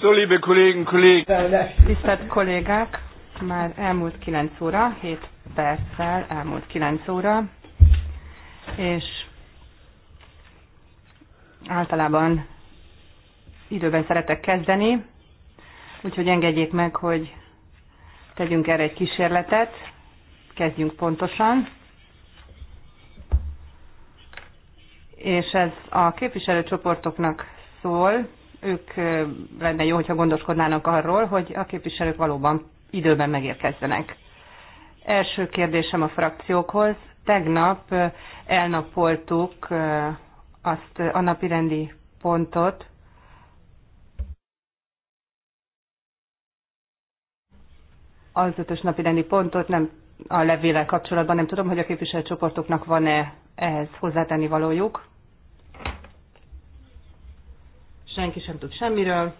So, liebe Kollegen, Kollegen. Tisztelt kollégák, már elmúlt 9 óra, 7 perccel elmúlt 9 óra, és általában időben szeretek kezdeni, úgyhogy engedjék meg, hogy tegyünk erre egy kísérletet, kezdjünk pontosan. És ez a képviselőcsoportoknak szól, ők lenne jó, hogyha gondoskodnának arról, hogy a képviselők valóban időben megérkezzenek. Első kérdésem a frakciókhoz. Tegnap elnapoltuk azt a napirendi pontot, az ötös napi rendi pontot, nem a levélel kapcsolatban nem tudom, hogy a képviselőcsoportoknak van-e ehhez hozzátenni valójuk senki sem tud semmiről.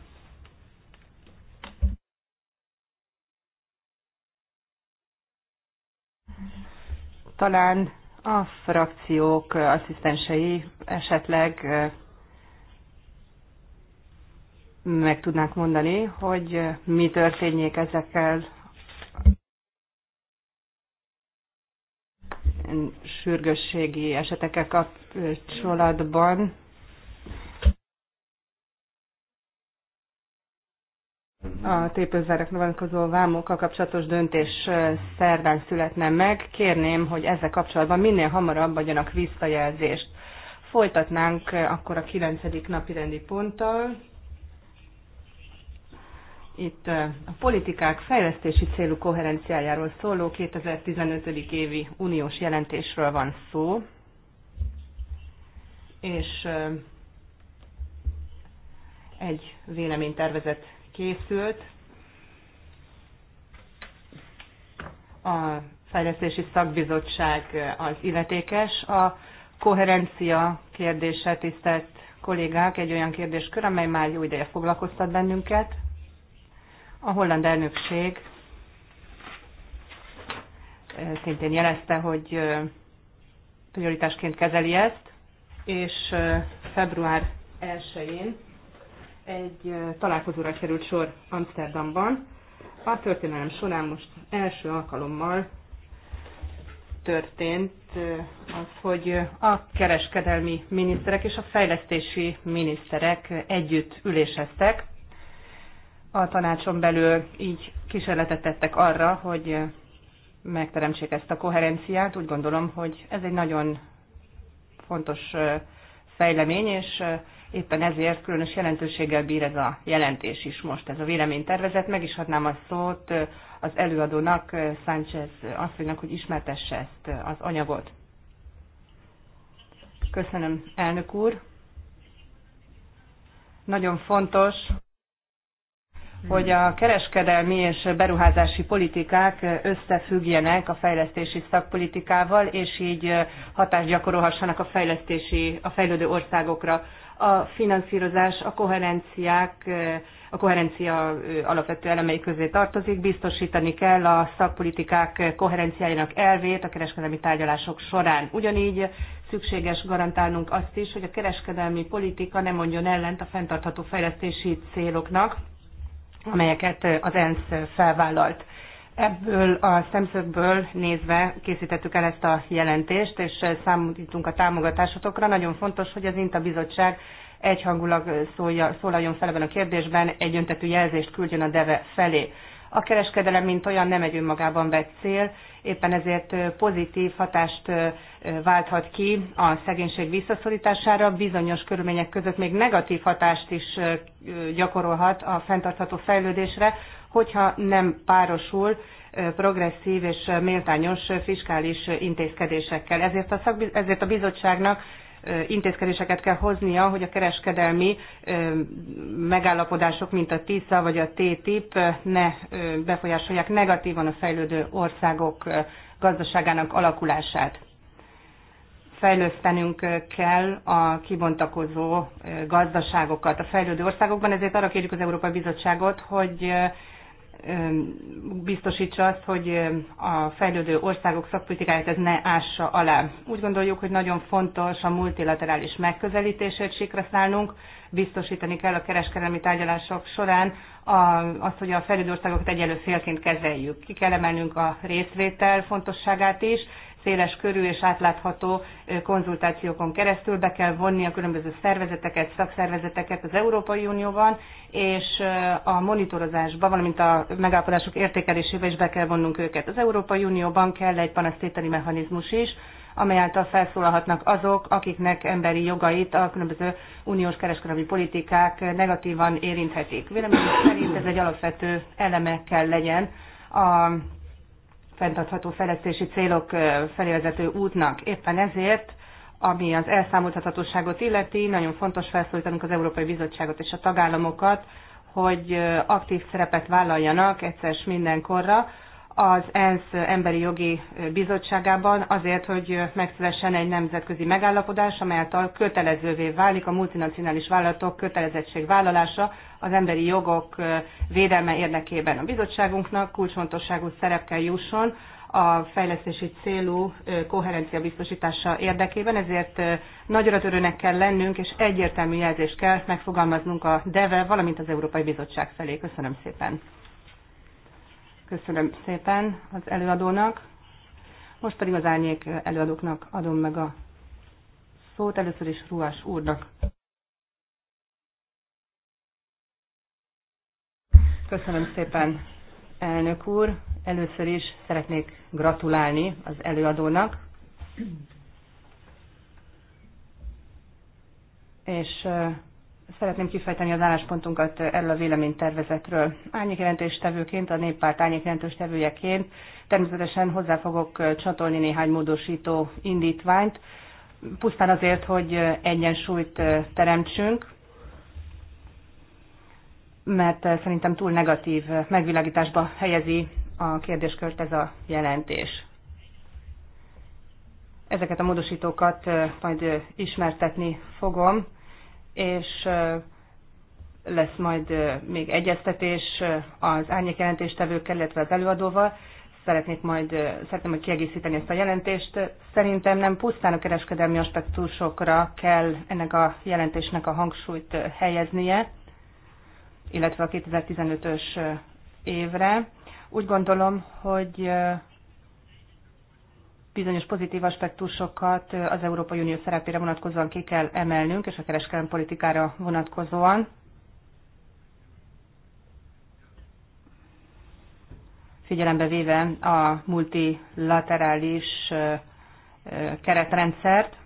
Talán a frakciók asszisztensei esetleg meg tudnák mondani, hogy mi történjék ezekkel sürgősségi esetekkel kapcsolatban. a tépőzárakra vonatkozó vámokkal kapcsolatos döntés szerdán születne meg. Kérném, hogy ezzel kapcsolatban minél hamarabb adjanak visszajelzést. Folytatnánk akkor a kilencedik napi rendi ponttal. Itt a politikák fejlesztési célú koherenciájáról szóló 2015. évi uniós jelentésről van szó. És egy véleménytervezet készült. A fejlesztési szakbizottság az illetékes. A koherencia kérdése, tisztelt kollégák, egy olyan kérdéskör, amely már jó ideje foglalkoztat bennünket. A holland elnökség e, szintén jelezte, hogy e, prioritásként kezeli ezt, és e, február 1-én egy találkozóra került sor Amsterdamban. A történelem során most első alkalommal történt az, hogy a kereskedelmi miniszterek és a fejlesztési miniszterek együtt üléseztek. A tanácson belül így kísérletet tettek arra, hogy megteremtsék ezt a koherenciát. Úgy gondolom, hogy ez egy nagyon fontos fejlemény, és Éppen ezért különös jelentőséggel bír ez a jelentés is most, ez a véleménytervezet. Meg is adnám a szót az előadónak, Sánchez asszonynak, hogy ismertesse ezt az anyagot. Köszönöm, elnök úr. Nagyon fontos, hogy a kereskedelmi és beruházási politikák összefüggjenek a fejlesztési szakpolitikával, és így hatást gyakorolhassanak a, fejlesztési, a fejlődő országokra a finanszírozás a koherenciák, a koherencia alapvető elemei közé tartozik, biztosítani kell a szakpolitikák koherenciájának elvét a kereskedelmi tárgyalások során. Ugyanígy szükséges garantálnunk azt is, hogy a kereskedelmi politika nem mondjon ellent a fenntartható fejlesztési céloknak, amelyeket az ENSZ felvállalt. Ebből a szemszögből nézve készítettük el ezt a jelentést, és eh, számítunk a támogatásotokra. Nagyon fontos, hogy az INTA bizottság egyhangulag szólja, szólaljon fel ebben a kérdésben, egy öntetű jelzést küldjön a DEVE felé. A kereskedelem, mint olyan, nem egy önmagában vett cél, éppen ezért eh, pozitív hatást eh, válthat ki a szegénység visszaszorítására, bizonyos körülmények között még negatív hatást is gyakorolhat a fenntartható fejlődésre, hogyha nem párosul progresszív és méltányos fiskális intézkedésekkel. Ezért a, szakbiz- ezért a bizottságnak intézkedéseket kell hoznia, hogy a kereskedelmi megállapodások, mint a TISZA vagy a TTIP ne befolyásolják negatívan a fejlődő országok gazdaságának alakulását. Fejlesztenünk kell a kibontakozó gazdaságokat a fejlődő országokban, ezért arra kérjük az Európai Bizottságot, hogy biztosítsa azt, hogy a fejlődő országok szakpolitikáját ez ne ássa alá. Úgy gondoljuk, hogy nagyon fontos a multilaterális megközelítését sikra szállnunk, biztosítani kell a kereskedelmi tárgyalások során azt, hogy a fejlődő országokat egyelő félként kezeljük. Ki kell emelnünk a részvétel fontosságát is, széles körű és átlátható konzultációkon keresztül be kell vonni a különböző szervezeteket, szakszervezeteket az Európai Unióban, és a monitorozásba, valamint a megállapodások értékelésébe is be kell vonnunk őket. Az Európai Unióban kell egy panasztételi mechanizmus is, amely által felszólalhatnak azok, akiknek emberi jogait a különböző uniós kereskedelmi politikák negatívan érinthetik. Véleményem szerint ez egy alapvető eleme kell legyen a fenntartható fejlesztési célok felé vezető útnak. Éppen ezért, ami az elszámoltathatóságot illeti, nagyon fontos felszólítanunk az Európai Bizottságot és a tagállamokat, hogy aktív szerepet vállaljanak egyszer mindenkorra, az ENSZ Emberi Jogi Bizottságában azért, hogy megszülessen egy nemzetközi megállapodás, amelyáltal kötelezővé válik a multinacionális vállalatok kötelezettségvállalása az emberi jogok védelme érdekében. A bizottságunknak kulcsfontosságú szerep kell jusson a fejlesztési célú koherencia biztosítása érdekében, ezért nagyra törőnek kell lennünk, és egyértelmű jelzést kell megfogalmaznunk a DEVE, valamint az Európai Bizottság felé. Köszönöm szépen! Köszönöm szépen az előadónak. Most pedig az árnyék előadóknak adom meg a szót, először is Ruás úrnak. Köszönöm szépen, elnök úr. Először is szeretnék gratulálni az előadónak. És szeretném kifejteni az álláspontunkat erről a véleménytervezetről. Árnyékjelentéstevőként, a néppárt árnyékjelentéstevőjeként természetesen hozzá fogok csatolni néhány módosító indítványt, pusztán azért, hogy egyensúlyt teremtsünk, mert szerintem túl negatív megvilágításba helyezi a kérdéskört ez a jelentés. Ezeket a módosítókat majd ismertetni fogom és lesz majd még egyeztetés az árnyékjelentéstevőkkel, illetve az előadóval. Szeretnék majd, szeretném majd kiegészíteni ezt a jelentést. Szerintem nem pusztán a kereskedelmi aspektusokra kell ennek a jelentésnek a hangsúlyt helyeznie, illetve a 2015-ös évre. Úgy gondolom, hogy bizonyos pozitív aspektusokat az Európai Unió szerepére vonatkozóan ki kell emelnünk, és a kereskedelmi politikára vonatkozóan. Figyelembe véve a multilaterális keretrendszert,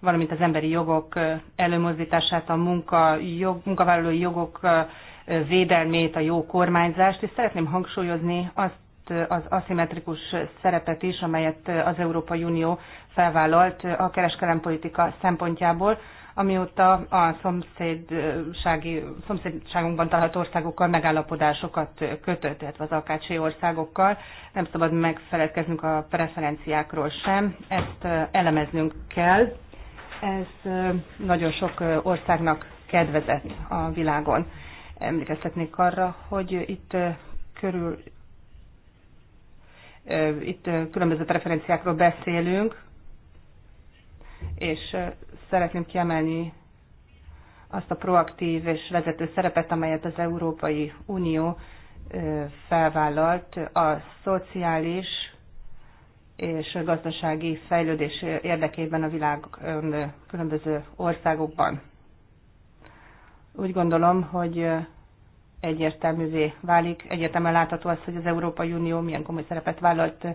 valamint az emberi jogok előmozdítását, a munka, jog, munkavállalói jogok védelmét, a jó kormányzást, és szeretném hangsúlyozni azt az aszimmetrikus szerepet is, amelyet az Európai Unió felvállalt a kereskedelempolitika szempontjából, amióta a szomszédsági, szomszédságunkban található országokkal megállapodásokat kötött, tehát az akácsi országokkal. Nem szabad megfeledkeznünk a preferenciákról sem, ezt elemeznünk kell. Ez nagyon sok országnak kedvezett a világon. Emlékeztetnék arra, hogy itt körül itt különböző preferenciákról beszélünk, és szeretném kiemelni azt a proaktív és vezető szerepet, amelyet az Európai Unió felvállalt a szociális és gazdasági fejlődés érdekében a világ különböző országokban. Úgy gondolom, hogy egyértelművé válik. Egyértelműen látható az, hogy az Európai Unió milyen komoly szerepet vállalt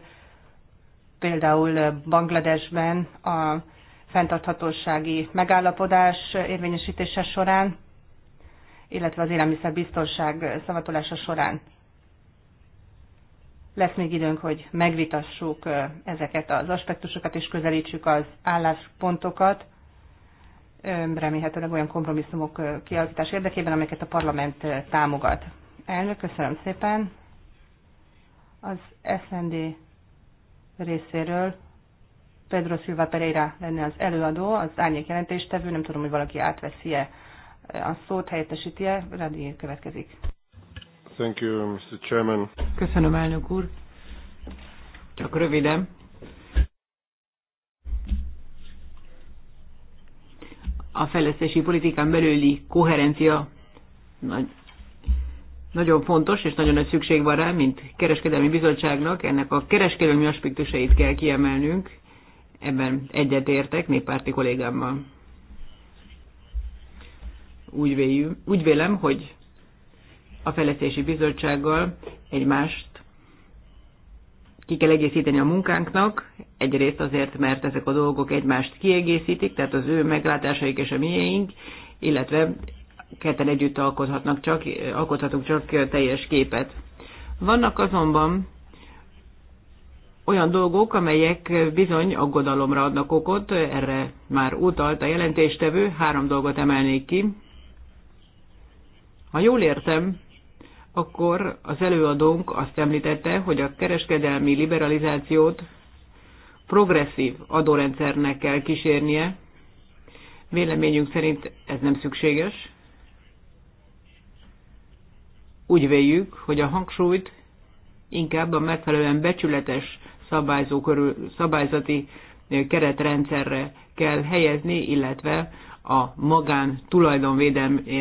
például Bangladesben a fenntarthatósági megállapodás érvényesítése során, illetve az élelmiszerbiztonság szavatolása során. Lesz még időnk, hogy megvitassuk eh, ezeket az aspektusokat és közelítsük az álláspontokat remélhetőleg olyan kompromisszumok kialakítás érdekében, amelyeket a parlament támogat. Elnök, köszönöm szépen. Az SND részéről Pedro Silva Pereira lenne az előadó, az árnyék jelentéstevő, nem tudom, hogy valaki átveszi-e a szót, helyettesíti-e, Radi következik. Thank you, Mr. Chairman. Köszönöm, elnök úr. Csak röviden, a fejlesztési politikán belüli koherencia nagy, nagyon fontos, és nagyon nagy szükség van rá, mint kereskedelmi bizottságnak, ennek a kereskedelmi aspektusait kell kiemelnünk, ebben egyetértek néppárti kollégámmal. Úgy, véljük, úgy vélem, hogy a fejlesztési bizottsággal egymást ki kell egészíteni a munkánknak, egyrészt azért, mert ezek a dolgok egymást kiegészítik, tehát az ő meglátásaik és a miénk, illetve ketten együtt alkothatnak csak, alkothatunk csak teljes képet. Vannak azonban olyan dolgok, amelyek bizony aggodalomra adnak okot, erre már utalt a jelentéstevő, három dolgot emelnék ki. Ha jól értem, akkor az előadónk azt említette, hogy a kereskedelmi liberalizációt progresszív adórendszernek kell kísérnie. Véleményünk szerint ez nem szükséges. Úgy véljük, hogy a hangsúlyt inkább a megfelelően becsületes szabályzó körül, szabályzati keretrendszerre kell helyezni, illetve a magán tulajdon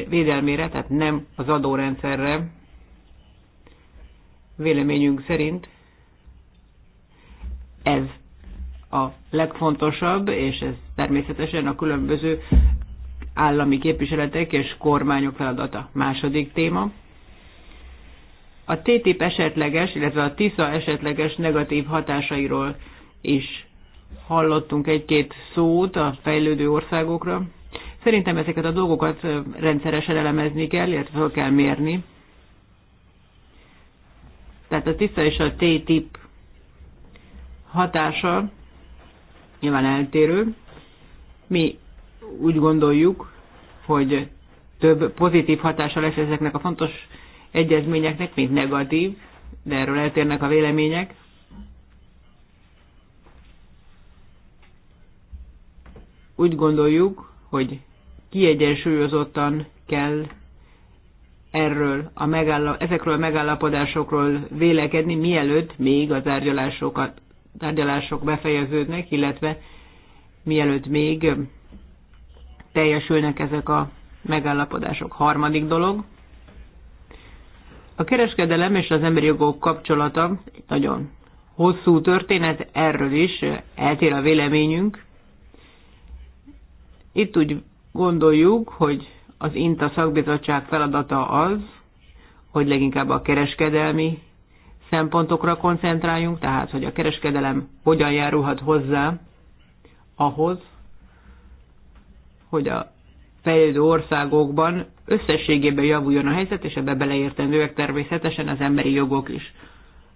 védelmére, tehát nem az adórendszerre, Véleményünk szerint ez a legfontosabb, és ez természetesen a különböző állami képviseletek és kormányok feladata. Második téma. A TTIP esetleges, illetve a TISZA esetleges negatív hatásairól is hallottunk egy-két szót a fejlődő országokra. Szerintem ezeket a dolgokat rendszeresen elemezni kell, illetve fel kell mérni. Tehát a TISZA és a T-tip hatása nyilván eltérő. Mi úgy gondoljuk, hogy több pozitív hatása lesz ezeknek a fontos egyezményeknek, mint negatív, de erről eltérnek a vélemények. Úgy gondoljuk, hogy kiegyensúlyozottan kell erről a ezekről a megállapodásokról vélekedni, mielőtt még a tárgyalásokat, tárgyalások befejeződnek, illetve mielőtt még teljesülnek ezek a megállapodások. Harmadik dolog, a kereskedelem és az emberi jogok kapcsolata egy nagyon hosszú történet, erről is eltér a véleményünk. Itt úgy gondoljuk, hogy az INTA szakbizottság feladata az, hogy leginkább a kereskedelmi szempontokra koncentráljunk, tehát hogy a kereskedelem hogyan járulhat hozzá ahhoz, hogy a fejlődő országokban összességében javuljon a helyzet, és ebbe beleértendőek természetesen az emberi jogok is.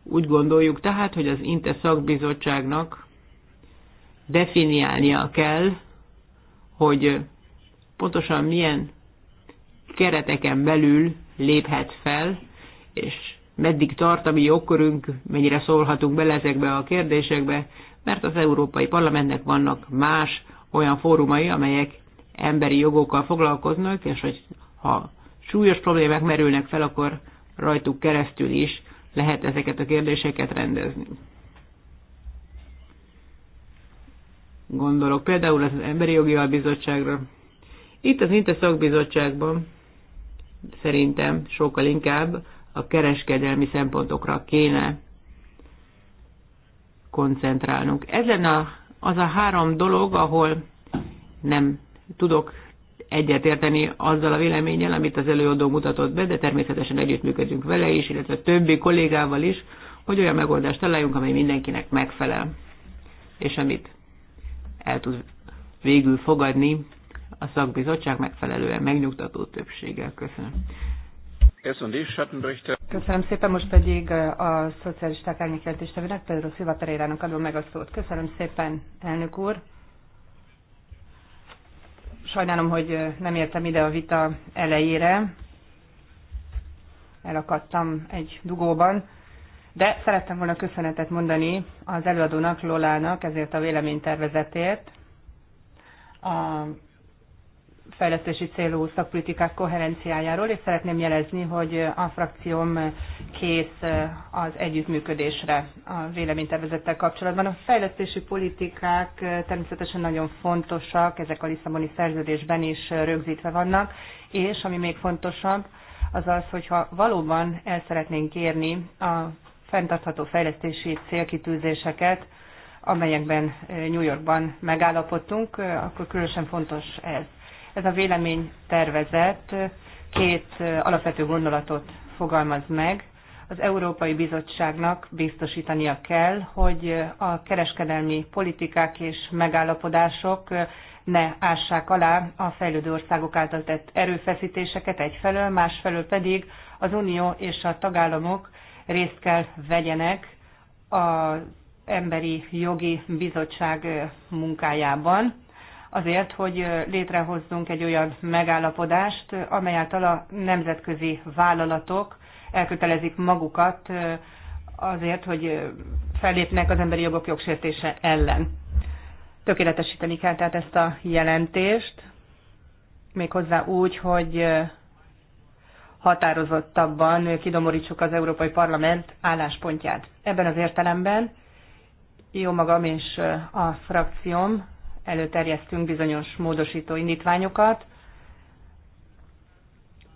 Úgy gondoljuk tehát, hogy az INTE szakbizottságnak definiálnia kell, hogy pontosan milyen kereteken belül léphet fel, és meddig tart a mi jogkörünk, mennyire szólhatunk bele ezekbe a kérdésekbe, mert az Európai Parlamentnek vannak más olyan fórumai, amelyek emberi jogokkal foglalkoznak, és hogy ha súlyos problémák merülnek fel, akkor rajtuk keresztül is lehet ezeket a kérdéseket rendezni. Gondolok például az Emberi Jogi Albizottságra. Itt az Inte Szakbizottságban szerintem sokkal inkább a kereskedelmi szempontokra kéne koncentrálnunk. Ez lenne az a három dolog, ahol nem tudok egyetérteni azzal a véleménnyel, amit az előadó mutatott be, de természetesen együttműködünk vele is, illetve többi kollégával is, hogy olyan megoldást találjunk, amely mindenkinek megfelel, és amit el tud végül fogadni a szakbizottság megfelelően megnyugtató többséggel. Köszönöm. Köszönöm szépen, most pedig uh, a szocialisták árnyékjelentéstevének, Pedro Szilva Pereirának adom meg a szót. Köszönöm szépen, elnök úr. Sajnálom, hogy uh, nem értem ide a vita elejére. Elakadtam egy dugóban. De szerettem volna köszönetet mondani az előadónak, Lolának ezért a véleménytervezetért. A fejlesztési célú szakpolitikák koherenciájáról, és szeretném jelezni, hogy a frakcióm kész az együttműködésre a véleménytervezettel kapcsolatban. A fejlesztési politikák természetesen nagyon fontosak, ezek a Lisszaboni szerződésben is rögzítve vannak, és ami még fontosabb, az az, hogyha valóban el szeretnénk érni a fenntartható fejlesztési célkitűzéseket, amelyekben New Yorkban megállapodtunk, akkor különösen fontos ez. Ez a vélemény tervezet két alapvető gondolatot fogalmaz meg. Az Európai Bizottságnak biztosítania kell, hogy a kereskedelmi politikák és megállapodások ne ássák alá a fejlődő országok által tett erőfeszítéseket egyfelől, másfelől pedig az Unió és a tagállamok részt kell vegyenek az Emberi Jogi Bizottság munkájában, azért, hogy létrehozzunk egy olyan megállapodást, amely által a nemzetközi vállalatok elkötelezik magukat azért, hogy fellépnek az emberi jogok jogsértése ellen. Tökéletesíteni kell tehát ezt a jelentést, méghozzá úgy, hogy határozottabban kidomorítsuk az Európai Parlament álláspontját. Ebben az értelemben jó magam és a frakcióm előterjesztünk bizonyos módosító indítványokat,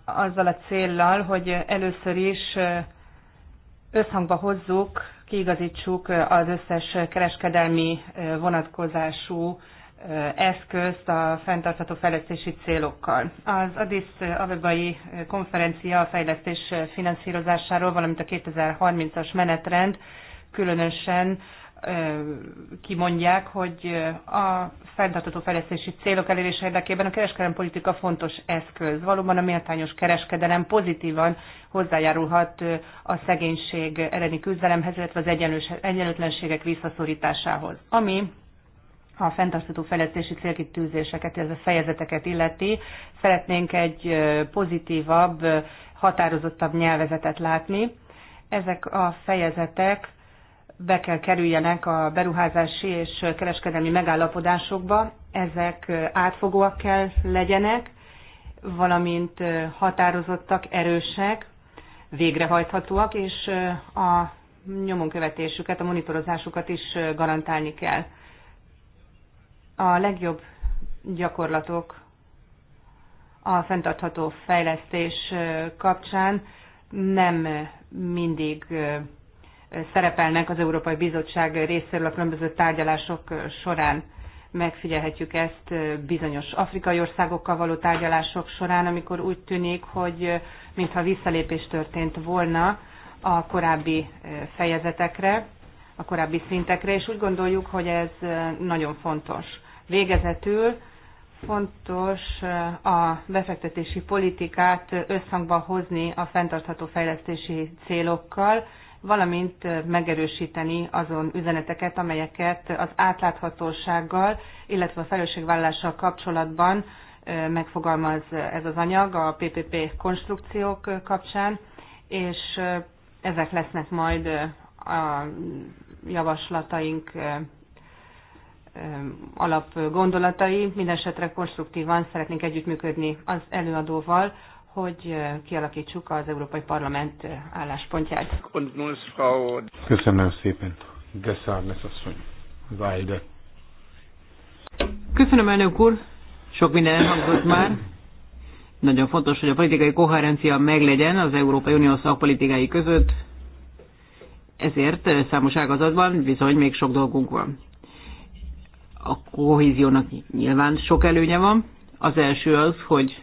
azzal a céllal, hogy először is összhangba hozzuk, kiigazítsuk az összes kereskedelmi vonatkozású eszközt a fenntartható fejlesztési célokkal. Az Addis Abebai konferencia a fejlesztés finanszírozásáról, valamint a 2030-as menetrend különösen kimondják, hogy a fenntartató fejlesztési célok elérése érdekében a kereskedelem politika fontos eszköz. Valóban a méltányos kereskedelem pozitívan hozzájárulhat a szegénység elleni küzdelemhez, illetve az egyenlőtlenségek visszaszorításához. Ami a fenntartható fejlesztési célkitűzéseket, ez a fejezeteket illeti, szeretnénk egy pozitívabb, határozottabb nyelvezetet látni. Ezek a fejezetek be kell kerüljenek a beruházási és kereskedelmi megállapodásokba, ezek átfogóak kell legyenek, valamint határozottak, erősek, végrehajthatóak, és a nyomonkövetésüket, a monitorozásukat is garantálni kell. A legjobb gyakorlatok a fenntartható fejlesztés kapcsán nem mindig szerepelnek az Európai Bizottság részéről a különböző tárgyalások során. Megfigyelhetjük ezt bizonyos afrikai országokkal való tárgyalások során, amikor úgy tűnik, hogy mintha visszalépés történt volna a korábbi eh, fejezetekre, a korábbi szintekre, és úgy gondoljuk, hogy ez eh, nagyon fontos. Végezetül fontos eh, a befektetési politikát összhangba hozni a fenntartható fejlesztési célokkal, valamint megerősíteni azon üzeneteket, amelyeket az átláthatósággal, illetve a felelősségvállalással kapcsolatban megfogalmaz ez az anyag a PPP konstrukciók kapcsán, és ezek lesznek majd a javaslataink gondolatai, Mindenesetre konstruktívan szeretnénk együttműködni az előadóval, hogy kialakítsuk az Európai Parlament álláspontját. Köszönöm szépen. De asszony. Vájde. Köszönöm, elnök úr. Sok minden elhangzott már. Nagyon fontos, hogy a politikai koherencia meglegyen az Európai Unió szakpolitikái között. Ezért számos ágazatban bizony még sok dolgunk van. A kohéziónak nyilván sok előnye van. Az első az, hogy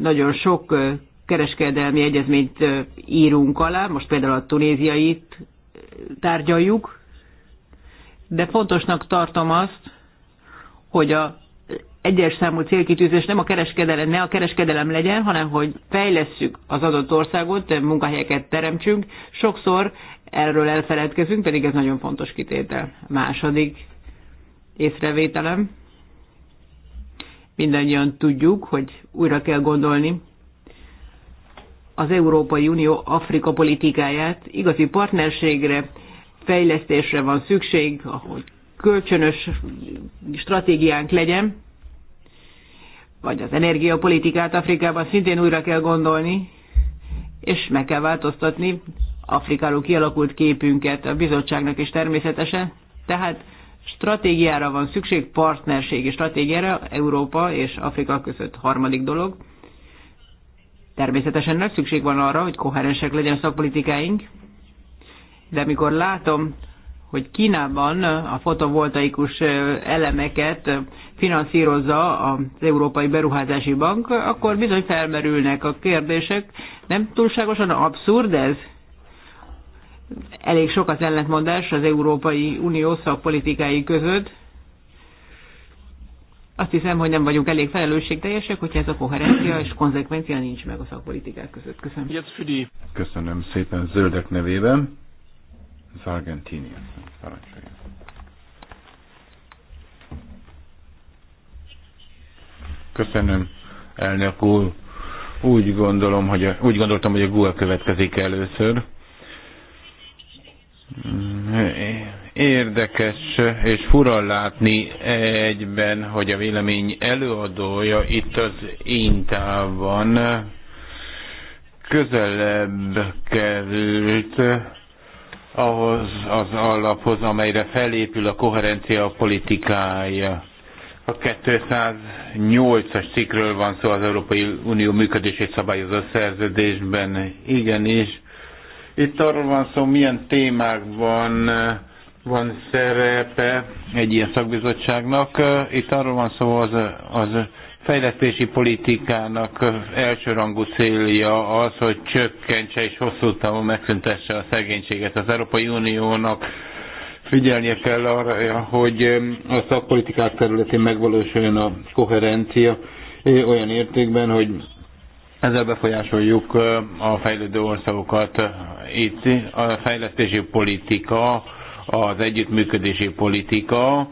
nagyon sok kereskedelmi egyezményt írunk alá, most például a tunéziait tárgyaljuk, de fontosnak tartom azt, hogy a egyes számú célkitűzés nem a kereskedelem, ne a kereskedelem legyen, hanem hogy fejlesszük az adott országot, munkahelyeket teremtsünk. Sokszor erről elfeledkezünk, pedig ez nagyon fontos kitétel. Második észrevételem mindannyian tudjuk, hogy újra kell gondolni az Európai Unió Afrika politikáját. Igazi partnerségre, fejlesztésre van szükség, ahogy kölcsönös stratégiánk legyen, vagy az energiapolitikát Afrikában szintén újra kell gondolni, és meg kell változtatni Afrikáról kialakult képünket a bizottságnak is természetesen. Tehát stratégiára van szükség, partnerségi stratégiára Európa és Afrika között. Harmadik dolog, természetesen nagy szükség van arra, hogy koherensek legyen szakpolitikáink, de amikor látom, hogy Kínában a fotovoltaikus elemeket finanszírozza az Európai Beruházási Bank, akkor bizony felmerülnek a kérdések. Nem túlságosan abszurd ez? elég sok az ellentmondás az Európai Unió szakpolitikái között. Azt hiszem, hogy nem vagyunk elég felelősségteljesek, hogyha ez a koherencia és konzekvencia nincs meg a szakpolitikák között. Köszönöm. Köszönöm szépen zöldek nevében. Az Argentinia. Köszönöm, elnök úr. Úgy gondolom, hogy a, úgy gondoltam, hogy a Google következik először. Érdekes és fura látni egyben, hogy a vélemény előadója itt az Intában közelebb került ahhoz az alaphoz, amelyre felépül a koherencia politikája. A 208-as cikkről van szó az Európai Unió működését szabályozó szerződésben. Igenis, itt arról van szó, milyen témákban eh, van szerepe egy ilyen szakbizottságnak. Eh, itt arról van szó, az, az fejlesztési politikának eh, elsőrangú célja az, hogy csökkentse és hosszú távon megszüntesse a szegénységet. Az Európai Uniónak figyelnie kell arra, hogy a szakpolitikák területén megvalósuljon a koherencia olyan értékben, hogy ezzel befolyásoljuk a fejlődő országokat. Itt a fejlesztési politika, az együttműködési politika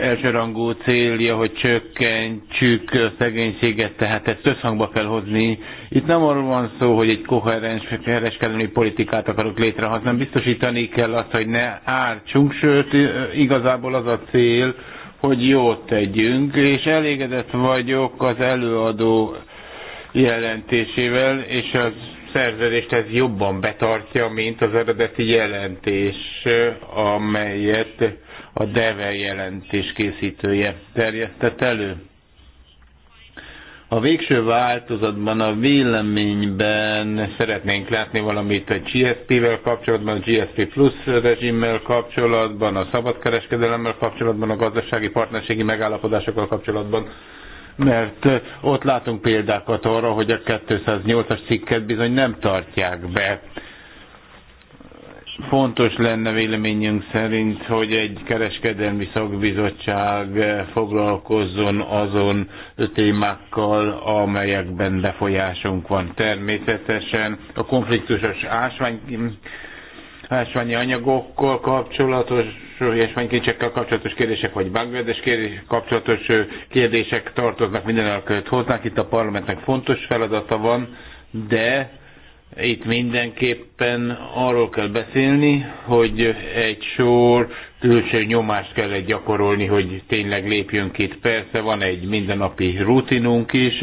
elsőrangú célja, hogy csökkentsük a szegénységet, tehát ezt összhangba kell hozni. Itt nem arról van szó, hogy egy koherens kereskedelmi politikát akarok létrehozni, hanem biztosítani kell azt, hogy ne ártsunk, sőt igazából az a cél, hogy jót tegyünk, és elégedett vagyok az előadó jelentésével, és az szerződést ez jobban betartja, mint az eredeti jelentés, amelyet a DEVE jelentés készítője terjesztett elő. A végső változatban, a véleményben szeretnénk látni valamit a GSP-vel kapcsolatban, a GSP Plus rezsimmel kapcsolatban, a szabadkereskedelemmel kapcsolatban, a gazdasági partnerségi megállapodásokkal kapcsolatban mert ott látunk példákat arra, hogy a 208-as cikket bizony nem tartják be. Fontos lenne véleményünk szerint, hogy egy kereskedelmi szakbizottság foglalkozzon azon témákkal, amelyekben befolyásunk van. Természetesen a konfliktusos ásvány, ásványi anyagokkal kapcsolatos súlyos mennykicsekkel kapcsolatos kérdések, vagy Bangladesh kérdés, kapcsolatos kérdések tartoznak minden elkövet hoznánk. Itt a parlamentnek fontos feladata van, de itt mindenképpen arról kell beszélni, hogy egy sor külső nyomást kellett gyakorolni, hogy tényleg lépjünk itt. Persze van egy mindennapi rutinunk is,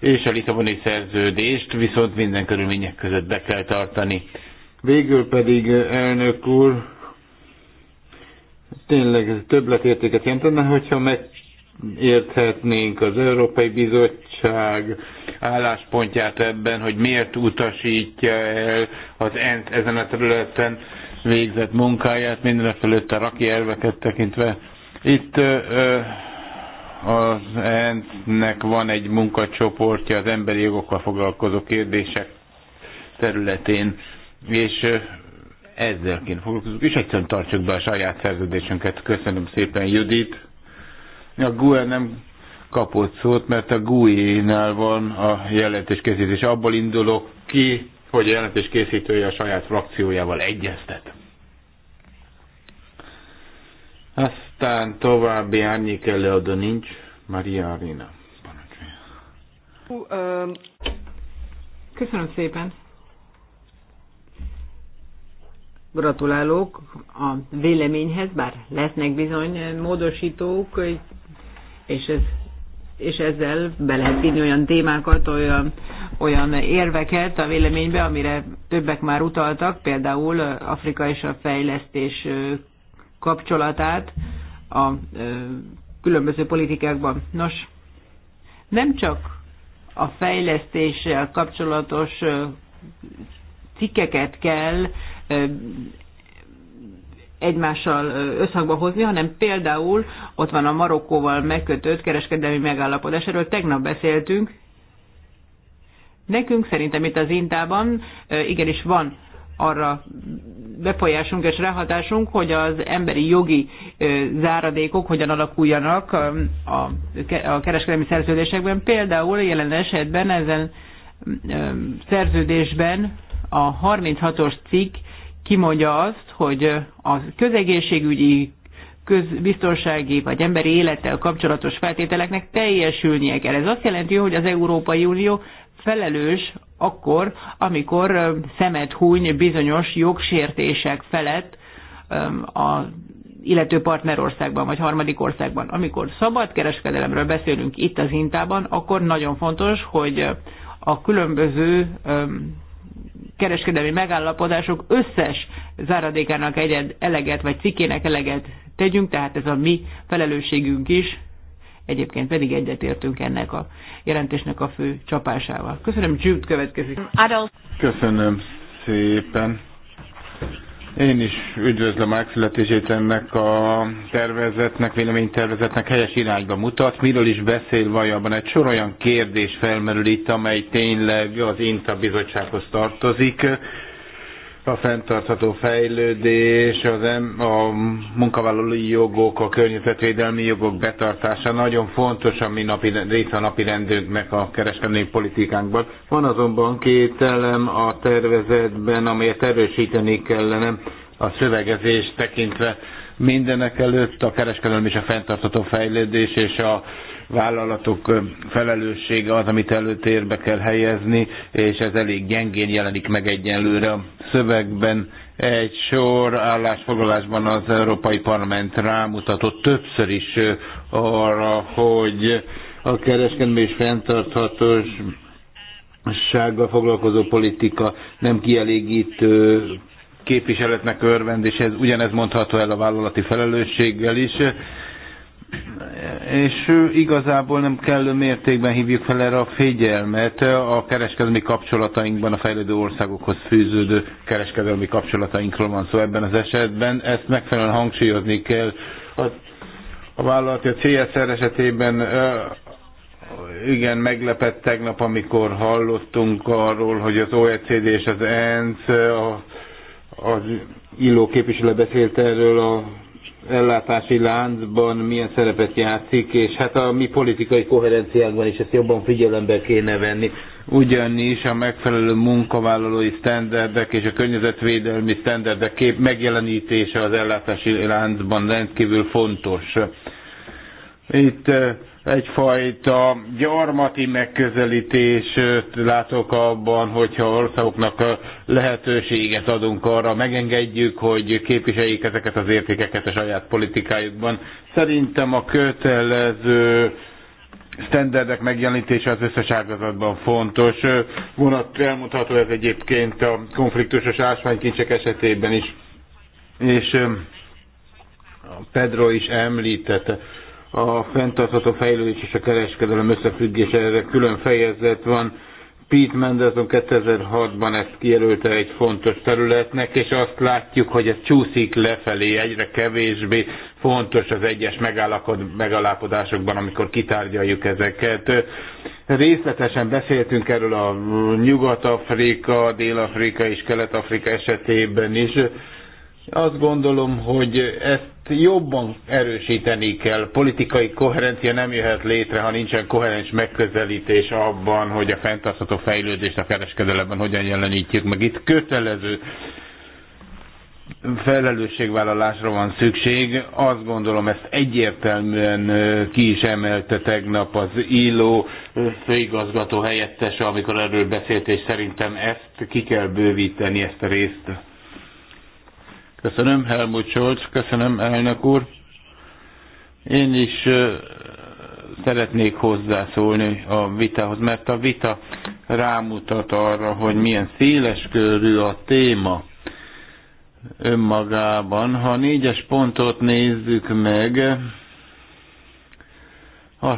és a litavoni szerződést viszont minden körülmények között be kell tartani. Végül pedig, elnök úr, tényleg többletértéket jelentene, hogyha megérthetnénk az Európai Bizottság álláspontját ebben, hogy miért utasítja el az ENSZ ezen a területen végzett munkáját, mindenfelőtt a raki elveket tekintve. Itt ö, az ENSZ-nek van egy munkacsoportja az emberi jogokkal foglalkozó kérdések területén, és ezzel kéne foglalkozunk, és egyszerűen tartsuk be a saját szerződésünket. Köszönöm szépen, Judit. A GUE nem kapott szót, mert a GUE-nál van a jelentéskészítés. Abból indulok ki, hogy a jelentéskészítője a saját frakciójával egyeztet. Aztán további árnyék előadó nincs. Maria Arina. Parancsolja. Köszönöm szépen. gratulálok a véleményhez, bár lesznek bizony módosítók, és, ez, és ezzel be lehet vinni olyan témákat, olyan, olyan érveket a véleménybe, amire többek már utaltak, például Afrika és a fejlesztés kapcsolatát a különböző politikákban. Nos, nem csak a fejlesztéssel kapcsolatos cikkeket kell egymással összhangba hozni, hanem például ott van a Marokkóval megkötött kereskedelmi megállapodás, erről tegnap beszéltünk. Nekünk szerintem itt az Intában igenis van arra befolyásunk és ráhatásunk, hogy az emberi jogi záradékok hogyan alakuljanak a kereskedelmi szerződésekben. Például jelen esetben ezen szerződésben a 36-os cikk kimondja azt, hogy a közegészségügyi, közbiztonsági vagy emberi élettel kapcsolatos feltételeknek teljesülnie kell. Ez azt jelenti, hogy az Európai Unió felelős akkor, amikor szemet húny bizonyos jogsértések felett a illető partnerországban vagy harmadik országban. Amikor szabad kereskedelemről beszélünk itt az Intában, akkor nagyon fontos, hogy a különböző kereskedelmi megállapodások összes záradékának egyed, eleget, vagy cikkének eleget tegyünk, tehát ez a mi felelősségünk is, egyébként pedig egyetértünk ennek a jelentésnek a fő csapásával. Köszönöm, Jude következik. Köszönöm szépen. Én is üdvözlöm megszületését ennek a tervezetnek, véleménytervezetnek helyes irányba mutat. Miről is beszél valójában? Egy sor olyan kérdés felmerül itt, amely tényleg az INTA bizottsághoz tartozik a fenntartható fejlődés, az em, a munkavállalói jogok, a környezetvédelmi jogok betartása nagyon fontos, mi napi, része a napi rendőnknek a kereskedelmi politikánkban. Van azonban két elem a tervezetben, amelyet erősíteni kellene a szövegezés tekintve mindenek előtt a kereskedelmi és a fenntartható fejlődés és a vállalatok felelőssége az, amit előtérbe kell helyezni, és ez elég gyengén jelenik meg egyenlőre a szövegben. Egy sor állásfoglalásban az Európai Parlament rámutatott többször is arra, hogy a kereskedelmi és fenntarthatós sággal foglalkozó politika nem kielégítő képviseletnek örvend, és ez ugyanez mondható el a vállalati felelősséggel is és igazából nem kellő mértékben hívjuk fel erre a figyelmet a kereskedelmi kapcsolatainkban, a fejlődő országokhoz fűződő kereskedelmi kapcsolatainkról van szó szóval ebben az esetben. Ezt megfelelően hangsúlyozni kell. A, a vállalati a CSR esetében igen, meglepett tegnap, amikor hallottunk arról, hogy az OECD és az ENSZ, az illó képviselő beszélt erről a ellátási láncban milyen szerepet játszik, és hát a mi politikai koherenciákban is ezt jobban figyelembe kéne venni. Ugyanis a megfelelő munkavállalói sztenderdek és a környezetvédelmi sztenderdek kép megjelenítése az ellátási láncban rendkívül fontos. Itt eh, egyfajta gyarmati megközelítés látok abban, hogyha országoknak lehetőséget adunk arra, megengedjük, hogy képviseljék ezeket az értékeket a saját politikájukban. Szerintem a kötelező standardek megjelenítése az összes ágazatban fontos. Vonat elmondható ez egyébként a konfliktusos ásványkincsek esetében is. És Pedro is említette a fenntartható fejlődés és a kereskedelem összefüggése, erre külön fejezet van. Pete Mendelson 2006-ban ezt kijelölte egy fontos területnek, és azt látjuk, hogy ez csúszik lefelé, egyre kevésbé fontos az egyes megállapodásokban, amikor kitárgyaljuk ezeket. Részletesen beszéltünk erről a Nyugat-Afrika, Dél-Afrika és Kelet-Afrika esetében is. Azt gondolom, hogy ezt jobban erősíteni kell. Politikai koherencia nem jöhet létre, ha nincsen koherens megközelítés abban, hogy a fenntartható fejlődést a kereskedelemben hogyan jelenítjük meg. Itt kötelező felelősségvállalásra van szükség. Azt gondolom, ezt egyértelműen ki is emelte tegnap az ILO főigazgató helyettese, amikor erről beszélt, és szerintem ezt ki kell bővíteni, ezt a részt. Köszönöm, Helmut Scholz, köszönöm, elnök úr. Én is szeretnék hozzászólni a vitához, mert a vita rámutat arra, hogy milyen széles körű a téma önmagában. Ha a négyes pontot nézzük meg, a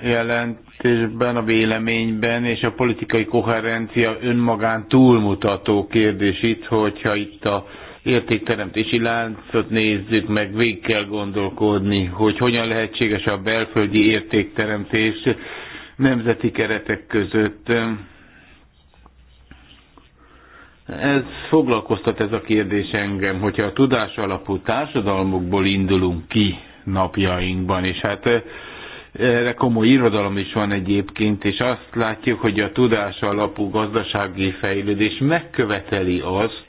jelentésben, a véleményben és a politikai koherencia önmagán túlmutató kérdés itt, hogyha itt a értékteremtési láncot nézzük meg, végig kell gondolkodni, hogy hogyan lehetséges a belföldi értékteremtés nemzeti keretek között. Ez foglalkoztat ez a kérdés engem, hogyha a tudás alapú társadalmokból indulunk ki napjainkban, és hát erre komoly irodalom is van egyébként, és azt látjuk, hogy a tudás alapú gazdasági fejlődés megköveteli azt,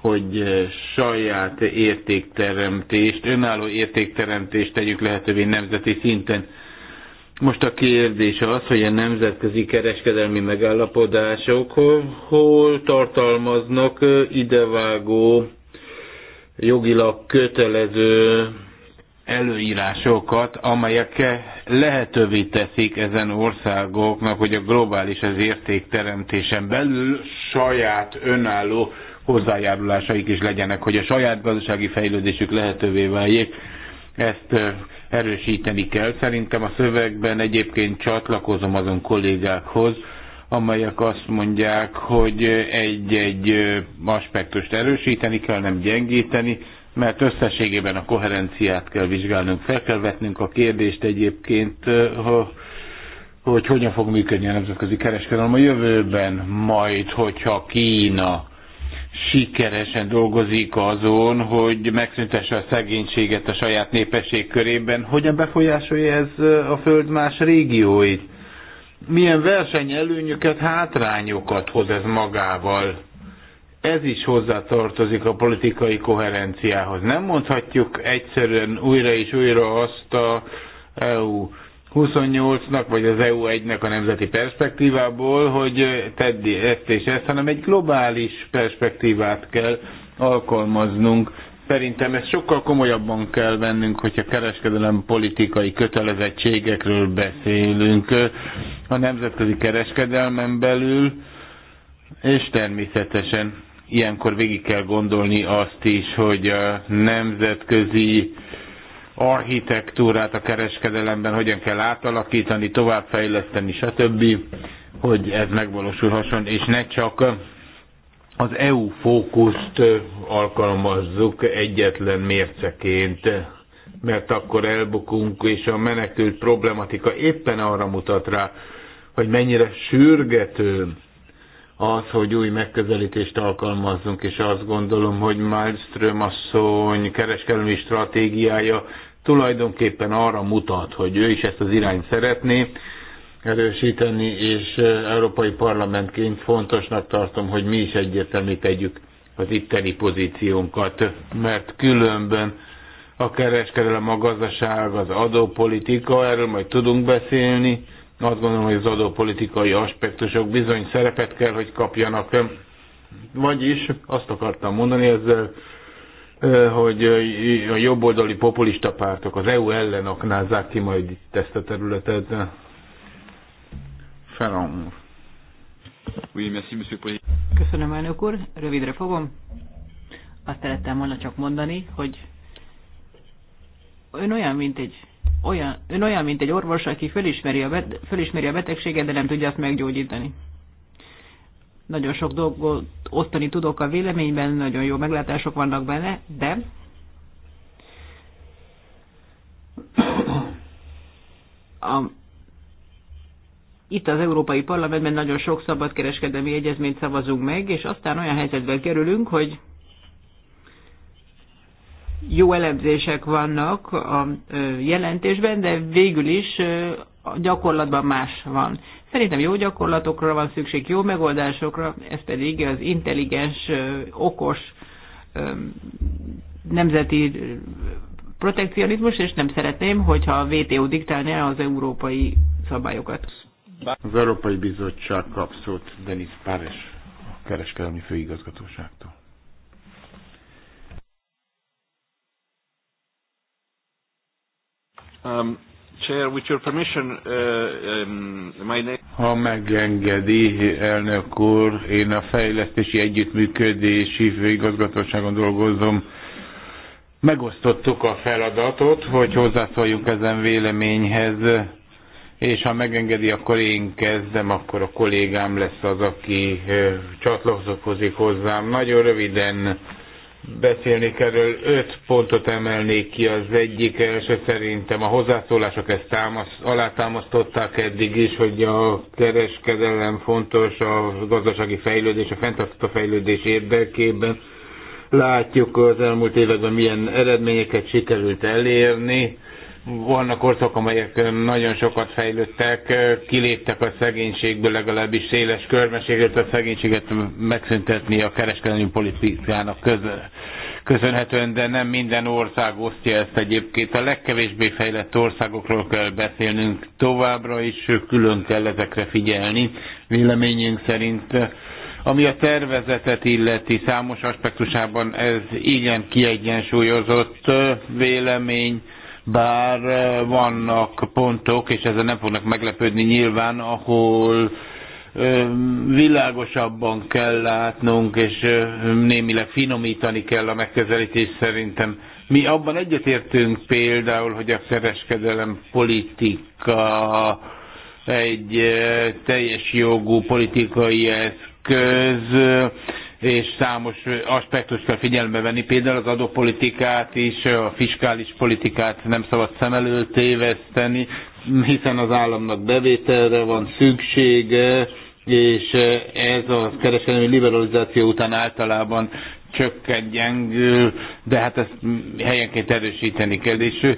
hogy eh, saját értékteremtést, önálló értékteremtést tegyük lehetővé nemzeti szinten. Most a kérdés az, hogy a nemzetközi kereskedelmi megállapodások hol tartalmaznak eh, idevágó, jogilag kötelező előírásokat, amelyek lehetővé teszik ezen országoknak, hogy a globális az értékteremtésen belül saját önálló hozzájárulásaik is legyenek, hogy a saját gazdasági fejlődésük lehetővé váljék. Ezt erősíteni kell. Szerintem a szövegben egyébként csatlakozom azon kollégákhoz, amelyek azt mondják, hogy egy-egy aspektust erősíteni kell, nem gyengíteni, mert összességében a koherenciát kell vizsgálnunk. Fel kell vetnünk a kérdést egyébként, hogy hogyan fog működni a nemzetközi kereskedelem a jövőben, majd hogyha Kína sikeresen dolgozik azon, hogy megszüntesse a szegénységet a saját népesség körében. Hogyan befolyásolja ez a föld más régióit? Milyen versenyelőnyöket, hátrányokat hoz ez magával? Ez is hozzátartozik a politikai koherenciához. Nem mondhatjuk egyszerűen újra és újra azt a EU 28-nak, vagy az EU1-nek a nemzeti perspektívából, hogy tedd ezt és ezt, hanem egy globális perspektívát kell alkalmaznunk. Szerintem ezt sokkal komolyabban kell vennünk, hogyha kereskedelem politikai kötelezettségekről beszélünk a nemzetközi kereskedelmen belül, és természetesen ilyenkor végig kell gondolni azt is, hogy a nemzetközi uh, architektúrát a kereskedelemben hogyan kell átalakítani, továbbfejleszteni, stb., hogy ez megvalósulhasson, és ne csak az EU fókuszt alkalmazzuk egyetlen mérceként, mert akkor elbukunk, és a menekült problematika éppen arra mutat rá, hogy mennyire sürgető az, hogy új megközelítést alkalmazzunk, és azt gondolom, hogy Malmström asszony kereskedelmi stratégiája tulajdonképpen arra mutat, hogy ő is ezt az irányt szeretné erősíteni, és Európai Parlamentként fontosnak tartom, hogy mi is egyértelmű tegyük az itteni pozíciónkat, mert különben a kereskedelem, a gazdaság, az adópolitika, erről majd tudunk beszélni. Azt gondolom, hogy az adópolitikai aspektusok bizony szerepet kell, hogy kapjanak. Vagyis azt akartam mondani ezzel, hogy a jobboldali populista pártok az EU ellen aknázzák ki majd itt ezt a területet. Ferran Köszönöm, elnök úr. Rövidre fogom. Azt szerettem volna csak mondani, hogy ön olyan, mint egy olyan, ön olyan, mint egy orvos, aki felismeri a, bet, felismeri a betegséget, de nem tudja azt meggyógyítani nagyon sok dolgot osztani tudok a véleményben, nagyon jó meglátások vannak benne, de a, itt az Európai Parlamentben nagyon sok szabadkereskedelmi egyezményt szavazunk meg, és aztán olyan helyzetben kerülünk, hogy jó elemzések vannak a jelentésben, de végül is a gyakorlatban más van. Szerintem jó gyakorlatokra van szükség, jó megoldásokra, ez pedig az intelligens, okos nemzeti protekcionizmus, és nem szeretném, hogyha a WTO diktálná az európai szabályokat. Az Európai Bizottság kap szót Denis Páres, a kereskedelmi főigazgatóságtól. Um, Chair, with your permission, uh, um, my name... Ha megengedi, elnök úr, én a fejlesztési együttműködési főigazgatóságon dolgozom. Megosztottuk a feladatot, hogy hozzászóljunk ezen véleményhez, és ha megengedi, akkor én kezdem, akkor a kollégám lesz az, aki csatlakozik hozzám. Nagyon röviden beszélnék erről, öt pontot emelnék ki, az egyik első szerintem a hozzászólások ezt támasz, alátámasztották eddig is, hogy a kereskedelem fontos a gazdasági fejlődés, a fenntartható fejlődés érdekében. Látjuk az elmúlt években milyen eredményeket sikerült elérni, vannak országok, amelyek nagyon sokat fejlődtek, kiléptek a szegénységből, legalábbis széles körben a szegénységet megszüntetni a kereskedelmi politikának közül köszönhetően, de nem minden ország osztja ezt egyébként. A legkevésbé fejlett országokról kell beszélnünk továbbra is, külön kell ezekre figyelni, véleményünk szerint. Ami a tervezetet illeti számos aspektusában ez igen kiegyensúlyozott vélemény, bár eh, vannak pontok, és ezzel nem fognak meglepődni nyilván, ahol eh, világosabban kell látnunk, és eh, némileg finomítani kell a megközelítés szerintem. Mi abban egyetértünk például, hogy a kereskedelem politika egy teljes jogú politikai eszköz, és számos aspektust kell figyelembe venni, például az adópolitikát is, a fiskális politikát nem szabad szem előtt téveszteni, hiszen az államnak bevételre van szüksége, és ez a kereskedelmi liberalizáció után általában csökkent gyengül, de hát ezt helyenként erősíteni kell. És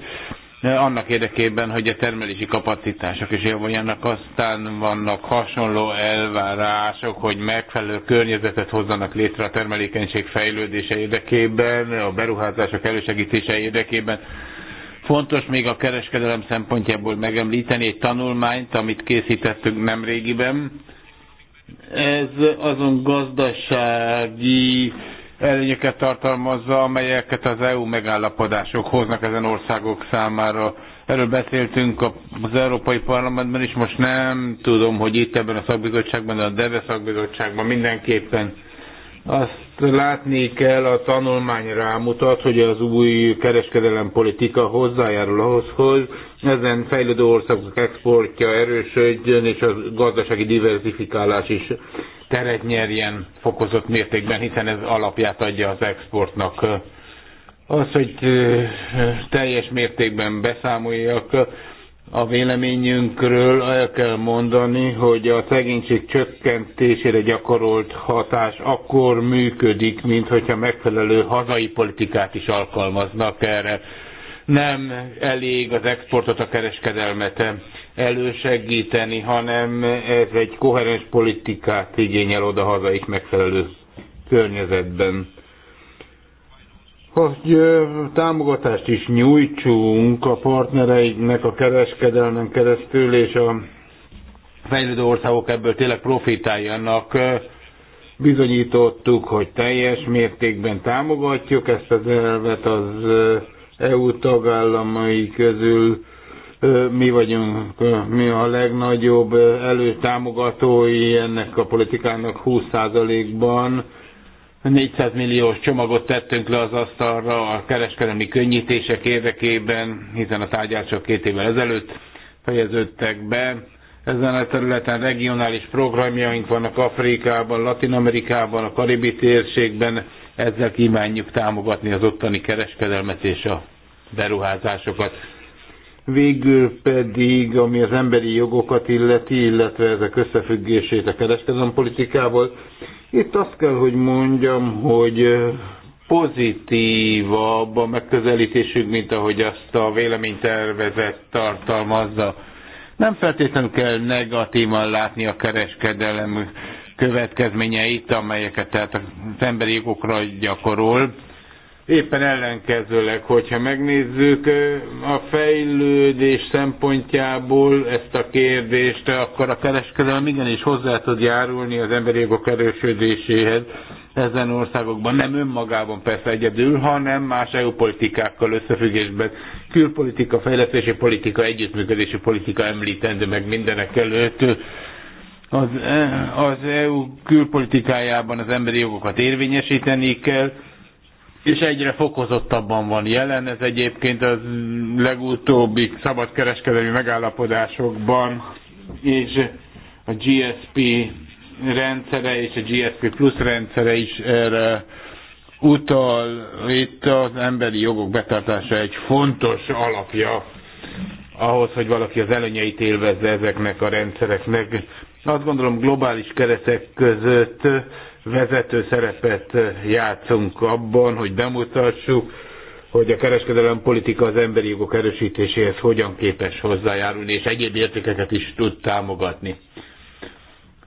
annak érdekében, hogy a termelési kapacitások is javuljanak, aztán vannak hasonló elvárások, hogy megfelelő környezetet hozzanak létre a termelékenység fejlődése érdekében, a beruházások elősegítése érdekében. Fontos még a kereskedelem szempontjából megemlíteni egy tanulmányt, amit készítettünk nem régiben. Ez azon gazdasági előnyöket tartalmazza, amelyeket az EU megállapodások hoznak ezen országok számára. Erről beszéltünk az Európai Parlamentben is, most nem tudom, hogy itt ebben a szakbizottságban, de a DEVE szakbizottságban mindenképpen azt látni kell, a tanulmány rámutat, hogy az új politika hozzájárul ahhoz, hogy ezen fejlődő országok exportja erősödjön, és a gazdasági diversifikálás is teret nyerjen fokozott mértékben, hiszen ez alapját adja az exportnak. Az, hogy teljes mértékben beszámoljak a véleményünkről, el kell mondani, hogy a szegénység csökkentésére gyakorolt hatás akkor működik, mint hogyha megfelelő hazai politikát is alkalmaznak erre. Nem elég az exportot a kereskedelmet elősegíteni, hanem ez egy koherens politikát igényel oda-haza is megfelelő környezetben. Hogy támogatást is nyújtsunk a partnereinknek a kereskedelmen keresztül, és a fejlődő országok ebből tényleg profitáljanak, bizonyítottuk, hogy teljes mértékben támogatjuk ezt az elvet az EU tagállamai közül mi vagyunk, mi a legnagyobb előtámogatói ennek a politikának 20%-ban. 400 milliós csomagot tettünk le az asztalra a kereskedelmi könnyítések érdekében, hiszen a tárgyalások két évvel ezelőtt fejeződtek be. Ezen a területen regionális programjaink vannak Afrikában, Latin Amerikában, a Karibi térségben. Ezzel kívánjuk támogatni az ottani kereskedelmet és a beruházásokat végül pedig, ami az emberi jogokat illeti, illetve ezek összefüggését a kereskedelmi politikával, itt azt kell, hogy mondjam, hogy pozitívabb a megközelítésük, mint ahogy azt a véleménytervezet tartalmazza. Nem feltétlenül kell negatívan látni a kereskedelem következményeit, amelyeket tehát az emberi jogokra gyakorol, Éppen ellenkezőleg, hogyha megnézzük a fejlődés szempontjából ezt a kérdést, akkor a kereskedelem igenis hozzá tud járulni az emberi jogok erősödéséhez ezen országokban, nem önmagában persze egyedül, hanem más EU politikákkal összefüggésben. Külpolitika, fejlesztési politika, együttműködési politika említendő meg mindenek előtt. Az, az EU külpolitikájában az emberi jogokat érvényesíteni kell, és egyre fokozottabban van jelen. Ez egyébként az legutóbbi szabadkereskedelmi megállapodásokban, és a GSP rendszere és a GSP Plus rendszere is erre utal. Itt az emberi jogok betartása egy fontos alapja ahhoz, hogy valaki az előnyeit élvezze ezeknek a rendszereknek. Azt gondolom globális keretek között vezető szerepet játszunk abban, hogy bemutassuk, hogy a kereskedelem politika az emberi jogok erősítéséhez hogyan képes hozzájárulni, és egyéb értékeket is tud támogatni.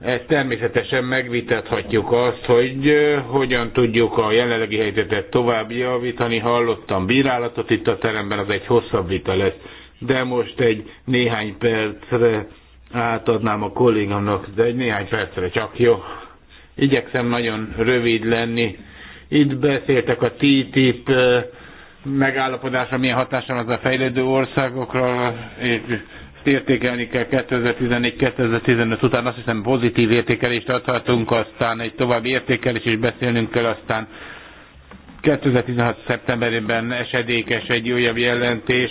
Ezt természetesen megvitathatjuk azt, hogy hogyan tudjuk a jelenlegi helyzetet tovább javítani. Hallottam bírálatot itt a teremben, az egy hosszabb vita lesz. De most egy néhány percre átadnám a kollégámnak, de egy néhány percre csak jó. Igyekszem nagyon rövid lenni. Itt beszéltek a TTIP eh, megállapodásra, milyen hatása az a fejlődő országokra, és értékelni kell 2014-2015 után, azt hiszem pozitív értékelést adhatunk, aztán egy további értékelés is beszélnünk kell, aztán 2016. szeptemberében esedékes egy újabb jelentés.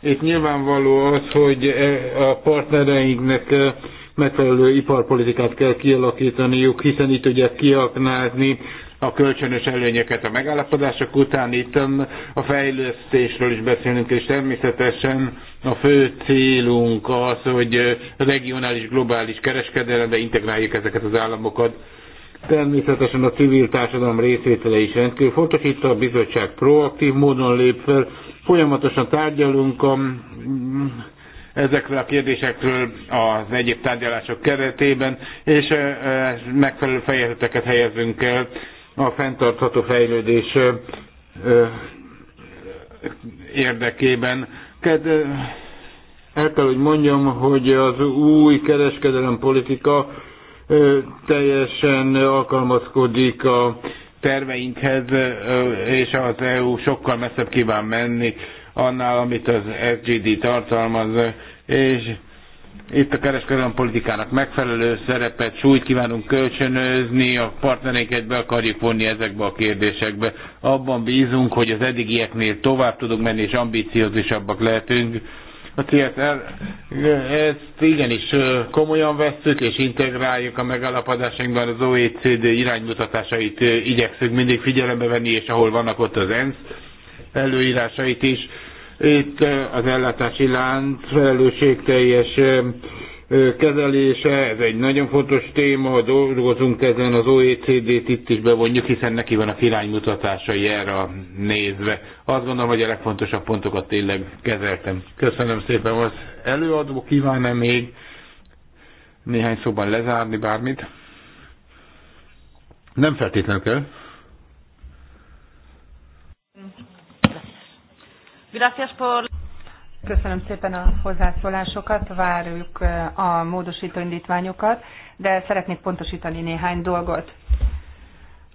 Itt nyilvánvaló az, hogy eh, a partnereinknek eh, megfelelő iparpolitikát kell kialakítaniuk, hiszen itt ugye kiaknázni a kölcsönös előnyeket a megállapodások után. Itt um, a fejlesztésről is beszélünk, és természetesen a fő célunk az, hogy uh, regionális, globális kereskedelembe integráljuk ezeket az államokat. Természetesen a civil társadalom részvétele is rendkívül fontos. Itt a bizottság proaktív módon lép fel. Folyamatosan tárgyalunk a mm, ezekről a kérdésekről az egyéb tárgyalások keretében, és megfelelő fejezeteket helyezünk el a fenntartható fejlődés érdekében. El kell, hogy mondjam, hogy az új kereskedelempolitika teljesen alkalmazkodik a terveinkhez, és az EU sokkal messzebb kíván menni annál, amit az FGD tartalmaz, és itt a kereskedelmi politikának megfelelő szerepet, súlyt kívánunk kölcsönözni, a partnereinket be akarjuk vonni ezekbe a kérdésekbe. Abban bízunk, hogy az eddigieknél tovább tudunk menni, és ambíciózisabbak lehetünk. A CSR, ezt igenis komolyan vesszük, és integráljuk a megállapodásainkban az OECD iránymutatásait, igyekszünk mindig figyelembe venni, és ahol vannak ott az ENSZ előírásait is itt az ellátási lánc felelősségteljes kezelése, ez egy nagyon fontos téma, ha dolgozunk ezen az OECD-t itt is bevonjuk, hiszen neki van a iránymutatásai erre nézve. Azt gondolom, hogy a legfontosabb pontokat tényleg kezeltem. Köszönöm szépen, az előadó kíván-e még néhány szóban lezárni bármit? Nem feltétlenül kell. Gracias por... Köszönöm szépen a hozzászólásokat, várjuk eh, a módosító indítványokat, de szeretnék pontosítani néhány dolgot.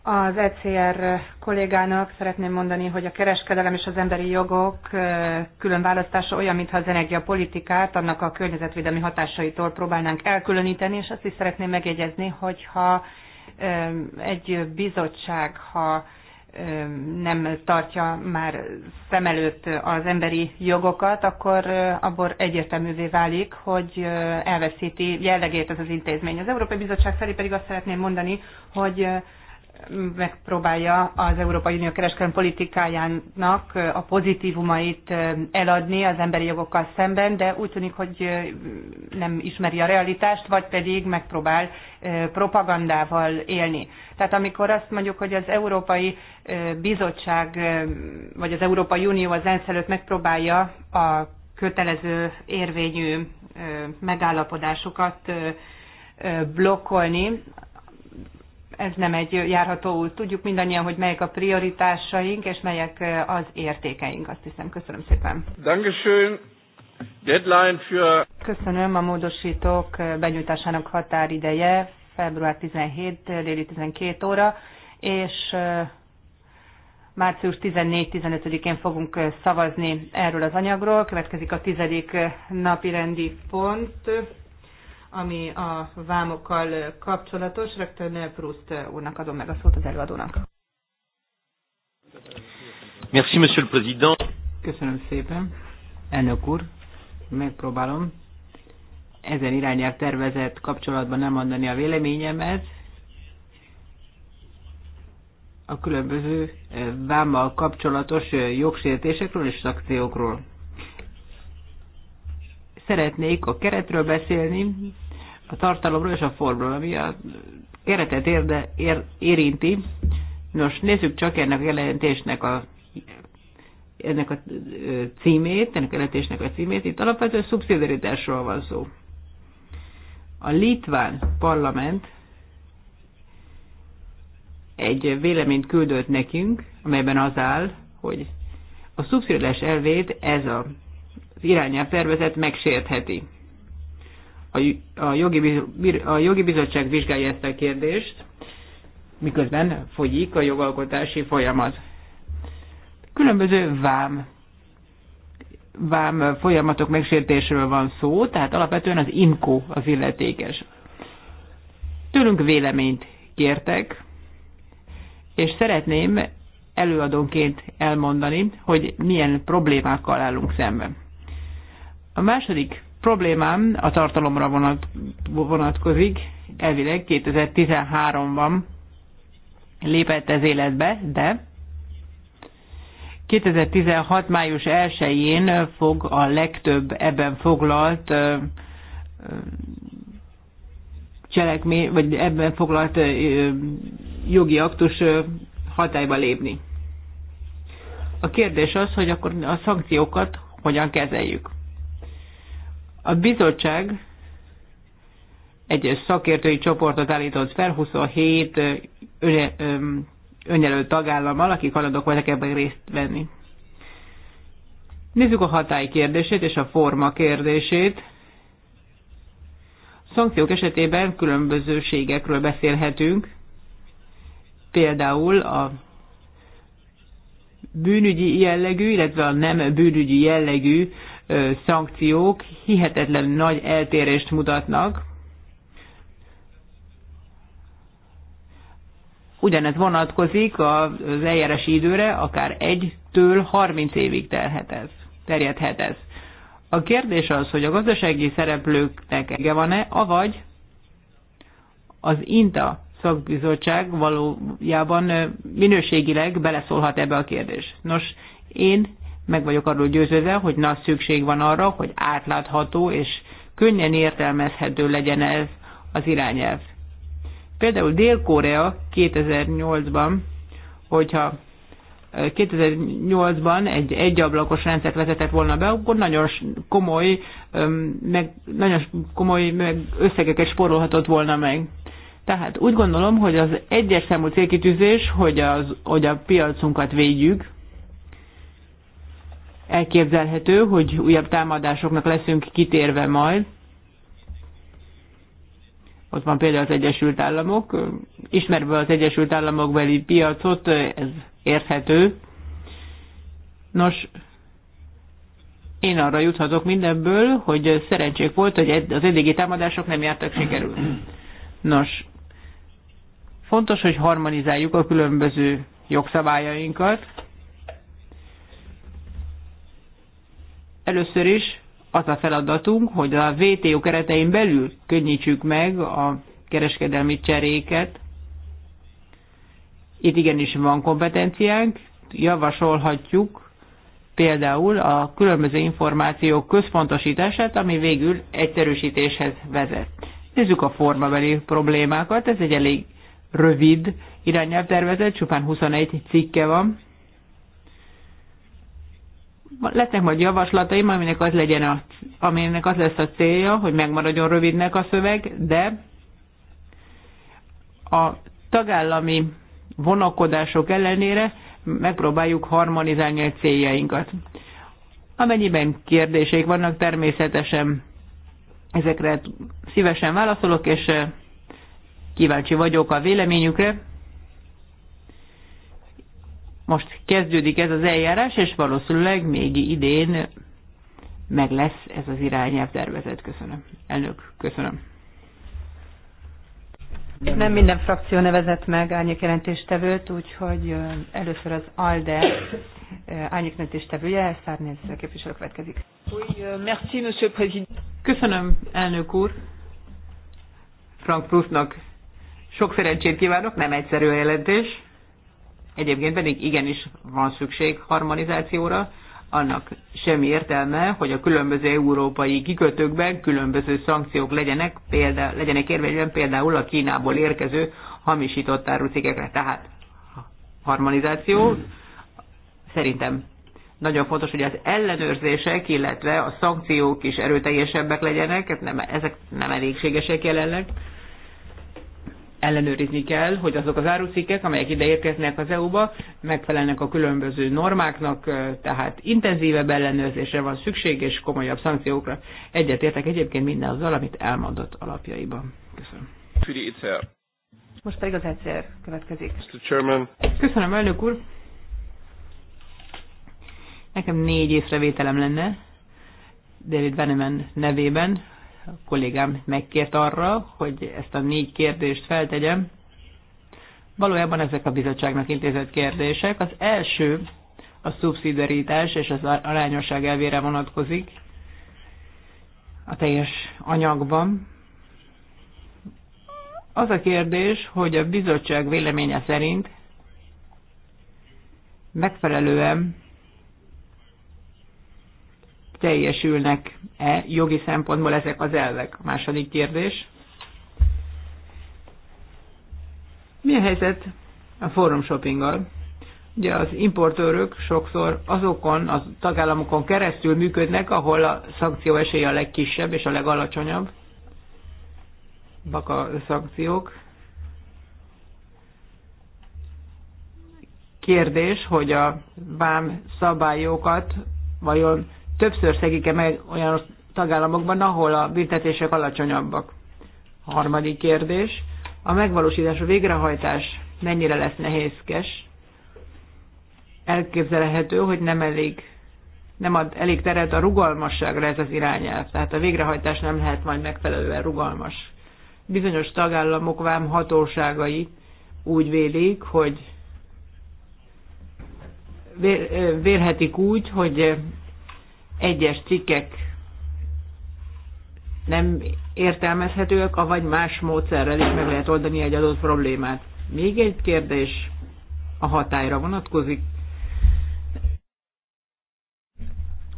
Az ECR kollégának szeretném mondani, hogy a kereskedelem és az emberi jogok eh, külön választása olyan, mintha az energiapolitikát annak a környezetvédelmi hatásaitól próbálnánk elkülöníteni, és azt is szeretném megjegyezni, hogyha eh, egy bizottság, ha nem tartja már szem előtt az emberi jogokat, akkor abból egyértelművé válik, hogy elveszíti jellegét ez az intézmény. Az Európai Bizottság felé pedig azt szeretném mondani, hogy megpróbálja az Európai Unió kereskedelmi politikájának a pozitívumait eladni az emberi jogokkal szemben, de úgy tűnik, hogy nem ismeri a realitást, vagy pedig megpróbál propagandával élni. Tehát amikor azt mondjuk, hogy az Európai Bizottság vagy az Európai Unió az ENSZ előtt megpróbálja a kötelező érvényű megállapodásokat blokkolni, ez nem egy járható út. Tudjuk mindannyian, hogy melyek a prioritásaink, és melyek az értékeink, azt hiszem. Köszönöm szépen. Dankeschön. Deadline für... Köszönöm a módosítók benyújtásának határideje február 17, déli 12 óra, és március 14-15-én fogunk szavazni erről az anyagról. Következik a tizedik napi rendi pont ami a vámokkal kapcsolatos. Rögtön Proust úrnak adom meg a szót az előadónak. Merci, Monsieur le Président. Köszönöm szépen. Elnök úr, megpróbálom ezen irányelv tervezett kapcsolatban nem mondani a véleményemet. A különböző eh, vámmal kapcsolatos eh, jogsértésekről és szakciókról szeretnék a keretről beszélni, a tartalomról és a formról, ami a keretet érde, ér, érinti. Nos, nézzük csak ennek a jelentésnek a ennek a címét, ennek a jelentésnek a címét. Itt alapvetően szubszidiaritásról van szó. A litván parlament egy véleményt küldött nekünk, amelyben az áll, hogy a szubszidiás elvét ez a irányelv tervezet megsértheti. A, a, jogi, a jogi bizottság vizsgálja ezt a kérdést, miközben folyik a jogalkotási folyamat. Különböző vám vám folyamatok megsértéséről van szó, tehát alapvetően az IMCO az illetékes. Tőlünk véleményt kértek, és szeretném előadónként elmondani, hogy milyen problémákkal állunk szemben. A második problémám a tartalomra vonat, vonatkozik. Elvileg 2013-ban lépett ez életbe, de 2016. május 1-én fog a legtöbb ebben foglalt cselekmény, vagy ebben foglalt jogi aktus hatályba lépni. A kérdés az, hogy akkor a szankciókat hogyan kezeljük. A bizottság egy szakértői csoportot állított fel 27 önjelölt tagállammal, akik haladok voltak ebben részt venni. Nézzük a hatály kérdését és a forma kérdését. Szankciók esetében különbözőségekről beszélhetünk, például a bűnügyi jellegű, illetve a nem bűnügyi jellegű szankciók hihetetlen nagy eltérést mutatnak. Ugyanez vonatkozik az eljárási időre, akár 1-től 30 évig terhet ez, terjedhet ez. A kérdés az, hogy a gazdasági szereplőknek ege van-e, avagy az INTA szakbizottság valójában minőségileg beleszólhat ebbe a kérdés. Nos, én meg vagyok arról győződve, hogy nagy szükség van arra, hogy átlátható és könnyen értelmezhető legyen ez az irányelv. Például Dél-Korea 2008-ban, hogyha 2008-ban egy egyablakos rendszert vezetett volna be, akkor nagyon komoly, meg, nagyon komoly meg összegeket spórolhatott volna meg. Tehát úgy gondolom, hogy az egyes számú célkitűzés, hogy, az, hogy a piacunkat védjük, elképzelhető, hogy újabb támadásoknak leszünk kitérve majd. Ott van például az Egyesült Államok. Ismerve az Egyesült Államok beli piacot, ez érthető. Nos, én arra juthatok mindebből, hogy szerencsék volt, hogy az eddigi támadások nem jártak sikerül. Nos, fontos, hogy harmonizáljuk a különböző jogszabályainkat, Először is az a feladatunk, hogy a VTO keretein belül könnyítsük meg a kereskedelmi cseréket. Itt igenis van kompetenciánk, javasolhatjuk például a különböző információk központosítását, ami végül egyszerűsítéshez vezet. Nézzük a formabeli problémákat, ez egy elég rövid irányelvtervezet, csupán 21 cikke van lesznek majd javaslataim, aminek az, legyen a, aminek az lesz a célja, hogy megmaradjon rövidnek a szöveg, de a tagállami vonakodások ellenére megpróbáljuk harmonizálni a céljainkat. Amennyiben kérdéseik vannak, természetesen ezekre szívesen válaszolok, és kíváncsi vagyok a véleményükre. Most kezdődik ez az eljárás, és valószínűleg még idén meg lesz ez az irányelv tervezet. Köszönöm. Elnök, köszönöm. Nem minden frakció nevezett meg jelentéstevőt, úgyhogy először az ALDE jelentéstevője, Szárnéz képviselő következik. Euh, köszönöm, elnök úr. Frank Plusznak sok szerencsét kívánok, nem egyszerű a jelentés. Egyébként pedig igenis van szükség harmonizációra, annak semmi értelme, hogy a különböző európai kikötőkben különböző szankciók legyenek, példa, legyenek érvényben például a Kínából érkező hamisított árucikekre. Tehát harmonizáció szerintem nagyon fontos, hogy az ellenőrzések, illetve a szankciók is erőteljesebbek legyenek, ezek hát nem, ezek nem elégségesek jelenleg ellenőrizni kell, hogy azok az árucikkek, amelyek ide érkeznek az EU-ba, megfelelnek a különböző normáknak, tehát intenzívebb ellenőrzésre van szükség, és komolyabb szankciókra. Egyetértek egyébként minden az amit elmondott alapjaiban. Köszönöm. Most pedig az egyszer következik. Köszönöm, elnök úr. Nekem négy észrevételem lenne David Veneman nevében a kollégám megkért arra, hogy ezt a négy kérdést feltegyem. Valójában ezek a bizottságnak intézett kérdések. Az első a szubszidiaritás és az arányosság elvére vonatkozik a teljes anyagban. Az a kérdés, hogy a bizottság véleménye szerint megfelelően teljesülnek-e jogi szempontból ezek az elvek? Második kérdés. Mi a helyzet a forum shoppinggal? Ugye az importőrök sokszor azokon a az tagállamokon keresztül működnek, ahol a szankció esélye a legkisebb és a legalacsonyabb. Baka szankciók. Kérdés, hogy a vám szabályokat vajon többször szegik -e meg olyan tagállamokban, ahol a büntetések alacsonyabbak. A harmadik kérdés, a megvalósítás, a végrehajtás mennyire lesz nehézkes? Elképzelhető, hogy nem elég nem ad elég teret a rugalmasságra ez az irányelv, tehát a végrehajtás nem lehet majd megfelelően rugalmas. Bizonyos tagállamok vám hatóságai úgy vélik, hogy vélhetik úgy, hogy egyes cikkek nem értelmezhetőek, avagy más módszerrel is meg lehet oldani egy adott problémát. Még egy kérdés a hatályra vonatkozik.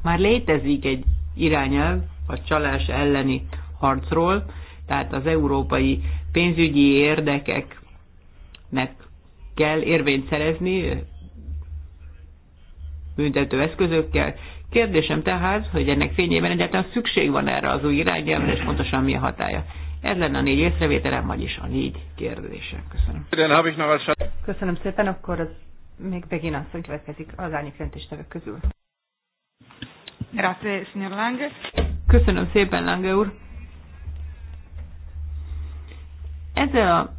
Már létezik egy irányelv a csalás elleni harcról, tehát az európai pénzügyi érdekeknek kell érvényt szerezni büntető eszközökkel, Kérdésem tehát, hogy ennek fényében egyáltalán szükség van erre az új irányelvre, és pontosan mi a hatája. Ez lenne a négy észrevételem, vagyis a négy kérdése. Köszönöm. Köszönöm szépen, akkor az még az, hogy következik az árnyék jelentéstevők közül. Grazie, signor Lange. Köszönöm szépen, Lange úr. Ezzel a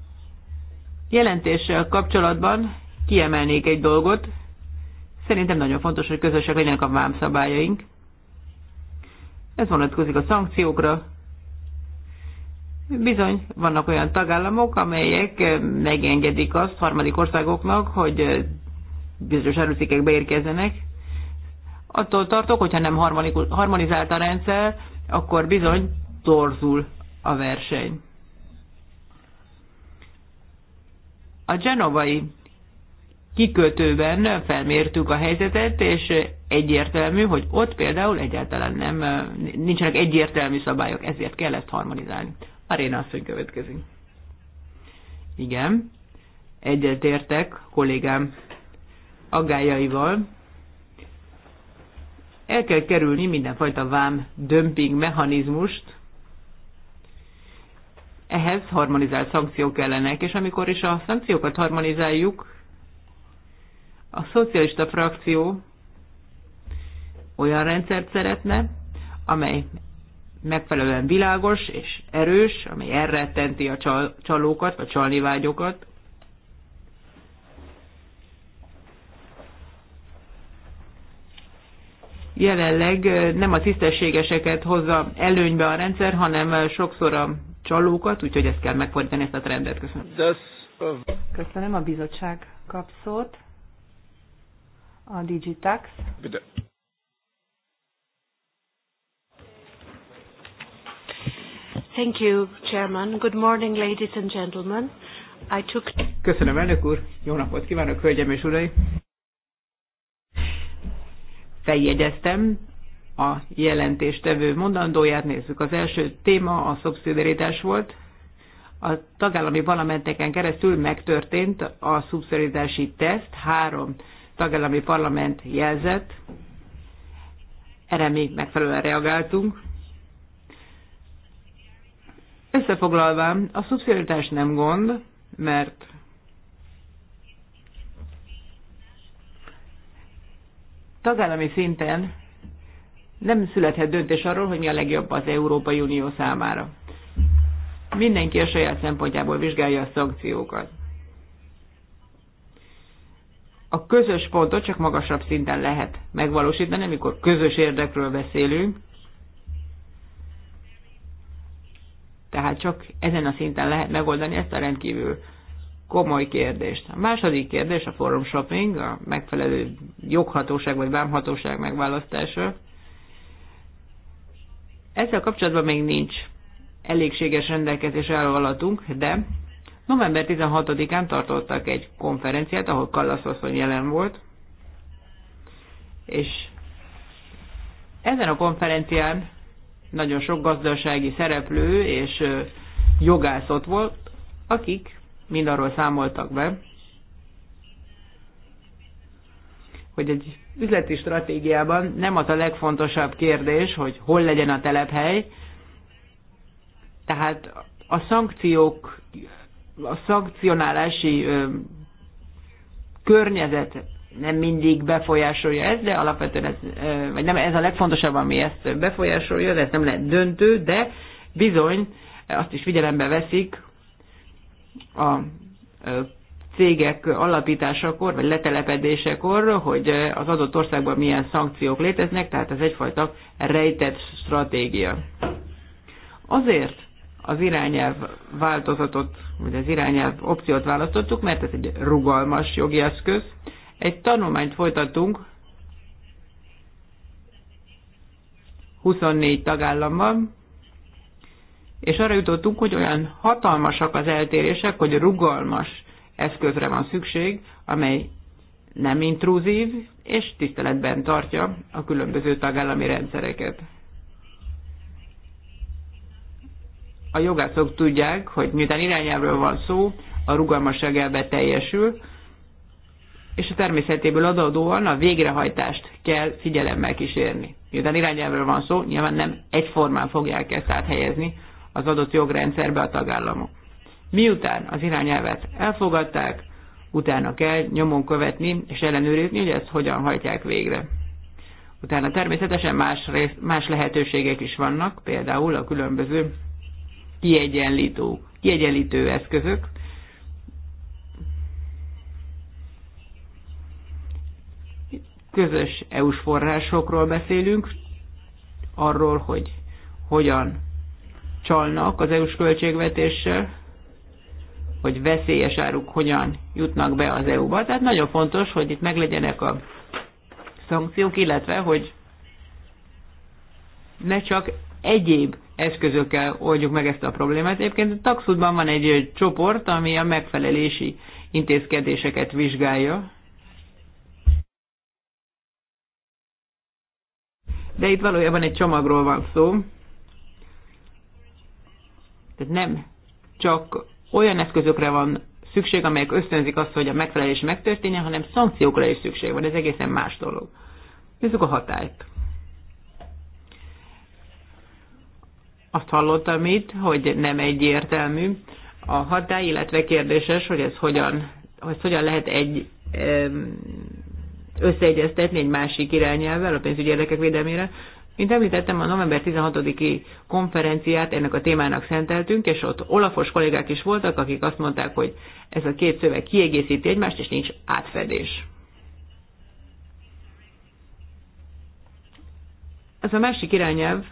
jelentéssel kapcsolatban kiemelnék egy dolgot, Szerintem nagyon fontos, hogy közösek legyenek a vámszabályaink. Ez vonatkozik a szankciókra. Bizony, vannak olyan tagállamok, amelyek megengedik azt harmadik országoknak, hogy bizonyos erőszikek beérkezzenek. Attól tartok, hogyha nem harmonizált a rendszer, akkor bizony torzul a verseny. A genovai kikötőben felmértük a helyzetet, és egyértelmű, hogy ott például egyáltalán nem, nincsenek egyértelmű szabályok, ezért kell ezt harmonizálni. Aréna asszony következik. Igen, egyetértek kollégám aggájaival. El kell kerülni mindenfajta vám dömping mechanizmust, ehhez harmonizált szankciók kellenek, és amikor is a szankciókat harmonizáljuk, a szocialista frakció olyan rendszert szeretne, amely megfelelően világos és erős, amely elrettenti a csal- csalókat vagy csalni vágyokat. Jelenleg nem a tisztességeseket hozza előnybe a rendszer, hanem sokszor a csalókat, úgyhogy ezt kell megfordítani ezt a trendet. Köszönöm. Uh, Köszönöm, a bizottság kapszót a Digitax. Bitte. Thank you, Chairman. Good morning, ladies and gentlemen. I took... Köszönöm, elnök úr. Jó napot kívánok, hölgyem és uraim. Feljegyeztem a jelentéstevő mondandóját. Nézzük, az első téma a szubszidiaritás volt. A tagállami valamenteken keresztül megtörtént a szubszidiaritási teszt. Három tagállami parlament jelzett. Erre mi megfelelően reagáltunk. Összefoglalván, a szubszidiaritás nem gond, mert tagállami szinten nem születhet döntés arról, hogy mi a legjobb az Európai Unió számára. Mindenki a saját szempontjából vizsgálja a szankciókat a közös pontot csak magasabb szinten lehet megvalósítani, amikor közös érdekről beszélünk. Tehát csak ezen a szinten lehet megoldani ezt a rendkívül komoly kérdést. A második kérdés a forum shopping, a megfelelő joghatóság vagy vámhatóság megválasztása. Ezzel kapcsolatban még nincs elégséges rendelkezés elvallatunk, de November 16-án tartottak egy konferenciát, ahol Kallasz asszony jelen volt, és ezen a konferencián nagyon sok gazdasági szereplő és jogász ott volt, akik mindarról számoltak be, hogy egy üzleti stratégiában nem az a legfontosabb kérdés, hogy hol legyen a telephely, tehát a szankciók a szankcionálási környezet nem mindig befolyásolja ezt, de alapvetően ez, vagy nem, ez a legfontosabb, ami ezt befolyásolja, de ez nem lehet döntő, de bizony azt is figyelembe veszik a cégek alapításakor, vagy letelepedésekor, hogy az adott országban milyen szankciók léteznek, tehát ez egyfajta rejtett stratégia. Azért az irányelv változatot, vagy az irányelv opciót választottuk, mert ez egy rugalmas jogi eszköz. Egy tanulmányt folytattunk 24 tagállamban, és arra jutottunk, hogy olyan hatalmasak az eltérések, hogy rugalmas eszközre van szükség, amely nem intrúzív, és tiszteletben tartja a különböző tagállami rendszereket. a jogászok tudják, hogy miután irányelvről van szó, a rugalmasság elve teljesül, és a természetéből adódóan a végrehajtást kell figyelemmel kísérni. Miután irányelvről van szó, nyilván nem egyformán fogják ezt áthelyezni az adott jogrendszerbe a tagállamok. Miután az irányelvet elfogadták, utána kell nyomon követni és ellenőrizni, hogy ezt hogyan hajtják végre. Utána természetesen más, rész, más lehetőségek is vannak, például a különböző kiegyenlítő, kiegyenlítő eszközök. Közös EU-s forrásokról beszélünk, arról, hogy hogyan csalnak az EU-s költségvetéssel, hogy veszélyes áruk hogyan jutnak be az EU-ba. Tehát nagyon fontos, hogy itt meglegyenek a szankciók, illetve, hogy ne csak egyéb eszközökkel oldjuk meg ezt a problémát. Egyébként a taxudban van egy csoport, ami a megfelelési intézkedéseket vizsgálja. De itt valójában egy csomagról van szó. Tehát nem csak olyan eszközökre van szükség, amelyek ösztönzik azt, hogy a megfelelés megtörténjen, hanem szankciókra is szükség van. Ez egészen más dolog. Nézzük a hatályt. Azt hallottam itt, hogy nem egyértelmű a hatály, illetve kérdéses, hogy ez hogyan, hogy hogyan lehet egy összeegyeztetni egy másik irányelvvel a pénzügyi érdekek védelmére. Mint említettem, a november 16-i konferenciát ennek a témának szenteltünk, és ott olafos kollégák is voltak, akik azt mondták, hogy ez a két szöveg kiegészíti egymást, és nincs átfedés. Ez a másik irányelv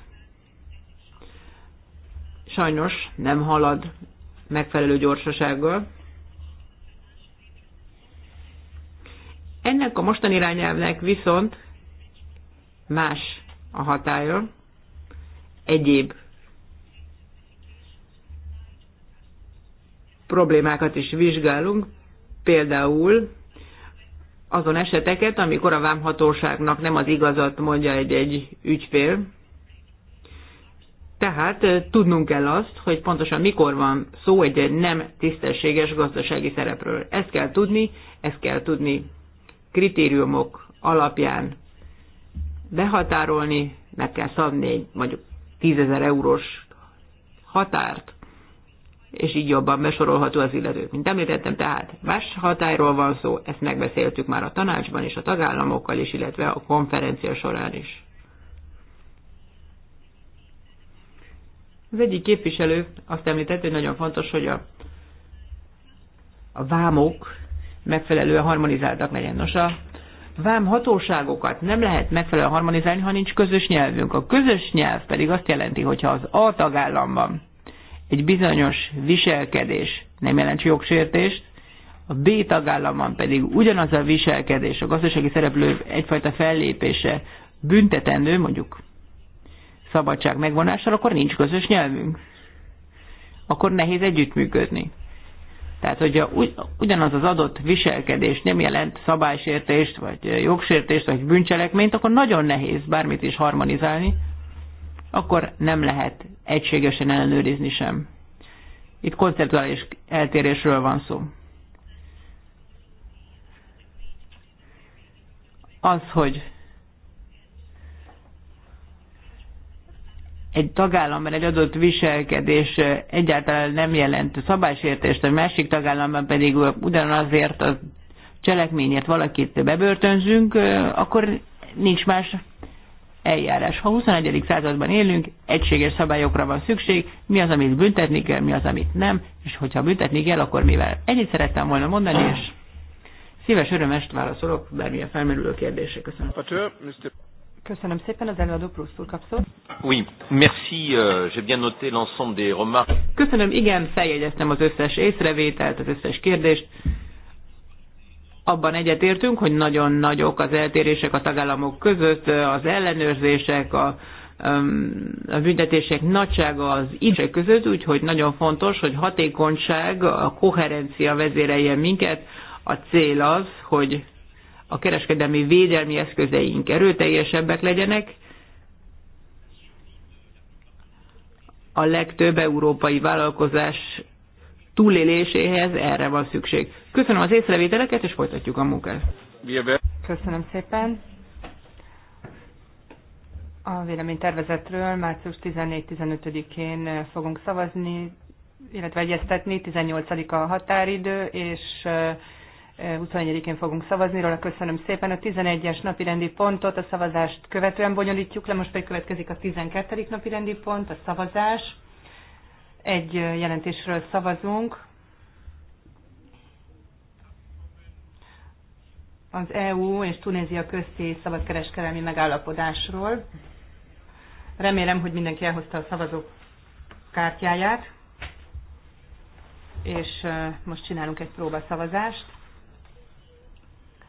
sajnos nem halad megfelelő gyorsasággal. Ennek a mostani irányelvnek viszont más a hatája, egyéb problémákat is vizsgálunk, például azon eseteket, amikor a vámhatóságnak nem az igazat mondja egy-egy ügyfél, tehát tudnunk kell azt, hogy pontosan mikor van szó egy nem tisztességes gazdasági szerepről. Ezt kell tudni, ezt kell tudni kritériumok alapján behatárolni, meg kell szabni egy mondjuk 10 ezer eurós határt, és így jobban besorolható az illető. Mint említettem, tehát más hatályról van szó, ezt megbeszéltük már a tanácsban és a tagállamokkal is, illetve a konferencia során is. Az egyik képviselő azt említette, hogy nagyon fontos, hogy a, a vámok megfelelően harmonizáltak legyen. Nos, a vám hatóságokat nem lehet megfelelően harmonizálni, ha nincs közös nyelvünk. A közös nyelv pedig azt jelenti, hogyha az A tagállamban egy bizonyos viselkedés nem jelent jogsértést, a B tagállamban pedig ugyanaz a viselkedés, a gazdasági szereplő egyfajta fellépése büntetendő, mondjuk szabadság megvonással, akkor nincs közös nyelvünk. Akkor nehéz együttműködni. Tehát, hogyha ugyanaz az adott viselkedés nem jelent szabálysértést, vagy jogsértést, vagy bűncselekményt, akkor nagyon nehéz bármit is harmonizálni, akkor nem lehet egységesen ellenőrizni sem. Itt konceptuális eltérésről van szó. Az, hogy egy tagállamban egy adott viselkedés egyáltalán nem jelent szabálysértést, a másik tagállamban pedig ugyanazért a cselekményért valakit bebörtönzünk, akkor nincs más eljárás. Ha 21. században élünk, egységes szabályokra van szükség, mi az, amit büntetni kell, mi az, amit nem, és hogyha büntetni kell, akkor mivel. Ennyit szerettem volna mondani, és szíves örömest válaszolok bármilyen felmerülő kérdésre. Köszönöm. Köszönöm szépen, az előadó plusz úr Oui, merci, euh, j'ai bien noté l'ensemble des remarques. Köszönöm, igen, feljegyeztem az összes észrevételt, az összes kérdést. Abban egyetértünk, hogy nagyon nagyok az eltérések a tagállamok között, az ellenőrzések, a, um, a büntetések nagysága az ígyek között, úgyhogy nagyon fontos, hogy hatékonyság, a koherencia vezérelje minket. A cél az, hogy a kereskedelmi védelmi eszközeink erőteljesebbek legyenek, a legtöbb európai vállalkozás túléléséhez erre van szükség. Köszönöm az észrevételeket, és folytatjuk a munkát. Köszönöm szépen. A véleménytervezetről március 14-15-én fogunk szavazni, illetve egyeztetni, 18 a határidő, és 21-én fogunk szavazni róla. Köszönöm szépen. A 11-es napirendi pontot a szavazást követően bonyolítjuk le, most pedig következik a 12. napirendi pont, a szavazás. Egy jelentésről szavazunk. Az EU és Tunézia közti szabadkereskedelmi megállapodásról. Remélem, hogy mindenki elhozta a szavazók kártyáját, és most csinálunk egy próbaszavazást.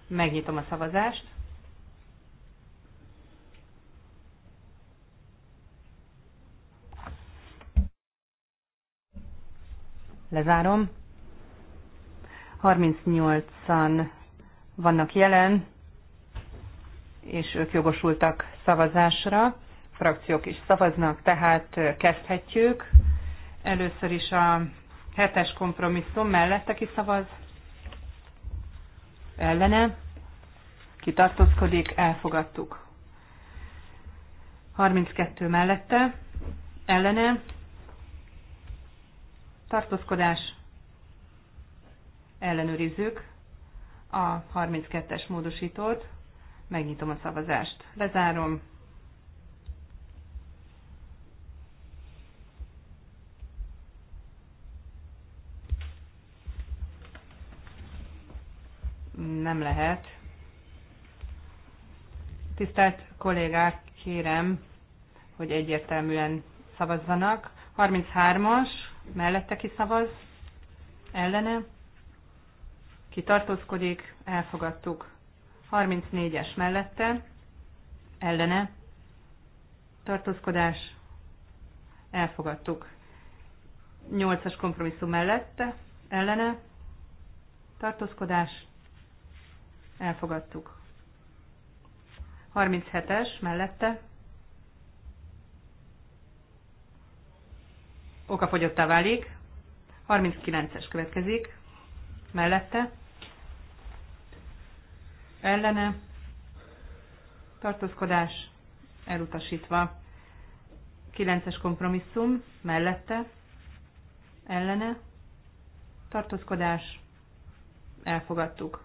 Megnyitom a szavazást. Lezárom. 38-an vannak jelen, és ők jogosultak szavazásra. Frakciók is szavaznak, tehát kezdhetjük. Először is a hetes kompromisszum mellette ki szavaz, ellene, ki tartózkodik, elfogadtuk. 32 mellette, ellene, tartózkodás, ellenőrizzük a 32-es módosítót, megnyitom a szavazást, lezárom, nem lehet. Tisztelt kollégák, kérem, hogy egyértelműen szavazzanak. 33-as, mellette ki szavaz, ellene, ki tartózkodik, elfogadtuk. 34-es mellette, ellene, tartózkodás, elfogadtuk. 8-as kompromisszum mellette, ellene, tartózkodás, elfogadtuk. 37-es mellette okafogyottá válik, 39-es következik, mellette, ellene, tartózkodás, elutasítva, 9-es kompromisszum, mellette, ellene, tartózkodás, elfogadtuk.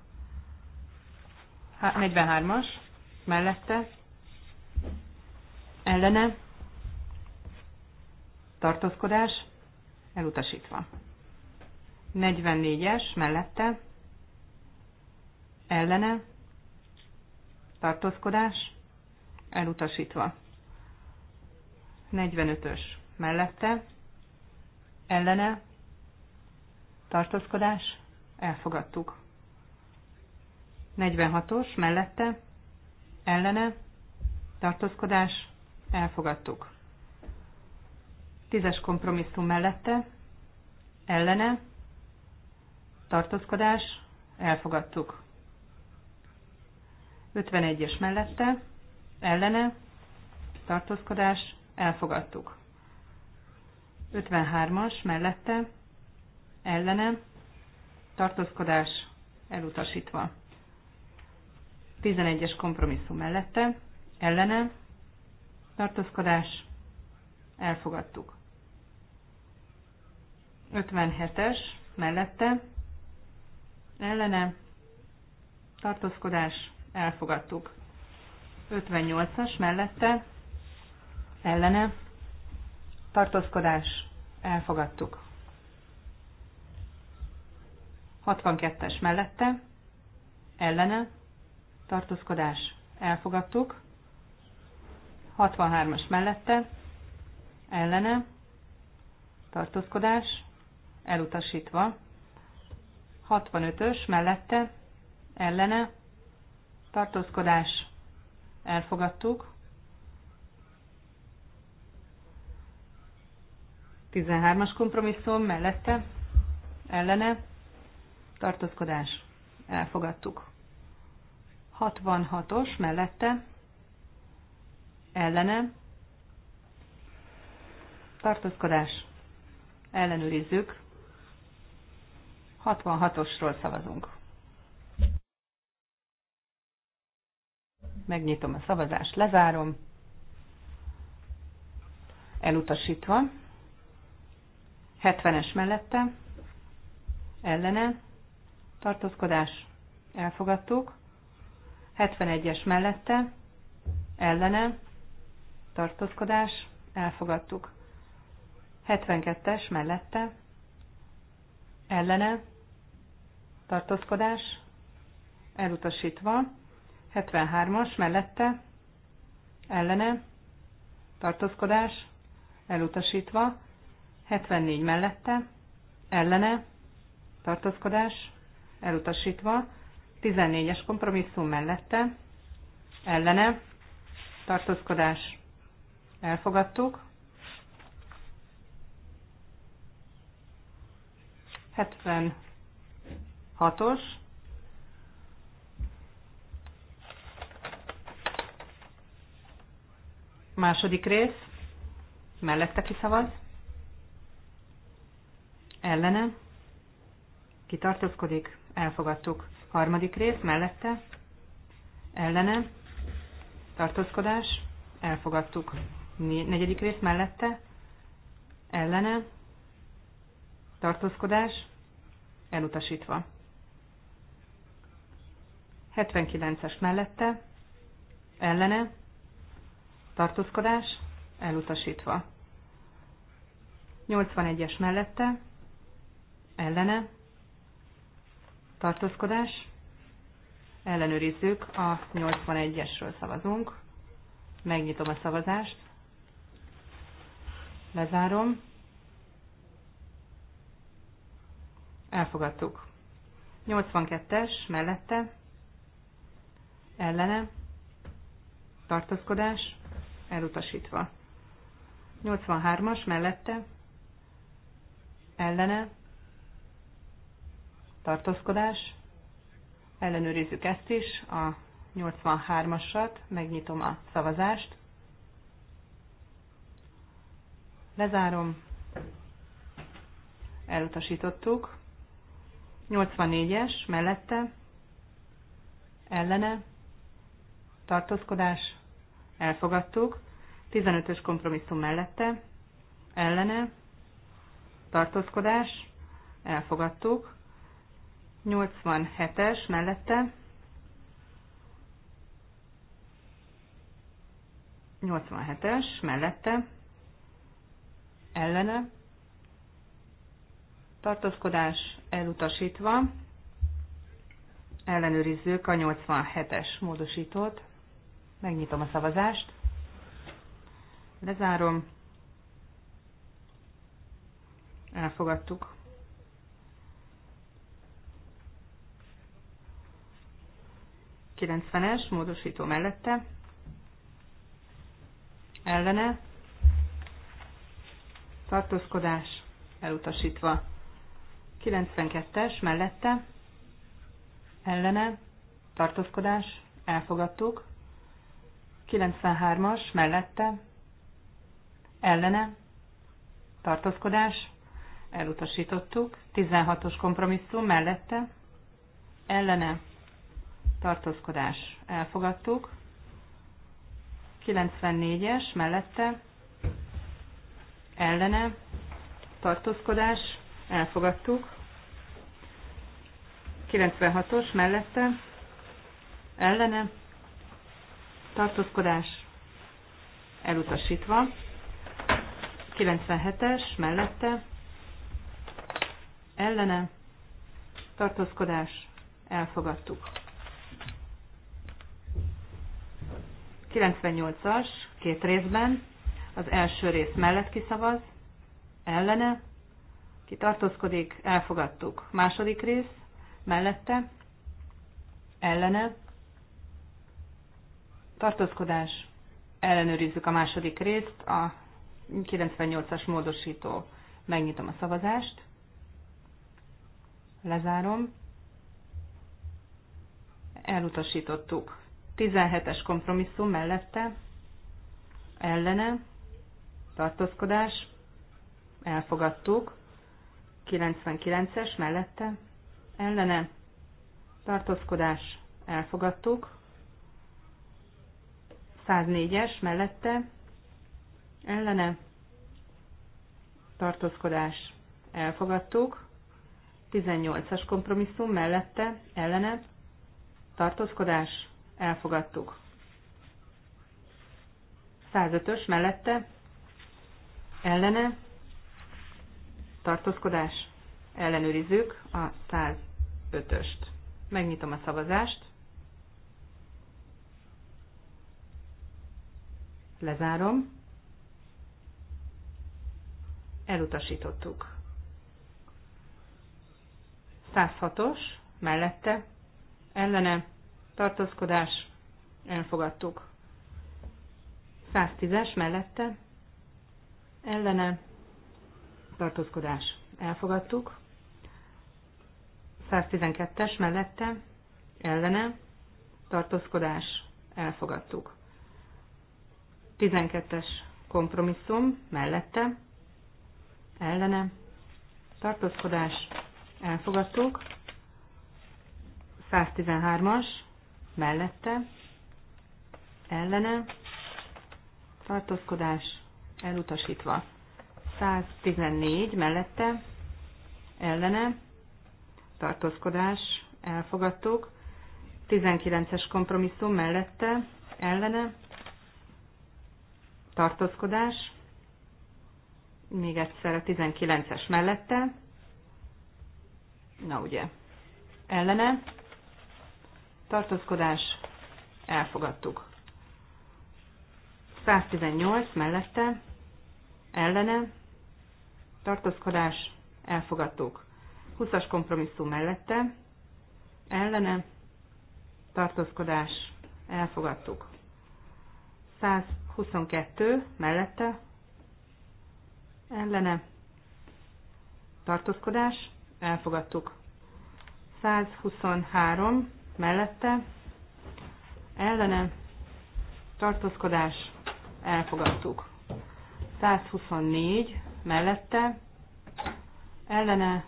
43-as mellette ellene tartózkodás elutasítva. 44-es mellette ellene tartózkodás elutasítva. 45-ös mellette ellene tartózkodás elfogadtuk. 46-os mellette, ellene, tartózkodás, elfogadtuk. 10-es kompromisszum mellette, ellene, tartózkodás, elfogadtuk. 51-es mellette, ellene, tartózkodás, elfogadtuk. 53-as mellette, ellene, tartózkodás, elutasítva. 11-es kompromisszum mellette, ellene, tartózkodás, elfogadtuk. 57-es mellette, ellene, tartózkodás, elfogadtuk. 58-as mellette, ellene, tartózkodás, elfogadtuk. 62-es mellette, ellene, tartózkodás elfogadtuk, 63-as mellette, ellene, tartózkodás elutasítva, 65-ös mellette, ellene, tartózkodás elfogadtuk, 13-as kompromisszum mellette, ellene, tartózkodás elfogadtuk. 66-os mellette ellene tartózkodás ellenőrizzük. 66-osról szavazunk. Megnyitom a szavazást, lezárom. Elutasítva. 70-es mellette. Ellene. Tartózkodás. Elfogadtuk. 71-es mellette, ellene, tartózkodás, elfogadtuk. 72-es mellette, ellene, tartózkodás, elutasítva. 73-as mellette, ellene, tartózkodás, elutasítva. 74 mellette, ellene, tartózkodás, elutasítva. 14-es kompromisszum mellette, ellene, tartózkodás, elfogadtuk. 76-os, második rész, mellette kiszavaz, ellene, kitartózkodik, elfogadtuk. Harmadik rész mellette, ellene, tartózkodás, elfogadtuk. Negyedik rész mellette, ellene, tartózkodás, elutasítva. 79-es mellette, ellene, tartózkodás, elutasítva. 81-es mellette, ellene, tartózkodás, ellenőrizzük, a 81-esről szavazunk, megnyitom a szavazást, lezárom, elfogadtuk. 82-es mellette, ellene, tartózkodás, elutasítva. 83-as mellette, ellene, tartózkodás, ellenőrizzük ezt is, a 83-asat, megnyitom a szavazást, lezárom, elutasítottuk, 84-es mellette, ellene, tartózkodás, elfogadtuk, 15-ös kompromisszum mellette, ellene, tartózkodás, elfogadtuk, 87-es mellette. 87-es mellette. Ellene. Tartózkodás elutasítva. Ellenőrizzük a 87-es módosítót. Megnyitom a szavazást. Lezárom. Elfogadtuk. 90-es módosító mellette, ellene, tartózkodás elutasítva. 92-es mellette, ellene, tartózkodás, elfogadtuk. 93-as mellette, ellene, tartózkodás, elutasítottuk. 16-os kompromisszum mellette, ellene, tartózkodás elfogadtuk. 94-es mellette ellene tartózkodás elfogadtuk. 96-os mellette ellene tartózkodás elutasítva. 97-es mellette ellene tartózkodás elfogadtuk. 98-as, két részben, az első rész mellett kiszavaz, ellene, kitartózkodik, elfogadtuk. Második rész, mellette, ellene, tartózkodás, ellenőrizzük a második részt, a 98-as módosító, megnyitom a szavazást, lezárom, elutasítottuk. 17-es kompromisszum mellette, ellene, tartózkodás, elfogadtuk. 99-es mellette, ellene, tartózkodás, elfogadtuk. 104-es mellette, ellene, tartózkodás, elfogadtuk. 18-as kompromisszum mellette, ellene, tartózkodás, elfogadtuk. 105-ös mellette ellene tartózkodás ellenőrizzük a 105-öst. Megnyitom a szavazást. Lezárom. Elutasítottuk. 106-os mellette ellene tartózkodás, elfogadtuk. 110-es mellette, ellene, tartózkodás, elfogadtuk. 112-es mellette, ellene, tartózkodás, elfogadtuk. 12-es kompromisszum mellette, ellene, tartózkodás, elfogadtuk. 113-as mellette, ellene, tartózkodás elutasítva. 114 mellette, ellene, tartózkodás elfogadtuk. 19-es kompromisszum mellette, ellene, tartózkodás, még egyszer a 19-es mellette, na ugye, ellene, tartózkodás, elfogadtuk. 118 mellette, ellene, tartózkodás, elfogadtuk. 20-as kompromisszum mellette, ellene, tartózkodás, elfogadtuk. 122 mellette, ellene, tartózkodás, elfogadtuk. 123 mellette, ellene, tartózkodás, elfogadtuk. 124 mellette, ellene,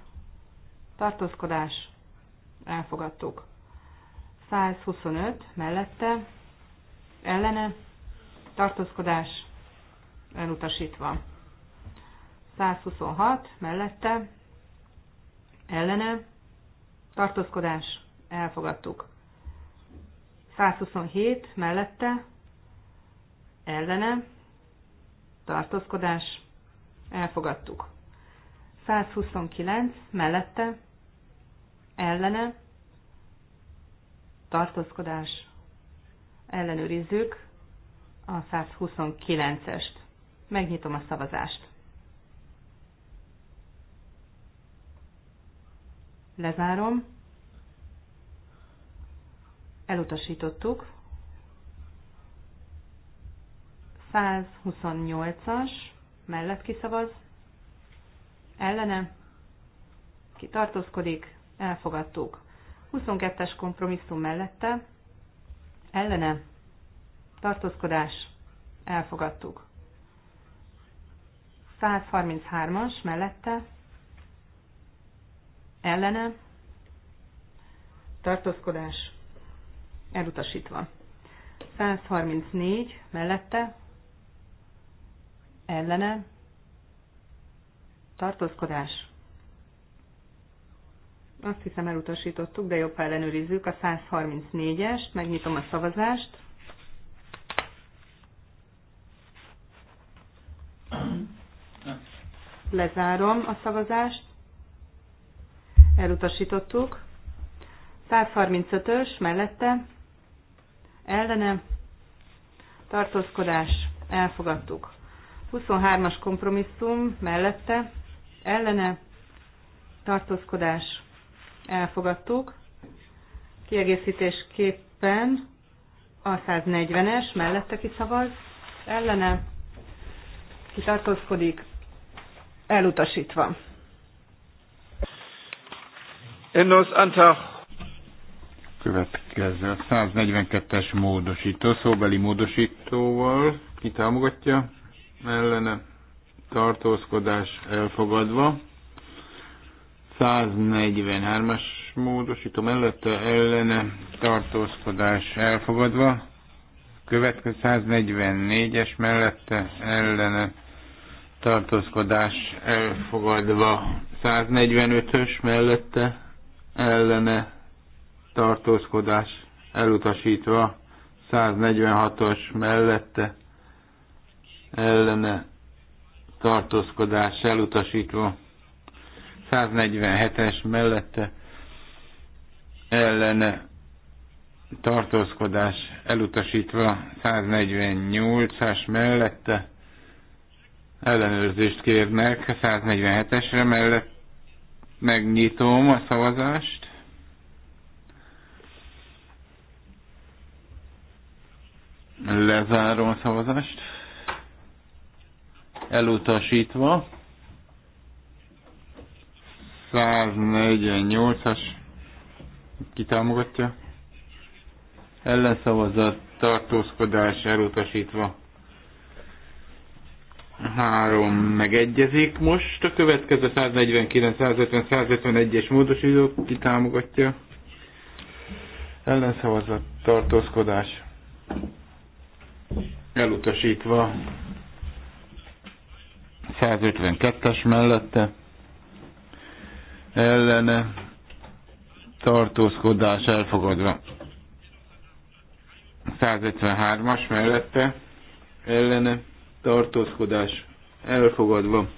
tartózkodás, elfogadtuk. 125 mellette, ellene, tartózkodás, elutasítva. 126 mellette, ellene, tartózkodás, elfogadtuk. 127 mellette, ellene, tartózkodás, elfogadtuk. 129 mellette, ellene, tartózkodás, ellenőrizzük a 129-est. Megnyitom a szavazást. Lezárom elutasítottuk. 128-as mellett kiszavaz, ellene, ki tartózkodik, elfogadtuk. 22-es kompromisszum mellette, ellene, tartózkodás, elfogadtuk. 133-as mellette, ellene, tartózkodás, elutasítva. 134 mellette, ellene, tartózkodás. Azt hiszem elutasítottuk, de jobb, ellenőrizzük a 134-est, megnyitom a szavazást. Lezárom a szavazást. Elutasítottuk. 135-ös mellette, ellene, tartózkodás, elfogadtuk. 23-as kompromisszum mellette, ellene, tartózkodás, elfogadtuk. Kiegészítésképpen a 140-es mellette kiszavaz, ellene, kitartózkodik, elutasítva. Änderungsantrag Következő a 142-es módosító, szóbeli módosítóval kitámogatja ellene tartózkodás elfogadva. 143-as módosító mellette ellene tartózkodás elfogadva. Következő 144-es mellette ellene tartózkodás elfogadva. 145-ös mellette ellene tartózkodás elutasítva 146-os mellette ellene tartózkodás elutasítva 147-es mellette ellene tartózkodás elutasítva 148-as mellette ellenőrzést kérnek 147-esre mellett megnyitom a szavazást Lezárom a szavazást. Elutasítva. 148-as kitámogatja. Ellenszavazat tartózkodás elutasítva. Három megegyezik most. A következő 149, 150, 151-es módosító kitámogatja. Ellenszavazat tartózkodás Elutasítva 152-es mellette ellene tartózkodás elfogadva. 153-as mellette ellene tartózkodás elfogadva.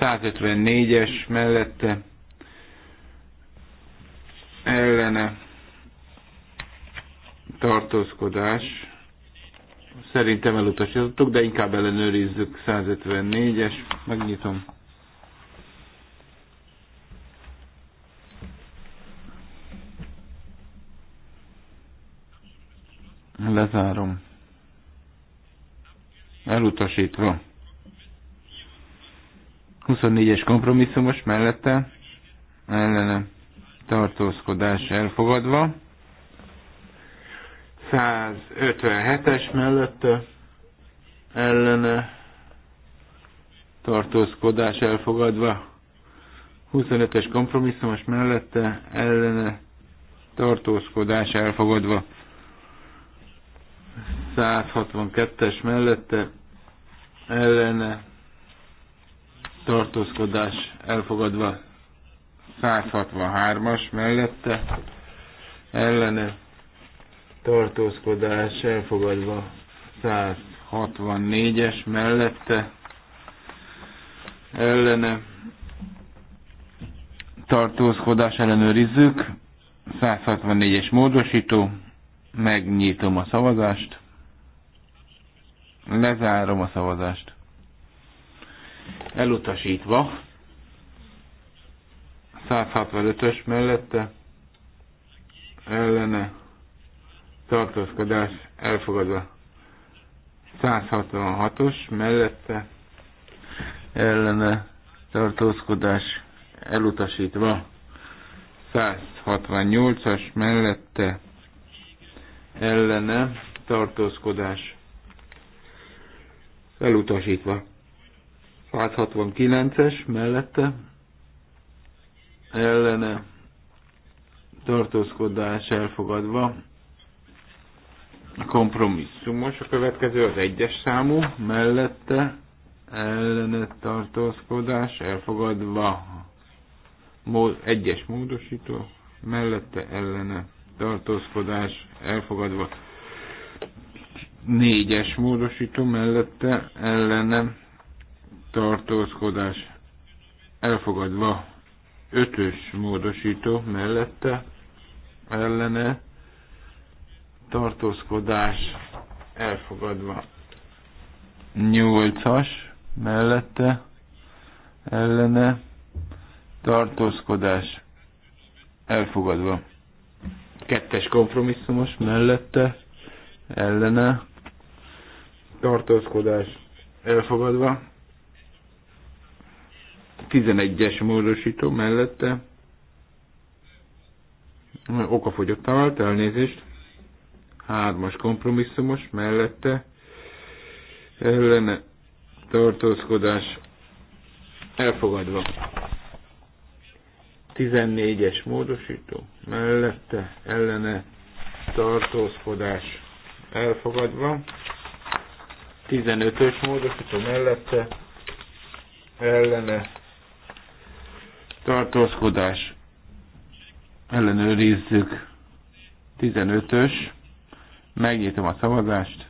154-es mellette ellene tartózkodás Szerintem elutasítottuk, de inkább ellenőrizzük 154-es. Megnyitom. Lezárom. Elutasítva. 24-es kompromisszumos mellette ellene tartózkodás elfogadva. 157-es mellette ellene tartózkodás elfogadva, 25-es kompromisszumos mellette ellene tartózkodás elfogadva, 162-es mellette ellene tartózkodás elfogadva, 163-as mellette ellene tartózkodás elfogadva 164-es mellette ellene tartózkodás ellenőrizzük 164-es módosító megnyitom a szavazást lezárom a szavazást elutasítva 165-ös mellette ellene tartózkodás elfogadva. 166-os mellette ellene tartózkodás elutasítva. 168-as mellette ellene tartózkodás elutasítva. 169-es mellette ellene tartózkodás elfogadva. A kompromisszumos a következő, az egyes számú, mellette ellenet tartózkodás elfogadva mód, egyes módosító, mellette ellene tartózkodás elfogadva négyes módosító, mellette ellene tartózkodás elfogadva ötös módosító, mellette ellene tartózkodás elfogadva. 8-as mellette ellene tartózkodás elfogadva. Kettes kompromisszumos mellette ellene tartózkodás elfogadva. 11-es módosító mellette okafogyottá vált, elnézést. Hármas kompromisszumos mellette ellene tartózkodás elfogadva. 14-es módosító mellette ellene tartózkodás elfogadva. 15-ös módosító mellette ellene tartózkodás ellenőrizzük 15-ös Megnyitom a szavazást.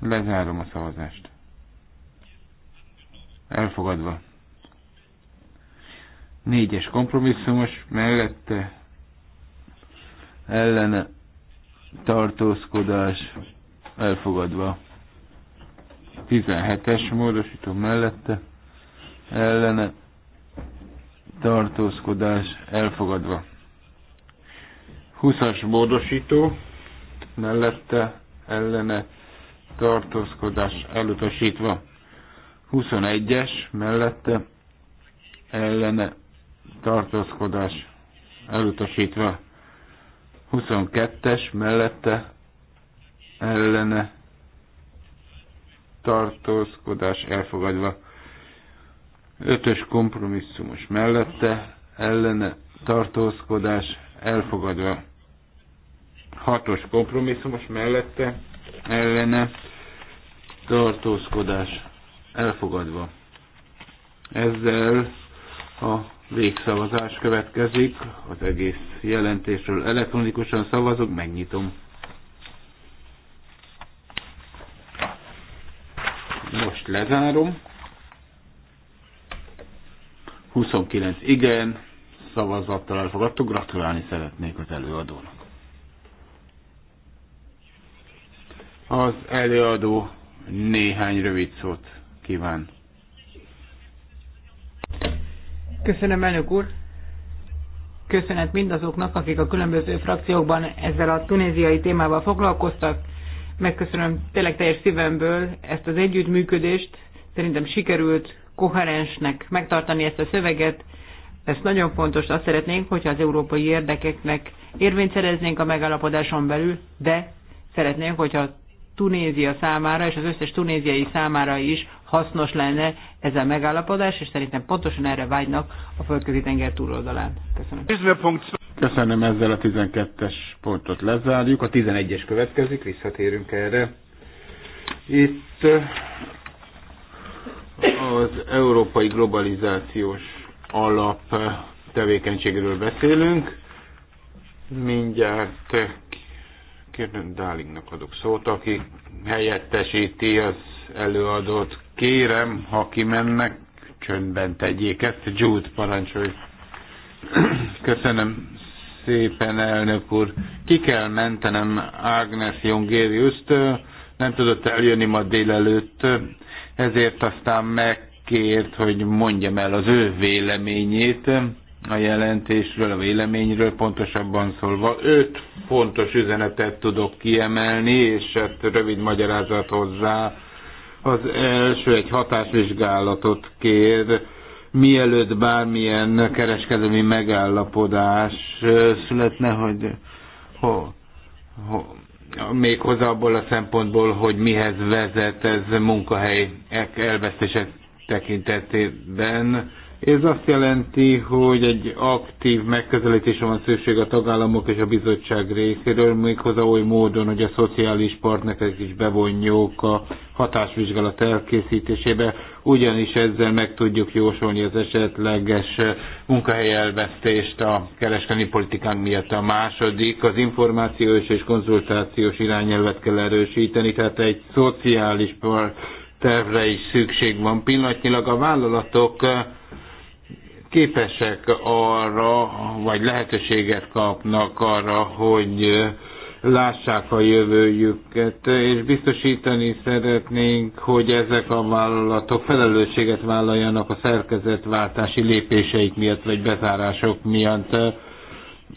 Lezárom a szavazást. Elfogadva. Négyes kompromisszumos, mellette ellene tartózkodás elfogadva. 17-es módosító mellette ellene tartózkodás elfogadva. 20-as módosító mellette ellene tartózkodás elutasítva. 21-es mellette ellene tartózkodás elutasítva. 22-es mellette ellene tartózkodás elfogadva. 5-ös kompromisszumos mellette ellene tartózkodás elfogadva. Hatos kompromisszumos mellette ellene tartózkodás elfogadva. Ezzel a végszavazás következik, az egész jelentésről elektronikusan szavazok, megnyitom. Most lezárom. 29 igen, szavazattal elfogadtuk. Gratulálni szeretnék az előadónak. Az előadó néhány rövid szót kíván. Köszönöm, elnök úr! Köszönet mindazoknak, akik a különböző frakciókban ezzel a tunéziai témával foglalkoztak. Megköszönöm tényleg teljes szívemből ezt az együttműködést. Szerintem sikerült koherensnek megtartani ezt a szöveget. Ez nagyon fontos, azt szeretnénk, hogyha az európai érdekeknek érvényt szereznénk a megállapodáson belül, de szeretnénk, hogyha Tunézia számára és az összes tunéziai számára is hasznos lenne ez a megállapodás, és szerintem pontosan erre vágynak a földközi tenger túloldalán. Köszönöm. Köszönöm, ezzel a 12-es pontot lezárjuk. A 11-es következik, visszatérünk erre. Itt az európai globalizációs alap tevékenységről beszélünk. Mindjárt kérdem Dálingnak adok szót, aki helyettesíti az előadót. Kérem, ha kimennek, csöndben tegyék ezt. Jude, parancsolj. Köszönöm szépen, elnök úr. Ki kell mentenem Ágnes Jongériuszt, nem tudott eljönni ma délelőtt, ezért aztán meg kért, hogy mondjam el az ő véleményét a jelentésről, a véleményről pontosabban szólva. Öt fontos üzenetet tudok kiemelni, és hát rövid magyarázat hozzá. Az első egy hatásvizsgálatot kér, mielőtt bármilyen kereskedelmi megállapodás születne, hogy ho, ho, méghozzá abból a szempontból, hogy mihez vezet ez munkahely elvesztése tekintetében. Ez azt jelenti, hogy egy aktív megközelítésre van szükség a tagállamok és a bizottság részéről, méghozzá oly módon, hogy a szociális partnereket is bevonjuk a hatásvizsgálat elkészítésébe, ugyanis ezzel meg tudjuk jósolni az esetleges munkahely elvesztést a kereskedelmi politikánk miatt. A második, az információs és konzultációs irányelvet kell erősíteni, tehát egy szociális partner tervre is szükség van. Pillanatnyilag a vállalatok eh, képesek arra, vagy lehetőséget kapnak arra, hogy eh, lássák a jövőjüket, és biztosítani szeretnénk, hogy ezek a vállalatok felelősséget vállaljanak a szerkezetváltási lépéseik miatt, vagy bezárások miatt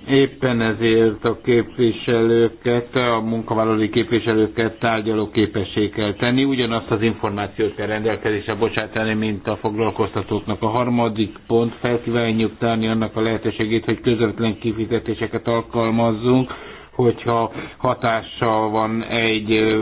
Éppen ezért a képviselőket, a munkavállalói képviselőket tárgyaló képessé kell tenni, ugyanazt az információt kell rendelkezésre bocsátani, mint a foglalkoztatóknak. A harmadik pont, felkívánjuk tárni annak a lehetőségét, hogy közvetlen kifizetéseket alkalmazzunk, hogyha hatással van egy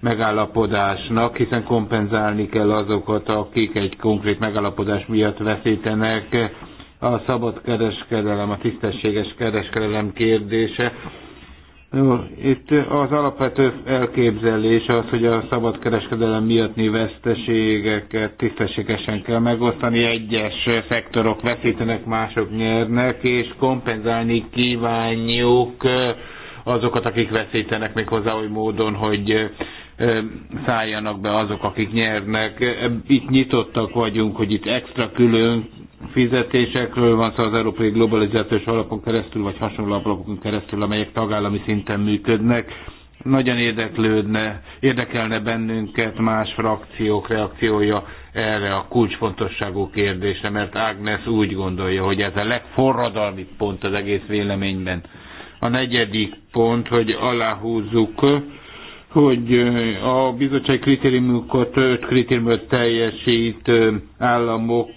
megállapodásnak, hiszen kompenzálni kell azokat, akik egy konkrét megállapodás miatt veszítenek a szabad kereskedelem, a tisztességes kereskedelem kérdése. Itt az alapvető elképzelés az, hogy a kereskedelem miattni veszteségeket tisztességesen kell megosztani, egyes szektorok veszítenek, mások nyernek, és kompenzálni kívánjuk azokat, akik veszítenek még hozzá oly módon, hogy szálljanak be azok, akik nyernek. Itt nyitottak vagyunk, hogy itt extra külön fizetésekről van szó az európai globalizációs alapon keresztül, vagy hasonló alapokon keresztül, amelyek tagállami szinten működnek. Nagyon érdeklődne, érdekelne bennünket más frakciók reakciója erre a kulcsfontosságú kérdésre, mert Ágnes úgy gondolja, hogy ez a legforradalmi pont az egész véleményben. A negyedik pont, hogy aláhúzzuk, hogy a bizottság kritériumokat, öt kritériumot teljesít államok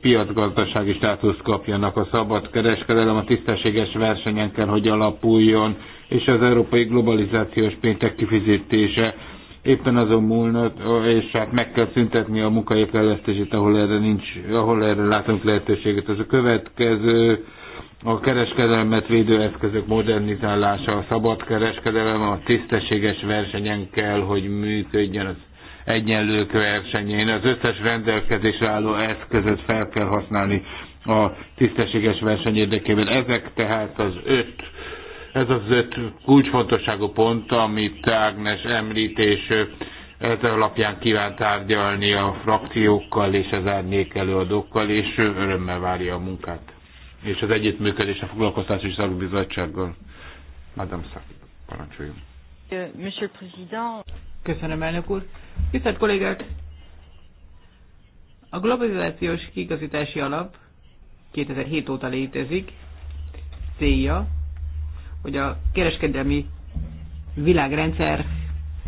piacgazdasági státuszt kapjanak. A szabad kereskedelem a tisztességes versenyen kell, hogy alapuljon, és az európai globalizációs péntek kifizetése éppen azon múlna, és hát meg kell szüntetni a munkahelyek ahol erre nincs, ahol erre látunk lehetőséget. Ez a következő a kereskedelmet védő eszközök modernizálása, a szabad kereskedelem, a tisztességes versenyen kell, hogy működjön az egyenlők versenyén. Az összes rendelkezésre álló eszközöt fel kell használni a tisztességes verseny érdekében. Ezek tehát az öt, ez az öt kulcsfontosságú pont, amit Ágnes említ, és ez alapján kíván tárgyalni a frakciókkal és az árnyék előadókkal, és örömmel várja a munkát és az együttműködés a foglalkoztatási szakbizottsággal. Madame Szaki, parancsoljon. Monsieur Président. Köszönöm, elnök úr. Tisztelt kollégák! A globalizációs kiigazítási alap 2007 óta létezik. Célja, hogy a kereskedelmi világrendszer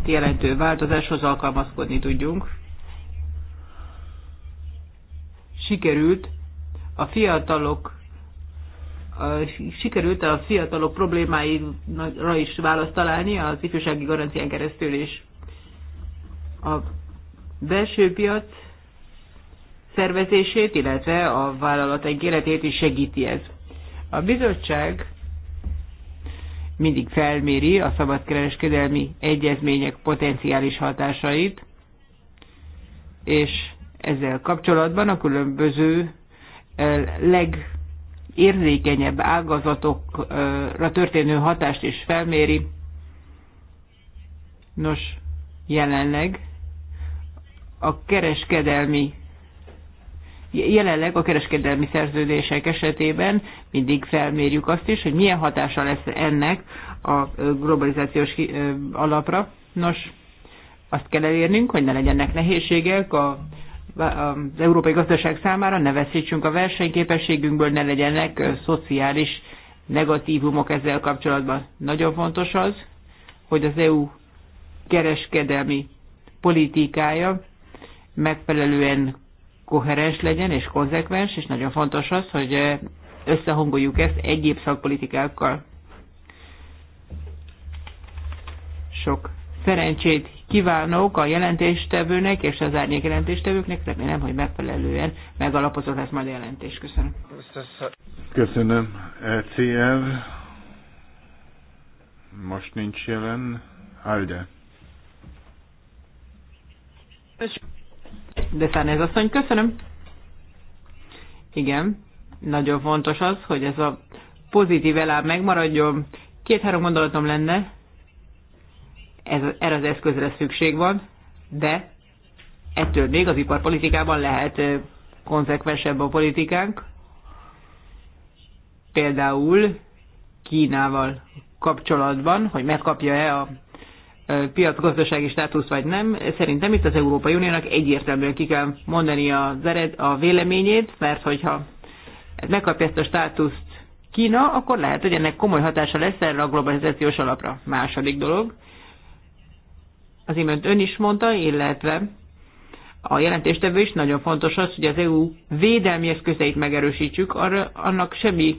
jelentő változáshoz alkalmazkodni tudjunk. Sikerült a fiatalok sikerült a fiatalok problémáira is választ találni az ifjúsági garancián keresztül is. A belső piac szervezését, illetve a vállalatai életét is segíti ez. A bizottság mindig felméri a szabadkereskedelmi egyezmények potenciális hatásait, és ezzel kapcsolatban a különböző eh, leg érzékenyebb ágazatokra történő hatást is felméri. Nos, jelenleg a kereskedelmi jelenleg a kereskedelmi szerződések esetében mindig felmérjük azt is, hogy milyen hatása lesz ennek a globalizációs alapra. Nos, azt kell elérnünk, hogy ne legyenek nehézségek a az európai gazdaság számára, ne veszítsünk a versenyképességünkből, ne legyenek szociális negatívumok ezzel kapcsolatban. Nagyon fontos az, hogy az EU kereskedelmi politikája megfelelően koherens legyen és konzekvens, és nagyon fontos az, hogy összehangoljuk ezt egyéb szakpolitikákkal. Sok szerencsét kívánok a jelentéstevőnek és az árnyék jelentéstevőknek, remélem, hogy megfelelően megalapozott lesz majd a jelentés. Köszönöm. Köszönöm. ECR most nincs jelen. Alde. De Szánez asszony, köszönöm. Igen, nagyon fontos az, hogy ez a pozitív elám megmaradjon. Két-három gondolatom lenne ez, erre az eszközre szükség van, de ettől még az iparpolitikában lehet konzekvensebb a politikánk. Például Kínával kapcsolatban, hogy megkapja-e a piacgazdasági státusz vagy nem. Szerintem itt az Európai Uniónak egyértelműen ki kell mondani az ered, a véleményét, mert hogyha megkapja ezt a státuszt Kína, akkor lehet, hogy ennek komoly hatása lesz erre a globalizációs alapra. Második dolog, az imént ön is mondta, illetve a jelentéstevő is nagyon fontos az, hogy az EU védelmi eszközeit megerősítsük, arra, annak semmi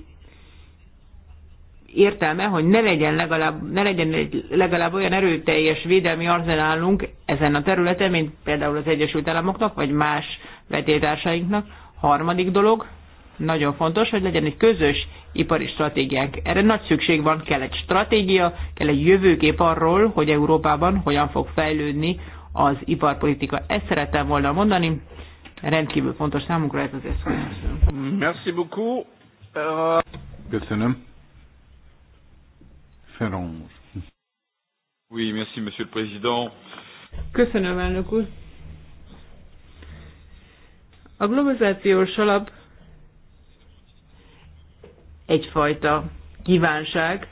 értelme, hogy ne legyen, legalább, ne legyen egy, legalább olyan erőteljes védelmi arzenálunk ezen a területen, mint például az Egyesült Államoknak, vagy más vetétársainknak. Harmadik dolog, nagyon fontos, hogy legyen egy közös ipari stratégiák Erre nagy szükség van, kell egy stratégia, kell egy jövőkép arról, hogy Európában hogyan fog fejlődni az iparpolitika. Ezt szerettem volna mondani, rendkívül fontos számunkra ez az eszköz. Merci beaucoup. Köszönöm. Ferenc. Oui, merci, monsieur le président. Köszönöm, elnök úr. A globalizációs alap egyfajta kívánság.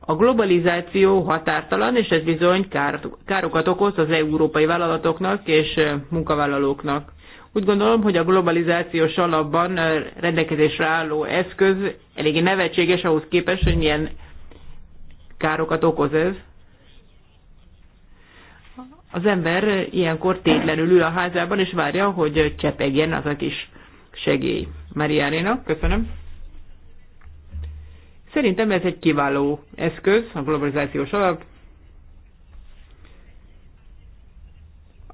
A globalizáció határtalan, és ez bizony kár, károkat okoz az európai vállalatoknak és munkavállalóknak. Úgy gondolom, hogy a globalizációs alapban rendelkezésre álló eszköz eléggé nevetséges ahhoz képest, hogy milyen károkat okoz ez. Az ember ilyenkor tétlenül ül a házában, és várja, hogy csepegjen az a kis segély. Mariárénak, köszönöm. Szerintem ez egy kiváló eszköz, a globalizációs alap.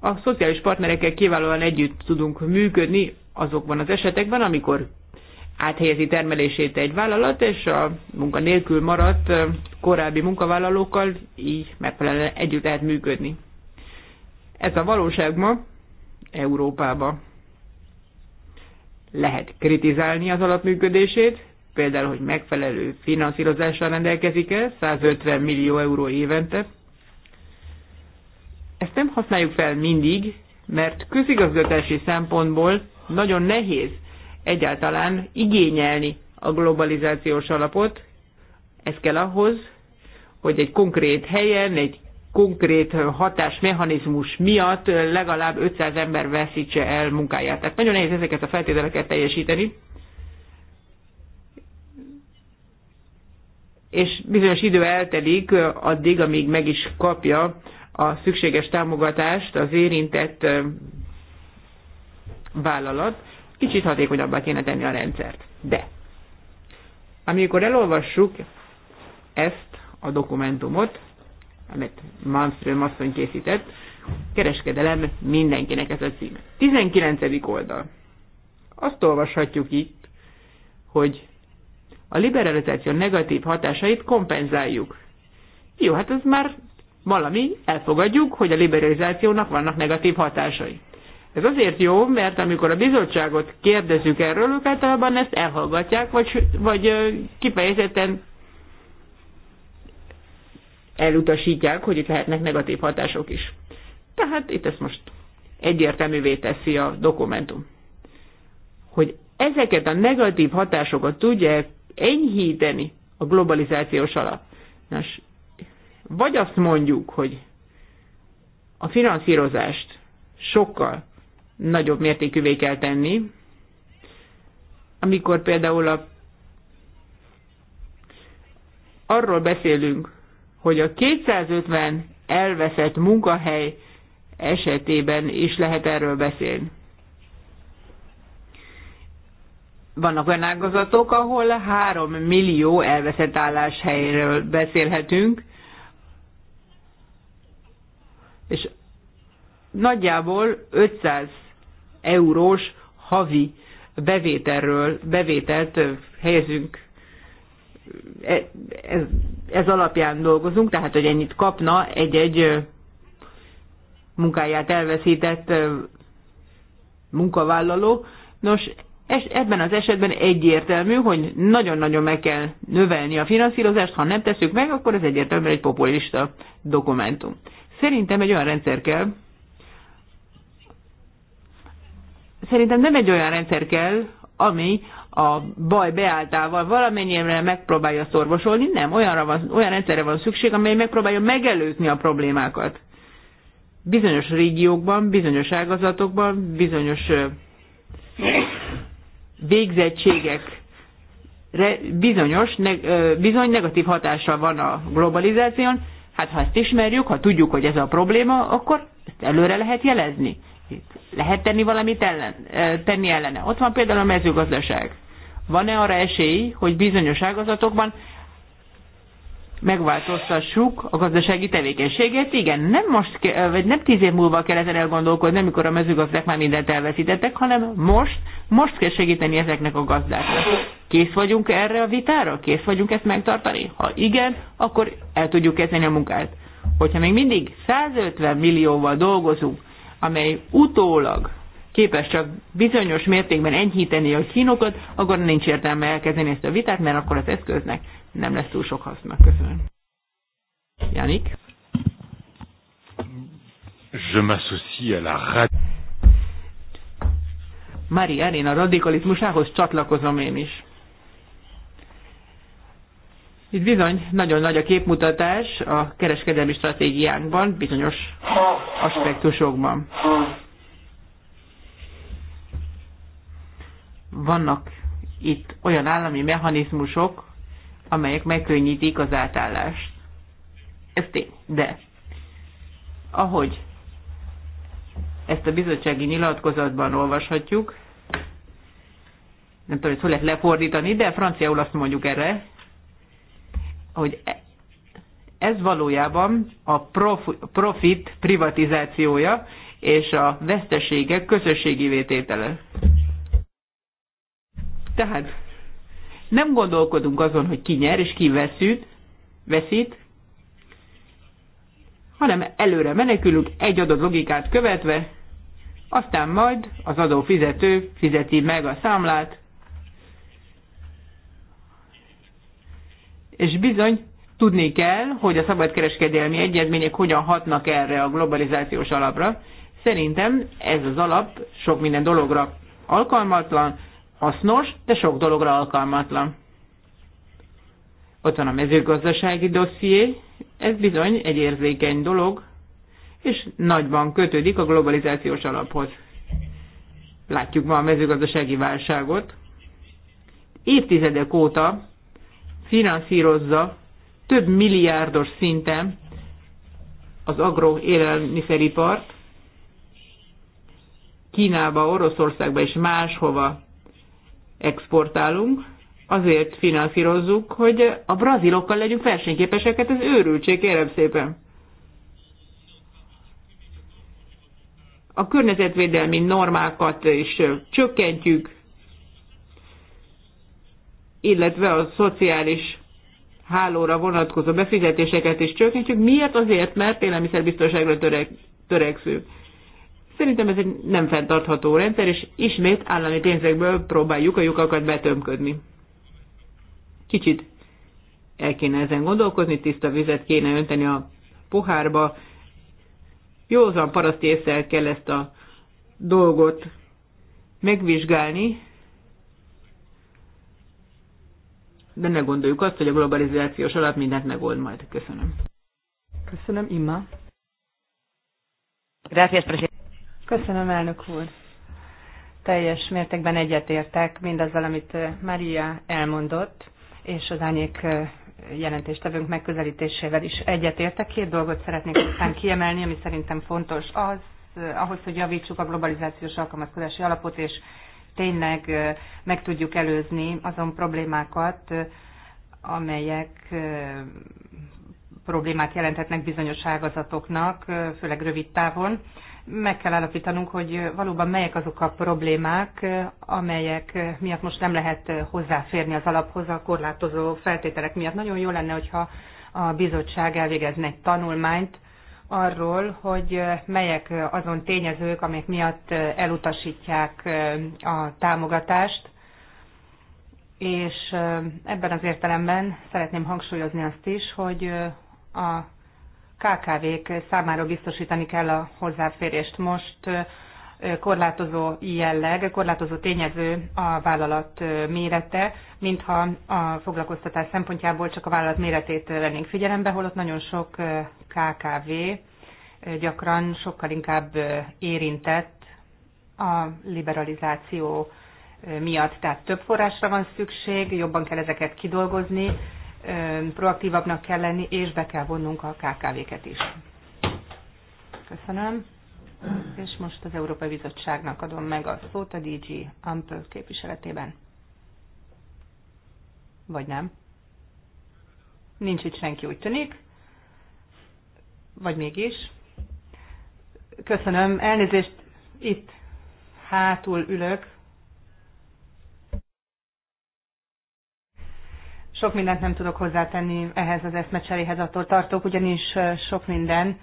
A szociális partnerekkel kiválóan együtt tudunk működni azokban az esetekben, amikor áthelyezi termelését egy vállalat, és a munka nélkül maradt korábbi munkavállalókkal így megfelelően együtt lehet működni. Ez a valóság ma Európában. Lehet kritizálni az alapműködését, például, hogy megfelelő finanszírozással rendelkezik el, 150 millió euró évente. Ezt nem használjuk fel mindig, mert közigazgatási szempontból nagyon nehéz egyáltalán igényelni a globalizációs alapot. Ez kell ahhoz, hogy egy konkrét helyen, egy konkrét hatásmechanizmus miatt legalább 500 ember veszítse el munkáját. Tehát nagyon nehéz ezeket a feltételeket teljesíteni. és bizonyos idő eltelik addig, amíg meg is kapja a szükséges támogatást az érintett vállalat. Kicsit hatékonyabbá kéne tenni a rendszert. De amikor elolvassuk ezt a dokumentumot, amit Malmström asszony készített, kereskedelem mindenkinek ez a cím. 19. oldal. Azt olvashatjuk itt, hogy a liberalizáció negatív hatásait kompenzáljuk. Jó, hát ez már valami, elfogadjuk, hogy a liberalizációnak vannak negatív hatásai. Ez azért jó, mert amikor a bizottságot kérdezzük erről, ők általában ezt elhallgatják, vagy, vagy kifejezetten elutasítják, hogy itt lehetnek negatív hatások is. Tehát itt ezt most egyértelművé teszi a dokumentum. Hogy ezeket a negatív hatásokat tudják enyhíteni a globalizációs alap. Nos, vagy azt mondjuk, hogy a finanszírozást sokkal nagyobb mértékűvé kell tenni, amikor például a, arról beszélünk, hogy a 250 elveszett munkahely esetében is lehet erről beszélni. vannak olyan ágazatok, ahol 3 millió elveszett álláshelyről beszélhetünk, és nagyjából 500 eurós havi bevételről, bevételt helyezünk, e, ez, ez alapján dolgozunk, tehát hogy ennyit kapna egy-egy munkáját elveszített munkavállaló. Nos, Es, ebben az esetben egyértelmű, hogy nagyon-nagyon meg kell növelni a finanszírozást, ha nem tesszük meg, akkor ez egyértelműen egy populista dokumentum. Szerintem egy olyan rendszer kell, szerintem nem egy olyan rendszer kell, ami a baj beáltával valamennyire megpróbálja szorvosolni, nem, olyanra van, olyan rendszerre van szükség, amely megpróbálja megelőzni a problémákat. Bizonyos régiókban, bizonyos ágazatokban, bizonyos végzettségek bizonyos, bizony negatív hatással van a globalizáción, hát ha ezt ismerjük, ha tudjuk, hogy ez a probléma, akkor ezt előre lehet jelezni. Lehet tenni valamit ellen, tenni ellene. Ott van például a mezőgazdaság. Van-e arra esély, hogy bizonyos ágazatokban megváltoztassuk a gazdasági tevékenységet. Igen, nem most, vagy nem tíz év múlva kell ezen elgondolkodni, amikor a mezőgazdák már mindent elveszítettek, hanem most, most kell segíteni ezeknek a gazdáknak. Kész vagyunk erre a vitára? Kész vagyunk ezt megtartani? Ha igen, akkor el tudjuk kezdeni a munkát. Hogyha még mindig 150 millióval dolgozunk, amely utólag képes csak bizonyos mértékben enyhíteni a kínokat, akkor nincs értelme elkezdeni ezt a vitát, mert akkor az eszköznek nem lesz túl sok hasznak. Köszönöm. Janik? Je m'associe à la Marian, én a radikalizmusához csatlakozom én is. Itt bizony nagyon nagy a képmutatás a kereskedelmi stratégiánkban, bizonyos aspektusokban. Vannak itt olyan állami mechanizmusok, amelyek megkönnyítik az átállást. Ez tény, de ahogy ezt a bizottsági nyilatkozatban olvashatjuk, nem tudom, hogy hol lehet lefordítani, de franciául azt mondjuk erre, hogy ez valójában a profit privatizációja és a veszteségek közösségi vététele. Tehát nem gondolkodunk azon, hogy ki nyer és ki veszít, veszít, hanem előre menekülünk egy adott logikát követve, aztán majd az adófizető fizeti meg a számlát, és bizony tudni kell, hogy a szabadkereskedelmi egyezmények hogyan hatnak erre a globalizációs alapra. Szerintem ez az alap sok minden dologra alkalmatlan, hasznos, de sok dologra alkalmatlan. Ott van a mezőgazdasági dosszié, ez bizony egy érzékeny dolog, és nagyban kötődik a globalizációs alaphoz. Látjuk ma a mezőgazdasági válságot. Évtizedek óta finanszírozza több milliárdos szinten az agroélelmiszeripart, Kínába, Oroszországba és máshova exportálunk, azért finanszírozzuk, hogy a brazilokkal legyünk versenyképesek, hát ez őrültség, kérem szépen. A környezetvédelmi normákat is csökkentjük, illetve a szociális hálóra vonatkozó befizetéseket is csökkentjük. Miért? Azért, mert élelmiszerbiztonságra törek, törekszünk. Szerintem ez egy nem fenntartható rendszer, és ismét állami pénzekből próbáljuk a lyukakat betömködni. Kicsit el kéne ezen gondolkozni, tiszta vizet kéne önteni a pohárba. Józan paraszti észre kell ezt a dolgot megvizsgálni, de ne gondoljuk azt, hogy a globalizációs alap mindent megold majd. Köszönöm. Köszönöm, Imma. Gracias, presidente. Köszönöm, elnök úr. Teljes mértékben egyetértek mindazzal, amit eh, Maria elmondott, és az ányék eh, jelentéstevőnk megközelítésével is egyetértek. Két dolgot szeretnék aztán kiemelni, ami szerintem fontos az, eh, ahhoz, hogy javítsuk a globalizációs alkalmazkodási alapot, és tényleg meg tudjuk előzni azon problémákat, amelyek problémát jelenthetnek bizonyos ágazatoknak, főleg rövid távon meg kell állapítanunk, hogy valóban melyek azok a problémák, amelyek miatt most nem lehet hozzáférni az alaphoz a korlátozó feltételek miatt. Nagyon jó lenne, hogyha a bizottság elvégezne egy tanulmányt arról, hogy melyek azon tényezők, amelyek miatt elutasítják a támogatást, és ebben az értelemben szeretném hangsúlyozni azt is, hogy a KKV-k számára biztosítani kell a hozzáférést. Most korlátozó jelleg, korlátozó tényező a vállalat mérete, mintha a foglalkoztatás szempontjából csak a vállalat méretét vennénk figyelembe, holott nagyon sok KKV gyakran sokkal inkább érintett a liberalizáció miatt. Tehát több forrásra van szükség, jobban kell ezeket kidolgozni, proaktívabbnak kell lenni, és be kell vonnunk a KKV-ket is. Köszönöm. És most az Európai Bizottságnak adom meg a szót a DG Ampel képviseletében. Vagy nem? Nincs itt senki, úgy tűnik. Vagy mégis. Köszönöm. Elnézést, itt hátul ülök. Sok mindent nem tudok hozzátenni ehhez az eszmecseréhez, attól tartok, ugyanis sok minden,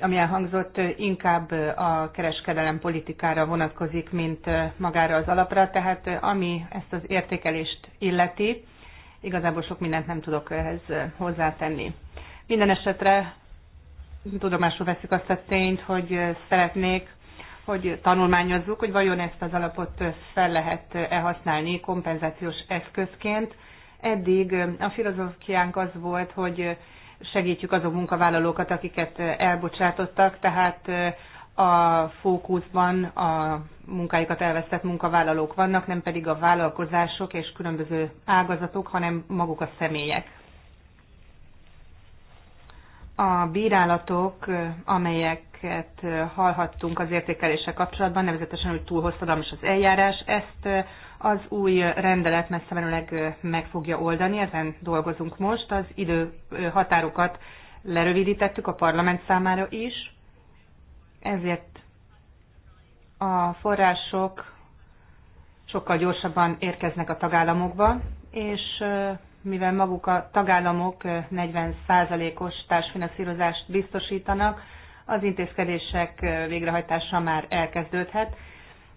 ami elhangzott, inkább a kereskedelem politikára vonatkozik, mint magára az alapra, tehát ami ezt az értékelést illeti, igazából sok mindent nem tudok ehhez hozzátenni. Minden esetre tudomásul veszük azt a tényt, hogy szeretnék, hogy tanulmányozzuk, hogy vajon ezt az alapot fel lehet-e használni kompenzációs eszközként, Eddig a filozófiánk az volt, hogy segítjük azok munkavállalókat, akiket elbocsátottak, tehát a fókuszban a munkájukat elvesztett munkavállalók vannak, nem pedig a vállalkozások és különböző ágazatok, hanem maguk a személyek a bírálatok, amelyeket hallhattunk az értékeléssel kapcsolatban, nevezetesen, hogy túl hosszadalmas az eljárás, ezt az új rendelet messze menőleg meg fogja oldani, ezen dolgozunk most, az idő határokat lerövidítettük a parlament számára is, ezért a források sokkal gyorsabban érkeznek a tagállamokba, és mivel maguk a tagállamok 40%-os társfinanszírozást biztosítanak, az intézkedések végrehajtása már elkezdődhet.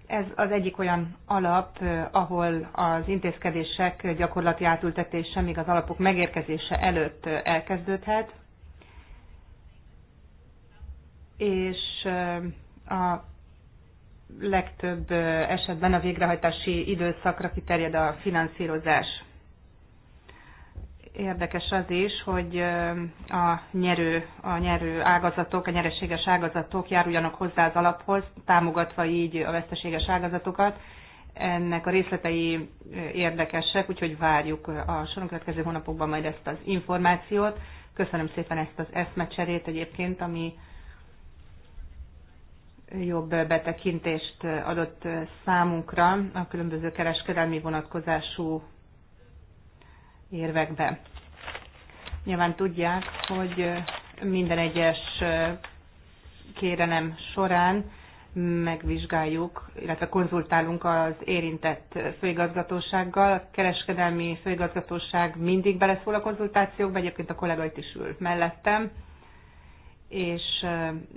Ez az egyik olyan alap, ahol az intézkedések gyakorlati átültetése még az alapok megérkezése előtt elkezdődhet, és a legtöbb esetben a végrehajtási időszakra kiterjed a finanszírozás érdekes az is, hogy a nyerő, a nyerő ágazatok, a nyereséges ágazatok járuljanak hozzá az alaphoz, támogatva így a veszteséges ágazatokat. Ennek a részletei érdekesek, úgyhogy várjuk a soron következő hónapokban majd ezt az információt. Köszönöm szépen ezt az eszmecserét egyébként, ami jobb betekintést adott számunkra a különböző kereskedelmi vonatkozású érvekbe. Nyilván tudják, hogy minden egyes kérelem során megvizsgáljuk, illetve konzultálunk az érintett főigazgatósággal. A kereskedelmi főigazgatóság mindig beleszól a konzultációkba, egyébként a kollega itt is ül mellettem, és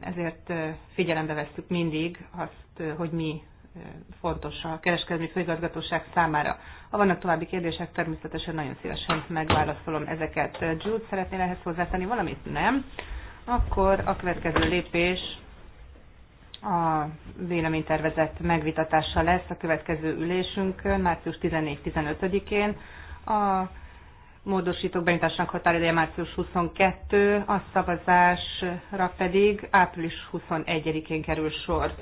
ezért figyelembe vesszük mindig azt, hogy mi fontos a kereskedelmi főigazgatóság számára. Ha vannak további kérdések, természetesen nagyon szívesen megválaszolom ezeket. Jude, szeretnél ehhez hozzátenni valamit? Nem? Akkor a következő lépés a véleménytervezet megvitatása lesz a következő ülésünkön, március 14-15-én. A módosítók benyújtásának határideje március 22, a szavazásra pedig április 21-én kerül sor.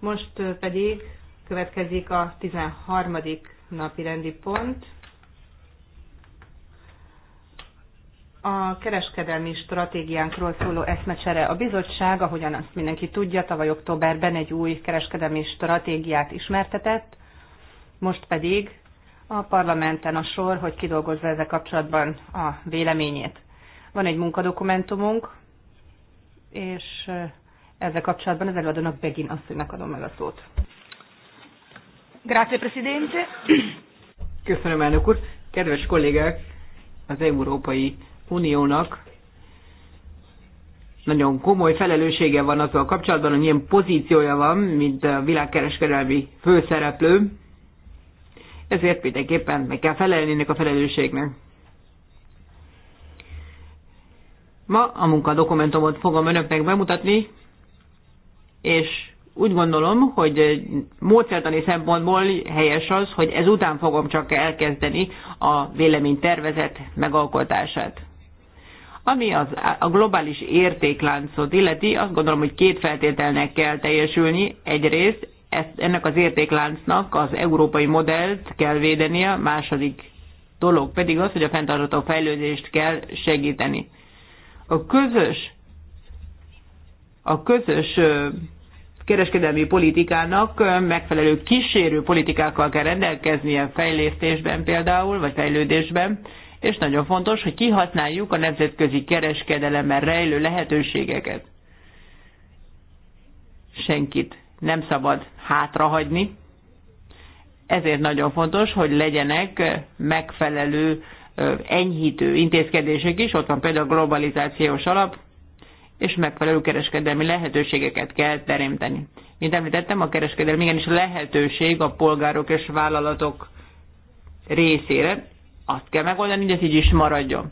Most pedig következik a 13 napirendi pont. A kereskedelmi stratégiánkról szóló eszmecsere. A bizottság, ahogyan azt mindenki tudja, tavaly októberben egy új kereskedelmi stratégiát ismertetett, most pedig a parlamenten a sor, hogy kidolgozza ezzel kapcsolatban a véleményét. Van egy munkadokumentumunk, és eh, ezzel kapcsolatban az előadónak Begin asszonynak adom meg a szót. Grazie, Presidente. Köszönöm, elnök úr. Kedves kollégák, az Európai Uniónak nagyon komoly felelőssége van azzal kapcsolatban, hogy milyen pozíciója van, mint a világkereskedelmi főszereplő. Ezért mindenképpen meg kell felelni ennek a felelősségnek. Ma a munkadokumentumot fogom önöknek bemutatni, és úgy gondolom, hogy módszertani szempontból helyes az, hogy ezután fogom csak elkezdeni a véleménytervezet megalkotását. Ami az, a globális értékláncot illeti, azt gondolom, hogy két feltételnek kell teljesülni. Egyrészt ezt, ennek az értékláncnak az európai modellt kell védenie, második dolog pedig az, hogy a fenntartható fejlődést kell segíteni. A közös a közös kereskedelmi politikának megfelelő kísérő politikákkal kell rendelkeznie fejlesztésben például, vagy fejlődésben, és nagyon fontos, hogy kihasználjuk a nemzetközi kereskedelemmel rejlő lehetőségeket. Senkit nem szabad hátrahagyni, ezért nagyon fontos, hogy legyenek megfelelő enyhítő intézkedések is, ott van például a globalizációs alap, és megfelelő kereskedelmi lehetőségeket kell teremteni. Mint említettem, a kereskedelmi igenis lehetőség a polgárok és vállalatok részére. Azt kell megoldani, hogy ez így is maradjon.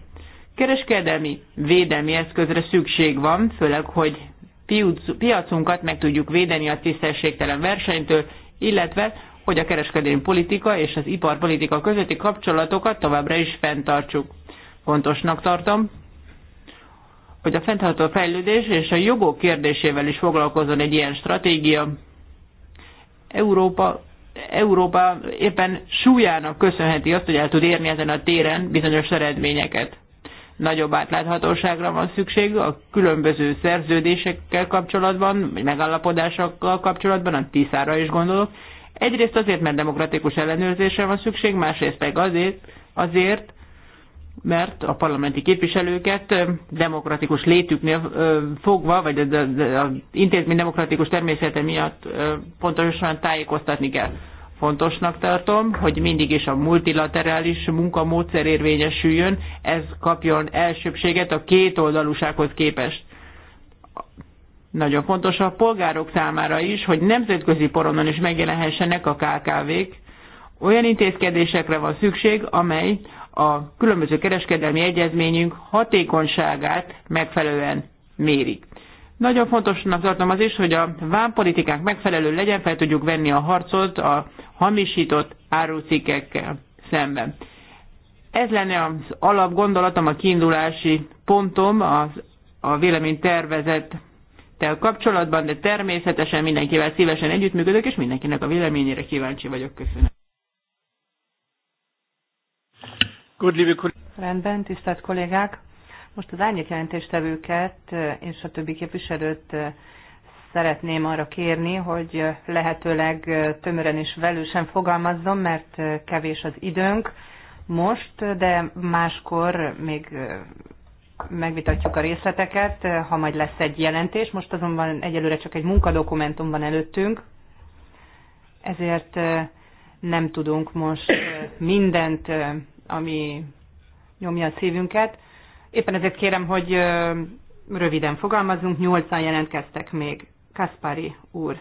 Kereskedelmi védelmi eszközre szükség van, főleg, hogy piacunkat meg tudjuk védeni a tisztességtelen versenytől, illetve, hogy a kereskedelmi politika és az iparpolitika közötti kapcsolatokat továbbra is fenntartsuk. Fontosnak tartom, hogy a fenntartó fejlődés és a jogok kérdésével is foglalkozon egy ilyen stratégia. Európa, Európa éppen súlyának köszönheti azt, hogy el tud érni ezen a téren bizonyos eredményeket. Nagyobb átláthatóságra van szükség a különböző szerződésekkel kapcsolatban, vagy megállapodásokkal kapcsolatban, a tiszára is gondolok. Egyrészt azért, mert demokratikus ellenőrzésre van szükség, másrészt meg azért, azért, mert a parlamenti képviselőket demokratikus létüknél fogva, vagy az intézmény demokratikus természete miatt pontosan tájékoztatni kell. Fontosnak tartom, hogy mindig is a multilaterális munkamódszer érvényesüljön, ez kapjon elsőbséget a kétoldalúsághoz képest. Nagyon fontos a polgárok számára is, hogy nemzetközi poronon is megjelenhessenek a KKV-k. Olyan intézkedésekre van szükség, amely a különböző kereskedelmi egyezményünk hatékonyságát megfelelően mérik. Nagyon fontosnak tartom az is, hogy a vámpolitikánk megfelelő legyen, fel tudjuk venni a harcot a hamisított árucikkekkel szemben. Ez lenne az alapgondolatom, a kiindulási pontom az, a véleménytervezettel kapcsolatban, de természetesen mindenkivel szívesen együttműködök, és mindenkinek a véleményére kíváncsi vagyok. Köszönöm. Good, liebe Rendben, tisztelt kollégák! Most az jelentéstevőket eh, és a többi képviselőt eh, szeretném arra kérni, hogy eh, lehetőleg tömören és velősen fogalmazzon, mert kevés az időnk most, de máskor még megvitatjuk a részleteket, ha majd lesz egy jelentés. Most azonban egyelőre csak egy munkadokumentum van előttünk, ezért nem tudunk most mindent ami nyomja a szívünket. Éppen ezért kérem, hogy röviden fogalmazunk, nyolcan jelentkeztek még. Kaspari úr,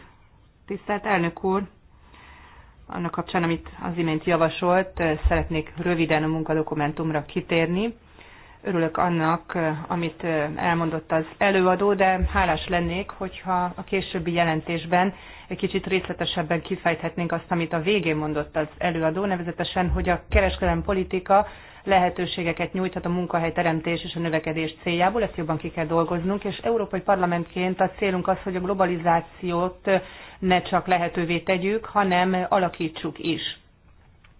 tisztelt elnök úr, annak kapcsán, amit az imént javasolt, szeretnék röviden a munkadokumentumra kitérni. Örülök annak, amit elmondott az előadó, de hálás lennék, hogyha a későbbi jelentésben egy kicsit részletesebben kifejthetnénk azt, amit a végén mondott az előadó, nevezetesen, hogy a kereskedelem politika lehetőségeket nyújthat a munkahelyteremtés és a növekedés céljából, ezt jobban ki kell dolgoznunk, és Európai Parlamentként a célunk az, hogy a globalizációt ne csak lehetővé tegyük, hanem alakítsuk is.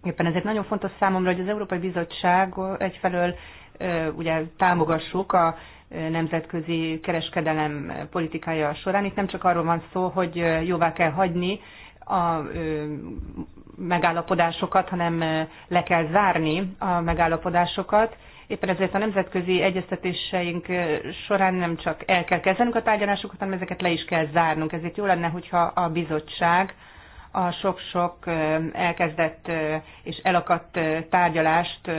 Éppen ezért nagyon fontos számomra, hogy az Európai Bizottság egyfelől ugye támogassuk a nemzetközi kereskedelem politikája során. Itt nem csak arról van szó, hogy jóvá kell hagyni a megállapodásokat, hanem le kell zárni a megállapodásokat. Éppen ezért a nemzetközi egyeztetéseink során nem csak el kell kezdenünk a tárgyalásokat, hanem ezeket le is kell zárnunk. Ezért jó lenne, hogyha a bizottság a sok-sok elkezdett és elakadt tárgyalást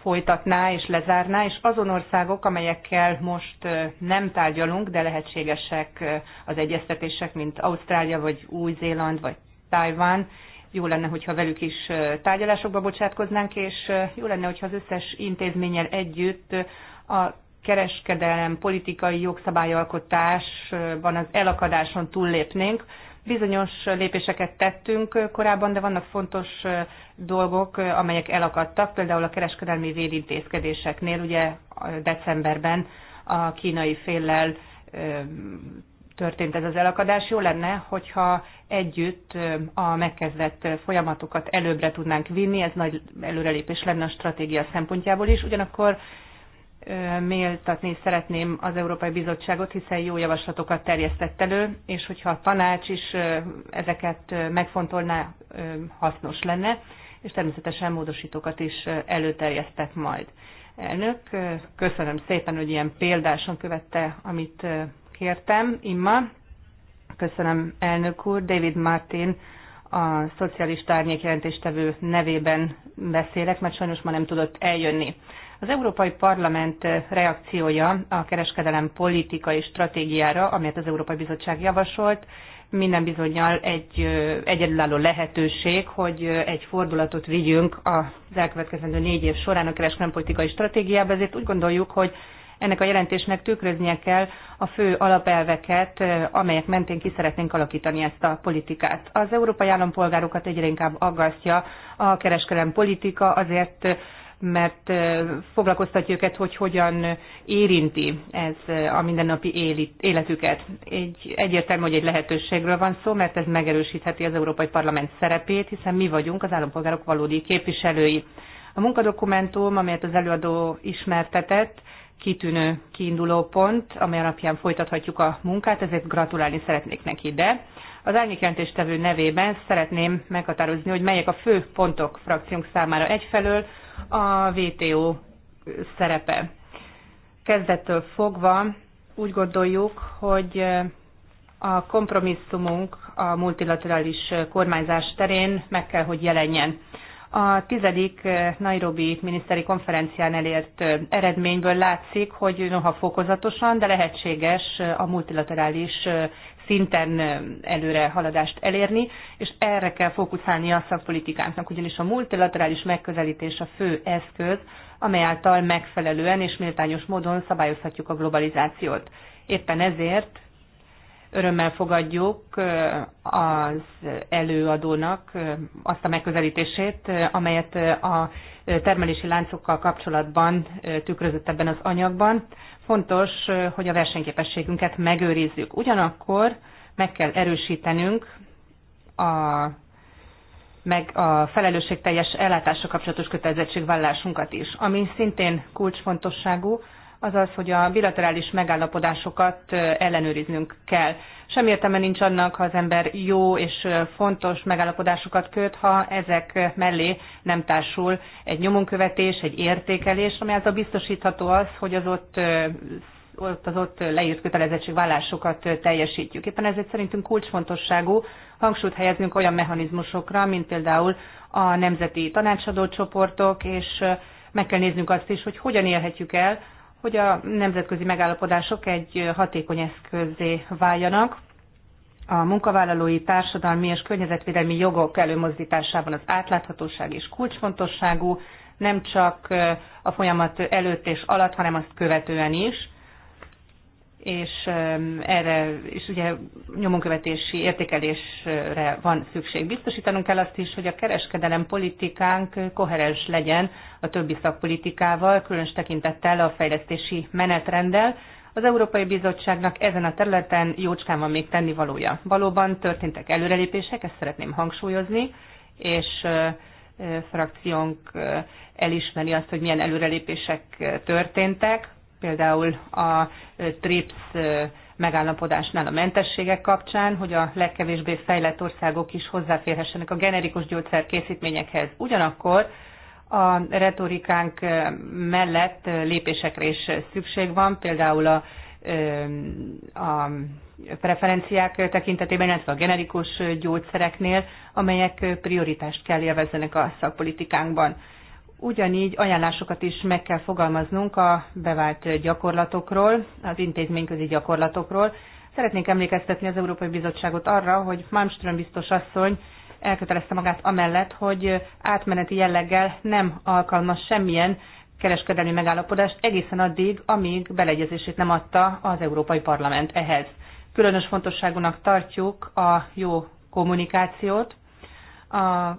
folytatná és lezárná, és azon országok, amelyekkel most nem tárgyalunk, de lehetségesek az egyeztetések, mint Ausztrália, vagy Új-Zéland, vagy Tajván, jó lenne, hogyha velük is tárgyalásokba bocsátkoznánk, és jó lenne, hogyha az összes intézménnyel együtt a kereskedelem, politikai jogszabályalkotásban az elakadáson túllépnénk, Bizonyos lépéseket tettünk korábban, de vannak fontos dolgok, amelyek elakadtak, például a kereskedelmi védintézkedéseknél, ugye decemberben a kínai féllel történt ez az elakadás. Jó lenne, hogyha együtt a megkezdett folyamatokat előbbre tudnánk vinni, ez nagy előrelépés lenne a stratégia szempontjából is, ugyanakkor méltatni szeretném az Európai Bizottságot, hiszen jó javaslatokat terjesztett elő, és hogyha a tanács is ezeket megfontolná, hasznos lenne, és természetesen módosítókat is előterjesztek majd. Elnök, köszönöm szépen, hogy ilyen példáson követte, amit kértem. Imma, köszönöm elnök úr, David Martin, a szocialista árnyékjelentéstevő nevében beszélek, mert sajnos ma nem tudott eljönni. Az Európai Parlament eh, reakciója a kereskedelem politikai stratégiára, amelyet az Európai Bizottság javasolt, minden bizonyal egy eh, egyedülálló lehetőség, hogy eh, egy fordulatot vigyünk az elkövetkezendő négy év során a kereskedelem politikai stratégiába, ezért úgy gondoljuk, hogy ennek a jelentésnek tükröznie kell a fő alapelveket, amelyek mentén ki szeretnénk alakítani ezt a politikát. Az európai állampolgárokat egyre inkább aggasztja a kereskedelem politika, azért mert foglalkoztatja őket, hogy hogyan érinti ez a mindennapi életüket. Egy, egyértelmű, hogy egy lehetőségről van szó, mert ez megerősítheti az Európai Parlament szerepét, hiszen mi vagyunk az állampolgárok valódi képviselői. A munkadokumentum, amelyet az előadó ismertetett, kitűnő kiinduló pont, amely alapján folytathatjuk a munkát, ezért gratulálni szeretnék neki, de az árnyékjelentéstevő nevében szeretném meghatározni, hogy melyek a fő pontok frakciónk számára egyfelől, a VTO szerepe. Kezdettől fogva úgy gondoljuk, hogy a kompromisszumunk a multilaterális kormányzás terén meg kell, hogy jelenjen. A tizedik Nairobi miniszteri konferencián elért eredményből látszik, hogy noha fokozatosan, de lehetséges a multilaterális szinten előre haladást elérni, és erre kell fókuszálni a szakpolitikánknak, ugyanis a multilaterális megközelítés a fő eszköz, amely által megfelelően és méltányos módon szabályozhatjuk a globalizációt. Éppen ezért örömmel fogadjuk az előadónak azt a megközelítését, amelyet a termelési láncokkal kapcsolatban tükrözött ebben az anyagban. Fontos, hogy a versenyképességünket megőrizzük. Ugyanakkor meg kell erősítenünk a meg a felelősségteljes ellátásra kapcsolatos kötelezettségvállásunkat is, ami szintén kulcsfontosságú, az az, hogy a bilaterális megállapodásokat ellenőriznünk kell. Semmi értelme nincs annak, ha az ember jó és fontos megállapodásokat köt, ha ezek mellé nem társul egy nyomonkövetés, egy értékelés, ami által biztosítható az, hogy az ott ott az ott leírt kötelezettségvállásokat teljesítjük. Éppen ezért szerintünk kulcsfontosságú hangsúlyt helyeznünk olyan mechanizmusokra, mint például a nemzeti tanácsadó csoportok, és meg kell néznünk azt is, hogy hogyan élhetjük el hogy a nemzetközi megállapodások egy hatékony eszközé váljanak a munkavállalói társadalmi és környezetvédelmi jogok előmozdításában az átláthatóság és kulcsfontosságú, nem csak a folyamat előtt és alatt, hanem azt követően is, és erre és ugye nyomonkövetési értékelésre van szükség. Biztosítanunk kell azt is, hogy a kereskedelem politikánk koherens legyen a többi szakpolitikával, különös tekintettel a fejlesztési menetrenddel. Az Európai Bizottságnak ezen a területen jócskán van még tennivalója. Valóban történtek előrelépések, ezt szeretném hangsúlyozni, és frakciónk elismeri azt, hogy milyen előrelépések történtek, például a TRIPS megállapodásnál a mentességek kapcsán, hogy a legkevésbé fejlett országok is hozzáférhessenek a generikus gyógyszerkészítményekhez. Ugyanakkor a retorikánk mellett lépésekre is szükség van, például a, a preferenciák tekintetében, illetve a generikus gyógyszereknél, amelyek prioritást kell élvezzenek a szakpolitikánkban. Ugyanígy ajánlásokat is meg kell fogalmaznunk a bevált gyakorlatokról, az intézményközi gyakorlatokról. Szeretnék emlékeztetni az Európai Bizottságot arra, hogy Malmström biztos asszony elkötelezte magát amellett, hogy átmeneti jelleggel nem alkalmaz semmilyen kereskedelmi megállapodást egészen addig, amíg beleegyezését nem adta az Európai Parlament ehhez. Különös fontosságúnak tartjuk a jó kommunikációt a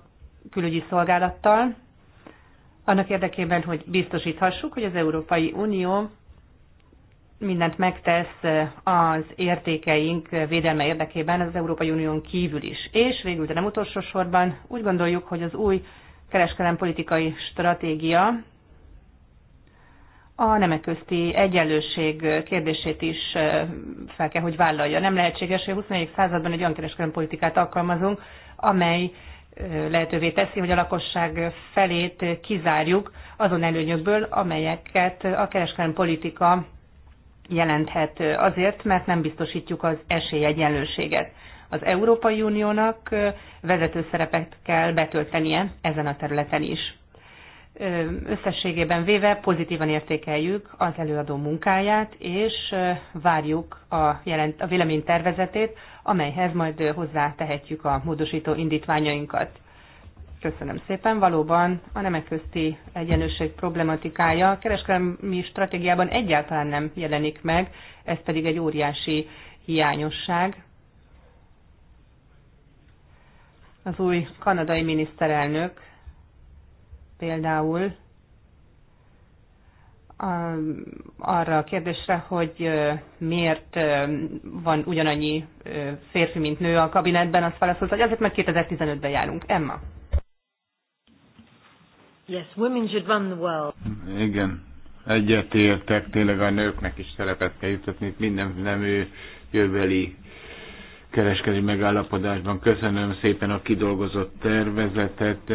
külügyi szolgálattal, annak érdekében, hogy biztosíthassuk, hogy az Európai Unió mindent megtesz az értékeink védelme érdekében az Európai Unión kívül is. És végül, de nem utolsó sorban úgy gondoljuk, hogy az új kereskedelempolitikai stratégia a nemek közti egyenlőség kérdését is fel kell, hogy vállalja. Nem lehetséges, hogy a 21. században egy olyan kereskedelmi politikát alkalmazunk, amely lehetővé teszi, hogy a lakosság felét kizárjuk azon előnyökből, amelyeket a kereskedelmi politika jelenthet azért, mert nem biztosítjuk az esélyegyenlőséget. Az Európai Uniónak vezető szerepet kell betöltenie ezen a területen is. Összességében véve pozitívan értékeljük az előadó munkáját, és várjuk a, jelent, a véleménytervezetét, amelyhez majd hozzá tehetjük a módosító indítványainkat. Köszönöm szépen. Valóban a nemek közti egyenlőség problematikája a kereskedelmi stratégiában egyáltalán nem jelenik meg, ez pedig egy óriási hiányosság. Az új kanadai miniszterelnök például arra a kérdésre, hogy miért van ugyanannyi férfi, mint nő a kabinetben, azt válaszolt, hogy azért, mert 2015-ben járunk. Emma. Yes, women should run the world. Igen, egyetértek, tényleg a nőknek is szerepet kell jutatni, minden ő jövőbeli kereskedő megállapodásban. Köszönöm szépen a kidolgozott tervezetet,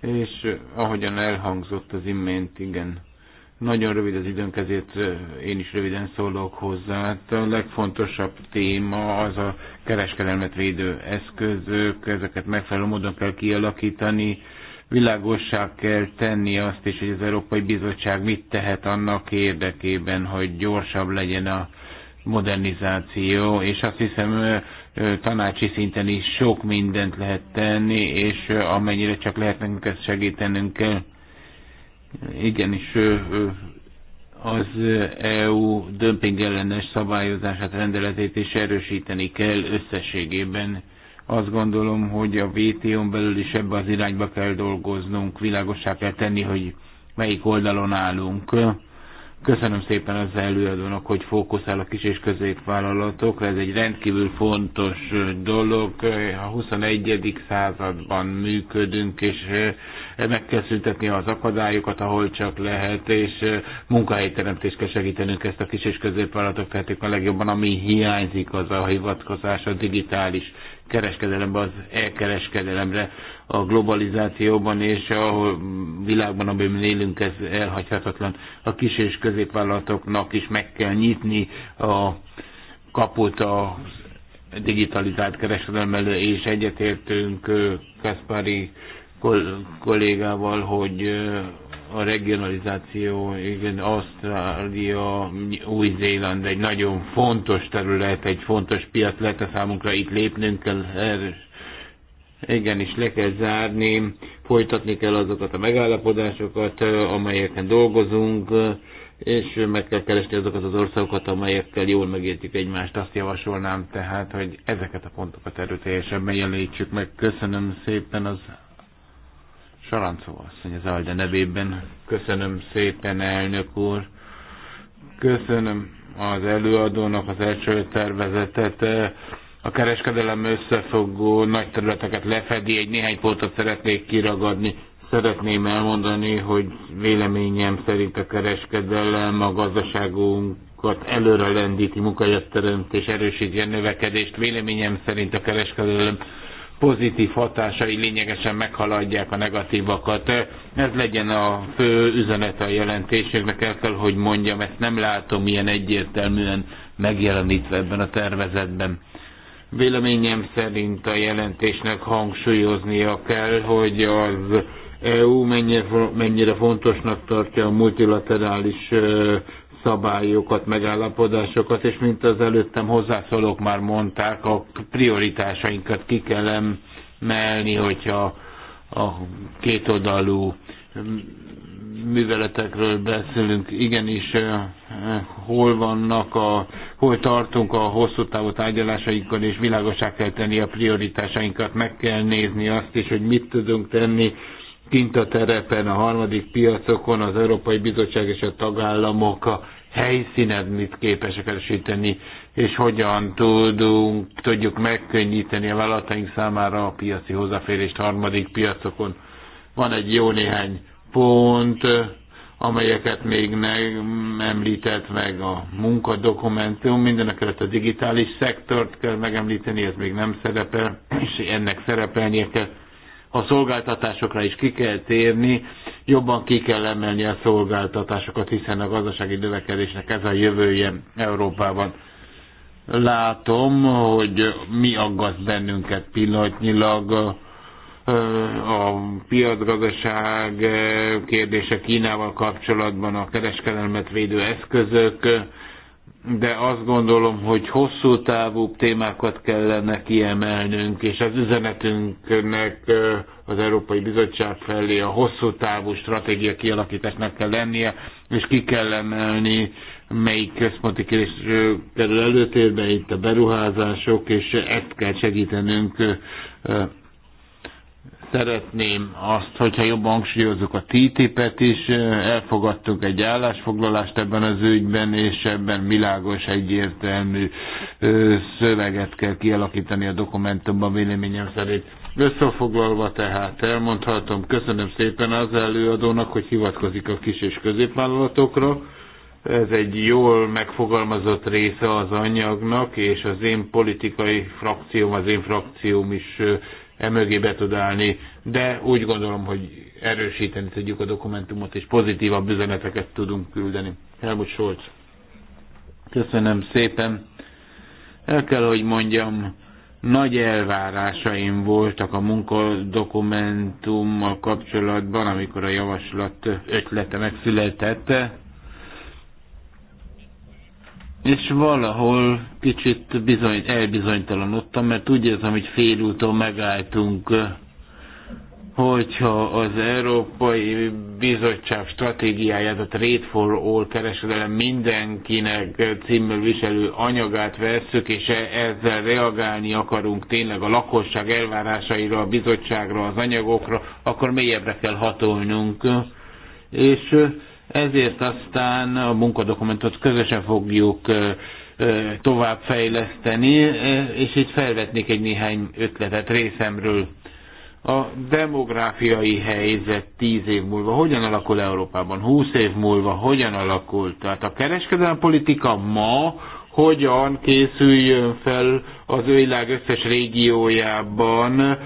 és ahogyan elhangzott az imént, igen, nagyon rövid az időnk, ezért én is röviden szólok hozzá. Hát a legfontosabb téma az a kereskedelmet védő eszközök, ezeket megfelelő módon kell kialakítani, világossá kell tenni azt is, hogy az Európai Bizottság mit tehet annak érdekében, hogy gyorsabb legyen a modernizáció, és azt hiszem tanácsi szinten is sok mindent lehet tenni, és amennyire csak lehet nekünk ezt segítenünk kell igenis az EU dömping ellenes szabályozását, rendeletét is erősíteni kell összességében. Azt gondolom, hogy a WTO-n belül is ebbe az irányba kell dolgoznunk, világosá kell tenni, hogy melyik oldalon állunk Köszönöm szépen az előadónak, hogy fókuszál a kis és középvállalatokra. Ez egy rendkívül fontos dolog. A 21. században működünk, és eh, meg kell szüntetni az akadályokat, ahol csak lehet, és eh, munkahelyteremtést kell segítenünk ezt a kis és középvállalatok tehetik a legjobban, ami hiányzik az a hivatkozás a digitális kereskedelembe, az elkereskedelemre a globalizációban és a világban, amiben élünk, ez elhagyhatatlan. A kis és középvállalatoknak is meg kell nyitni a kaput a digitalizált kereskedelem elő, és egyetértünk Kaspari kollégával, hogy a regionalizáció, igen, Ausztrália, Új-Zéland egy nagyon fontos terület, egy fontos piac lett a számunkra, itt lépnünk kell erős. Igen, és le kell zárni, folytatni kell azokat a megállapodásokat, amelyeken dolgozunk, és meg kell keresni azokat az országokat, amelyekkel jól megértjük egymást. Azt javasolnám tehát, hogy ezeket a pontokat erőteljesen jelentsük meg. Köszönöm szépen az Sarancova asszony az Alde nevében. Köszönöm szépen, elnök úr. Köszönöm az előadónak az első tervezetet. A kereskedelem összefogó nagy területeket lefedi, egy néhány pontot szeretnék kiragadni. Szeretném elmondani, hogy véleményem szerint a kereskedelem a gazdaságunkat előre lendíti, munkahelyet teremt és erősíti a növekedést. Véleményem szerint a kereskedelem pozitív hatásai lényegesen meghaladják a negatívakat. Ez legyen a fő üzenet a jelentésnek, el kell, hogy mondjam, ezt nem látom ilyen egyértelműen megjelenítve ebben a tervezetben. Véleményem szerint a jelentésnek hangsúlyoznia kell, hogy az EU mennyire, mennyire fontosnak tartja a multilaterális szabályokat, megállapodásokat, és mint az előttem hozzászólók már mondták, a prioritásainkat ki kell emelni, hogyha a kétoldalú műveletekről beszélünk, igenis eh, eh, hol vannak, a, hol tartunk a hosszú távú tárgyalásainkon, és világosá kell tenni a prioritásainkat, meg kell nézni azt is, hogy mit tudunk tenni kint a terepen, a harmadik piacokon az Európai Bizottság és a tagállamok a helyszínen mit képesek elősíteni, és hogyan tudunk, tudjuk megkönnyíteni a vállalataink számára a piaci hozzáférést harmadik piacokon. Van egy jó néhány pont, amelyeket még nem említett meg a munkadokumentum, mindenek előtt a digitális szektort kell megemlíteni, ez még nem szerepel, és ennek szerepelnie kell a szolgáltatásokra is ki kell térni, jobban ki kell emelni a szolgáltatásokat, hiszen a gazdasági növekedésnek ez a jövője Európában. Látom, hogy mi aggaszt bennünket pillanatnyilag, a piacgazdaság kérdése Kínával kapcsolatban, a kereskedelmet védő eszközök, de azt gondolom, hogy hosszú távú témákat kellene kiemelnünk, és az üzenetünknek az Európai Bizottság felé a hosszú távú stratégia kialakításnak kell lennie, és ki kell emelni, melyik központi kérdés kerül előtérbe, itt a beruházások, és ezt kell segítenünk Szeretném azt, hogyha jobban hangsúlyozok a TTIP-et is, elfogadtunk egy állásfoglalást ebben az ügyben, és ebben világos, egyértelmű szöveget kell kialakítani a dokumentumban véleményem szerint. Összefoglalva tehát elmondhatom, köszönöm szépen az előadónak, hogy hivatkozik a kis és középvállalatokra. Ez egy jól megfogalmazott része az anyagnak, és az én politikai frakcióm, az én frakcióm is emögé be tud állni, de úgy gondolom, hogy erősíteni tudjuk a dokumentumot, és pozitívabb üzeneteket tudunk küldeni. Helmut Scholz. Köszönöm szépen. El kell, hogy mondjam, nagy elvárásaim voltak a munkadokumentummal kapcsolatban, amikor a javaslat ötlete megszületett és valahol kicsit bizony, elbizonytalanodtam, mert úgy érzem, hogy félúton megálltunk, hogyha az Európai Bizottság stratégiáját, a Trade for All kereskedelem mindenkinek címmel viselő anyagát vesszük, és e- ezzel reagálni akarunk tényleg a lakosság elvárásaira, a bizottságra, az anyagokra, akkor mélyebbre kell hatolnunk. És ezért aztán a munkadokumentot közösen fogjuk továbbfejleszteni, és itt felvetnék egy néhány ötletet részemről. A demográfiai helyzet 10 év múlva hogyan alakul Európában, 20 év múlva hogyan alakul? Tehát a kereskedelmi politika ma hogyan készüljön fel az világ összes régiójában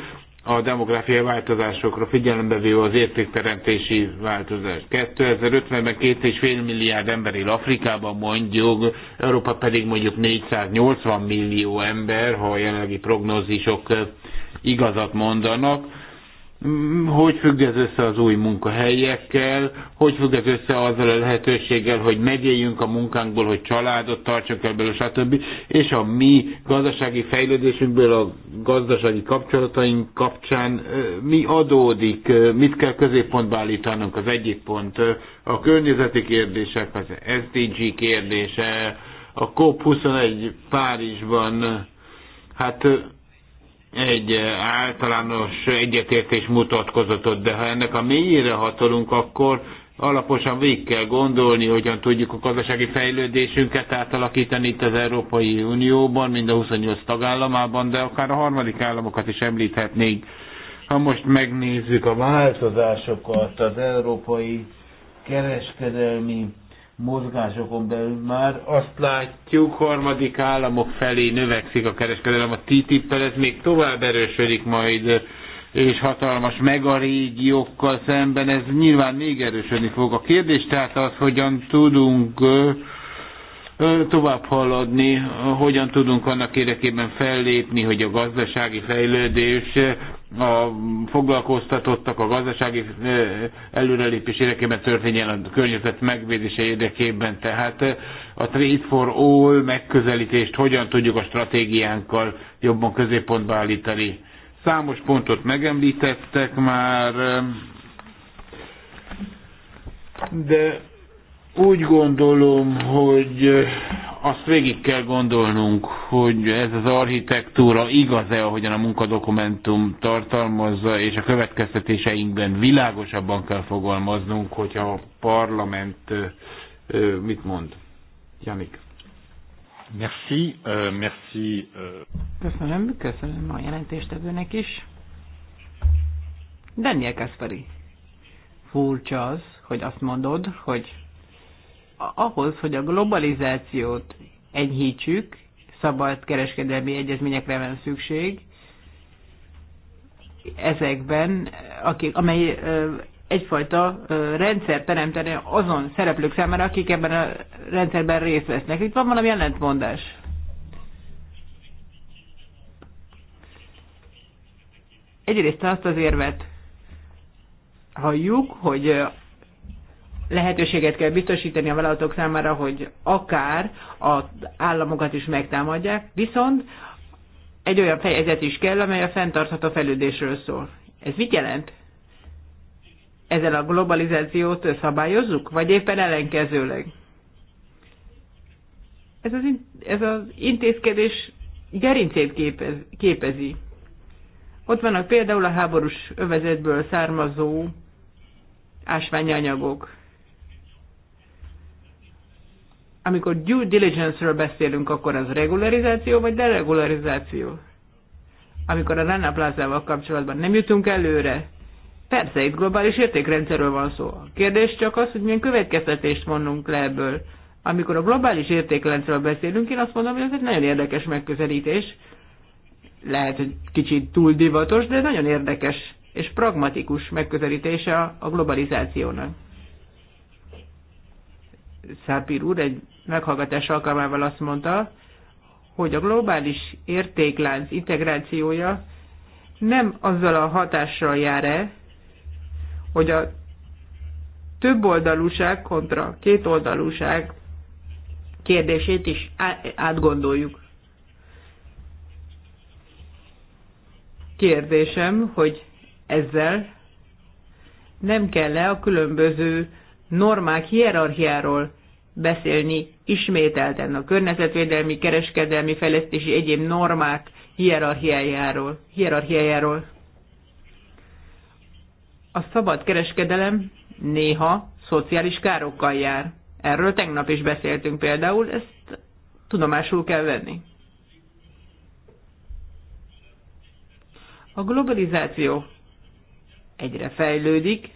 a demográfiai változásokra figyelembe véve az értékteremtési változást. 2050-ben 2,5 milliárd ember él Afrikában mondjuk, Európa pedig mondjuk 480 millió ember, ha a jelenlegi prognózisok igazat mondanak hogy függ ez össze az új munkahelyekkel, hogy függ ez össze azzal a lehetőséggel, hogy megéljünk a munkánkból, hogy családot tartsunk ebből, stb. És a mi gazdasági fejlődésünkből, a gazdasági kapcsolataink kapcsán mi adódik, mit kell középpontba állítanunk az egyik pont, a környezeti kérdések, az SDG kérdése, a COP21 Párizsban, hát egy eh, általános egyetértés mutatkozott de ha ennek a mélyére hatolunk, akkor alaposan végig kell gondolni, hogyan tudjuk a gazdasági fejlődésünket átalakítani itt az Európai Unióban, mind a 28 tagállamában, de akár a harmadik államokat is említhetnénk. Ha most megnézzük a változásokat az európai kereskedelmi mozgásokon belül már azt látjuk, harmadik államok felé növekszik a kereskedelem. A TTIP-tel ez még tovább erősödik majd, és hatalmas meg a régiókkal szemben, ez nyilván még erősödni fog. A kérdés tehát az, hogyan tudunk tovább haladni, hogyan tudunk annak érdekében fellépni, hogy a gazdasági fejlődés, a foglalkoztatottak a gazdasági előrelépés érdekében történjen a környezet megvédése érdekében. Tehát a Trade for All megközelítést hogyan tudjuk a stratégiánkkal jobban középpontba állítani. Számos pontot megemlítettek már, de úgy gondolom, hogy azt végig kell gondolnunk, hogy ez az architektúra igaz-e, ahogyan a munkadokumentum tartalmazza, és a következtetéseinkben világosabban kell fogalmaznunk, hogyha a parlament mit mond. Janik. Merci, uh, merci. Uh... Köszönöm, köszönöm a jelentéstevőnek is. Daniel Kaspari. Furcsa az, hogy azt mondod, hogy ahhoz, hogy a globalizációt enyhítsük, szabad kereskedelmi egyezményekre van szükség, ezekben, akik, amely egyfajta rendszer teremteni azon szereplők számára, akik ebben a rendszerben részt vesznek. Itt van valami ellentmondás. Egyrészt azt az érvet halljuk, hogy lehetőséget kell biztosítani a vállalatok számára, hogy akár az államokat is megtámadják, viszont egy olyan fejezet is kell, amely a fenntartható fejlődésről szól. Ez mit jelent? Ezzel a globalizációt szabályozzuk, vagy éppen ellenkezőleg? Ez az, ez az intézkedés gerincét képez, képezi. Ott vannak például a háborús övezetből származó ásványi anyagok. amikor due diligence-ről beszélünk, akkor az regularizáció vagy deregularizáció? Amikor a Rana Plaza-val kapcsolatban nem jutunk előre, persze itt globális értékrendszerről van szó. A kérdés csak az, hogy milyen következtetést vonunk le ebből. Amikor a globális értékrendszerről beszélünk, én azt mondom, hogy ez egy nagyon érdekes megközelítés. Lehet, hogy kicsit túl divatos, de nagyon érdekes és pragmatikus megközelítése a globalizációnak. Szápír úr egy meghallgatás alkalmával azt mondta, hogy a globális értéklánc integrációja nem azzal a hatással jár-e, hogy a több oldalúság kontra két oldalúság kérdését is átgondoljuk. Kérdésem, hogy ezzel nem kell-e a különböző normák hierarchiáról beszélni ismételten a környezetvédelmi, kereskedelmi, fejlesztési egyéb normák hierarchiájáról. hierarchiájáról. A szabad kereskedelem néha szociális károkkal jár. Erről tegnap is beszéltünk például, ezt tudomásul kell venni. A globalizáció egyre fejlődik,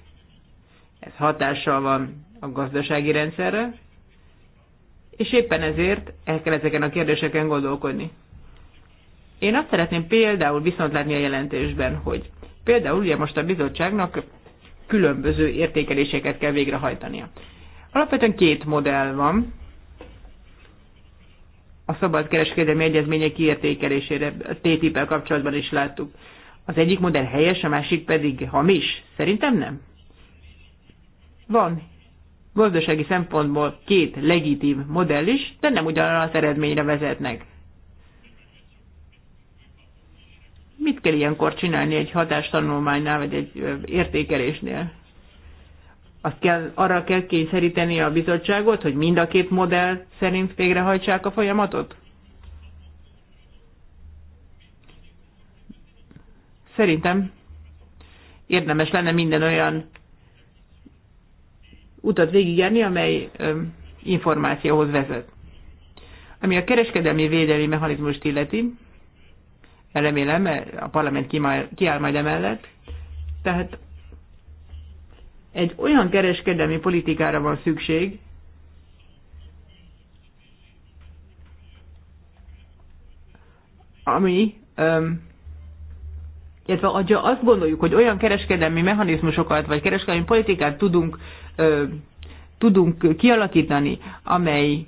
ez hatással van a gazdasági rendszerre, és éppen ezért el kell ezeken a kérdéseken gondolkodni. Én azt szeretném például viszont látni a jelentésben, hogy például ugye most a bizottságnak különböző értékeléseket kell végrehajtania. Alapvetően két modell van a szabadkereskedelmi egyezmények kiértékelésére, a ttip kapcsolatban is láttuk. Az egyik modell helyes, a másik pedig hamis. Szerintem nem. Van gazdasági szempontból két legitim modell is, de nem ugyanaz eredményre vezetnek. Mit kell ilyenkor csinálni egy hatástanulmánynál, vagy egy értékelésnél? Azt kell, arra kell kényszeríteni a bizottságot, hogy mind a két modell szerint végrehajtsák a folyamatot? Szerintem érdemes lenne minden olyan utat végigjárni, amely információhoz vezet. Ami a kereskedelmi védelmi mechanizmust illeti, remélem, a parlament kiáll majd emellett, tehát egy olyan kereskedelmi politikára van szükség, ami, öm, illetve azt gondoljuk, hogy olyan kereskedelmi mechanizmusokat vagy kereskedelmi politikát tudunk tudunk kialakítani, amely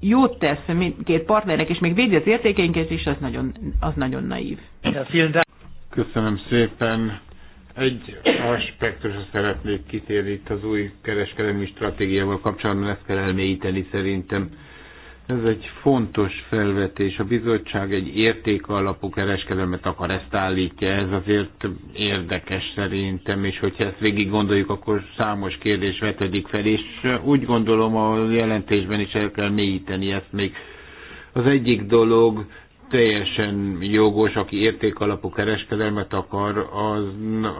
jót tesz mindkét partnernek, és még védi az értékeinket is, az nagyon, az nagyon naív. Köszönöm szépen. Egy aspektusra szeretnék kitérni itt az új kereskedelmi stratégiával kapcsolatban, ezt kell elmélyíteni szerintem. Ez egy fontos felvetés. A bizottság egy értékalapú kereskedelmet akar, ezt állítja. Ez azért érdekes szerintem, és hogyha ezt végig gondoljuk, akkor számos kérdés vetődik fel, és úgy gondolom a jelentésben is el kell mélyíteni ezt még. Az egyik dolog teljesen jogos, aki értékalapú kereskedelmet akar, az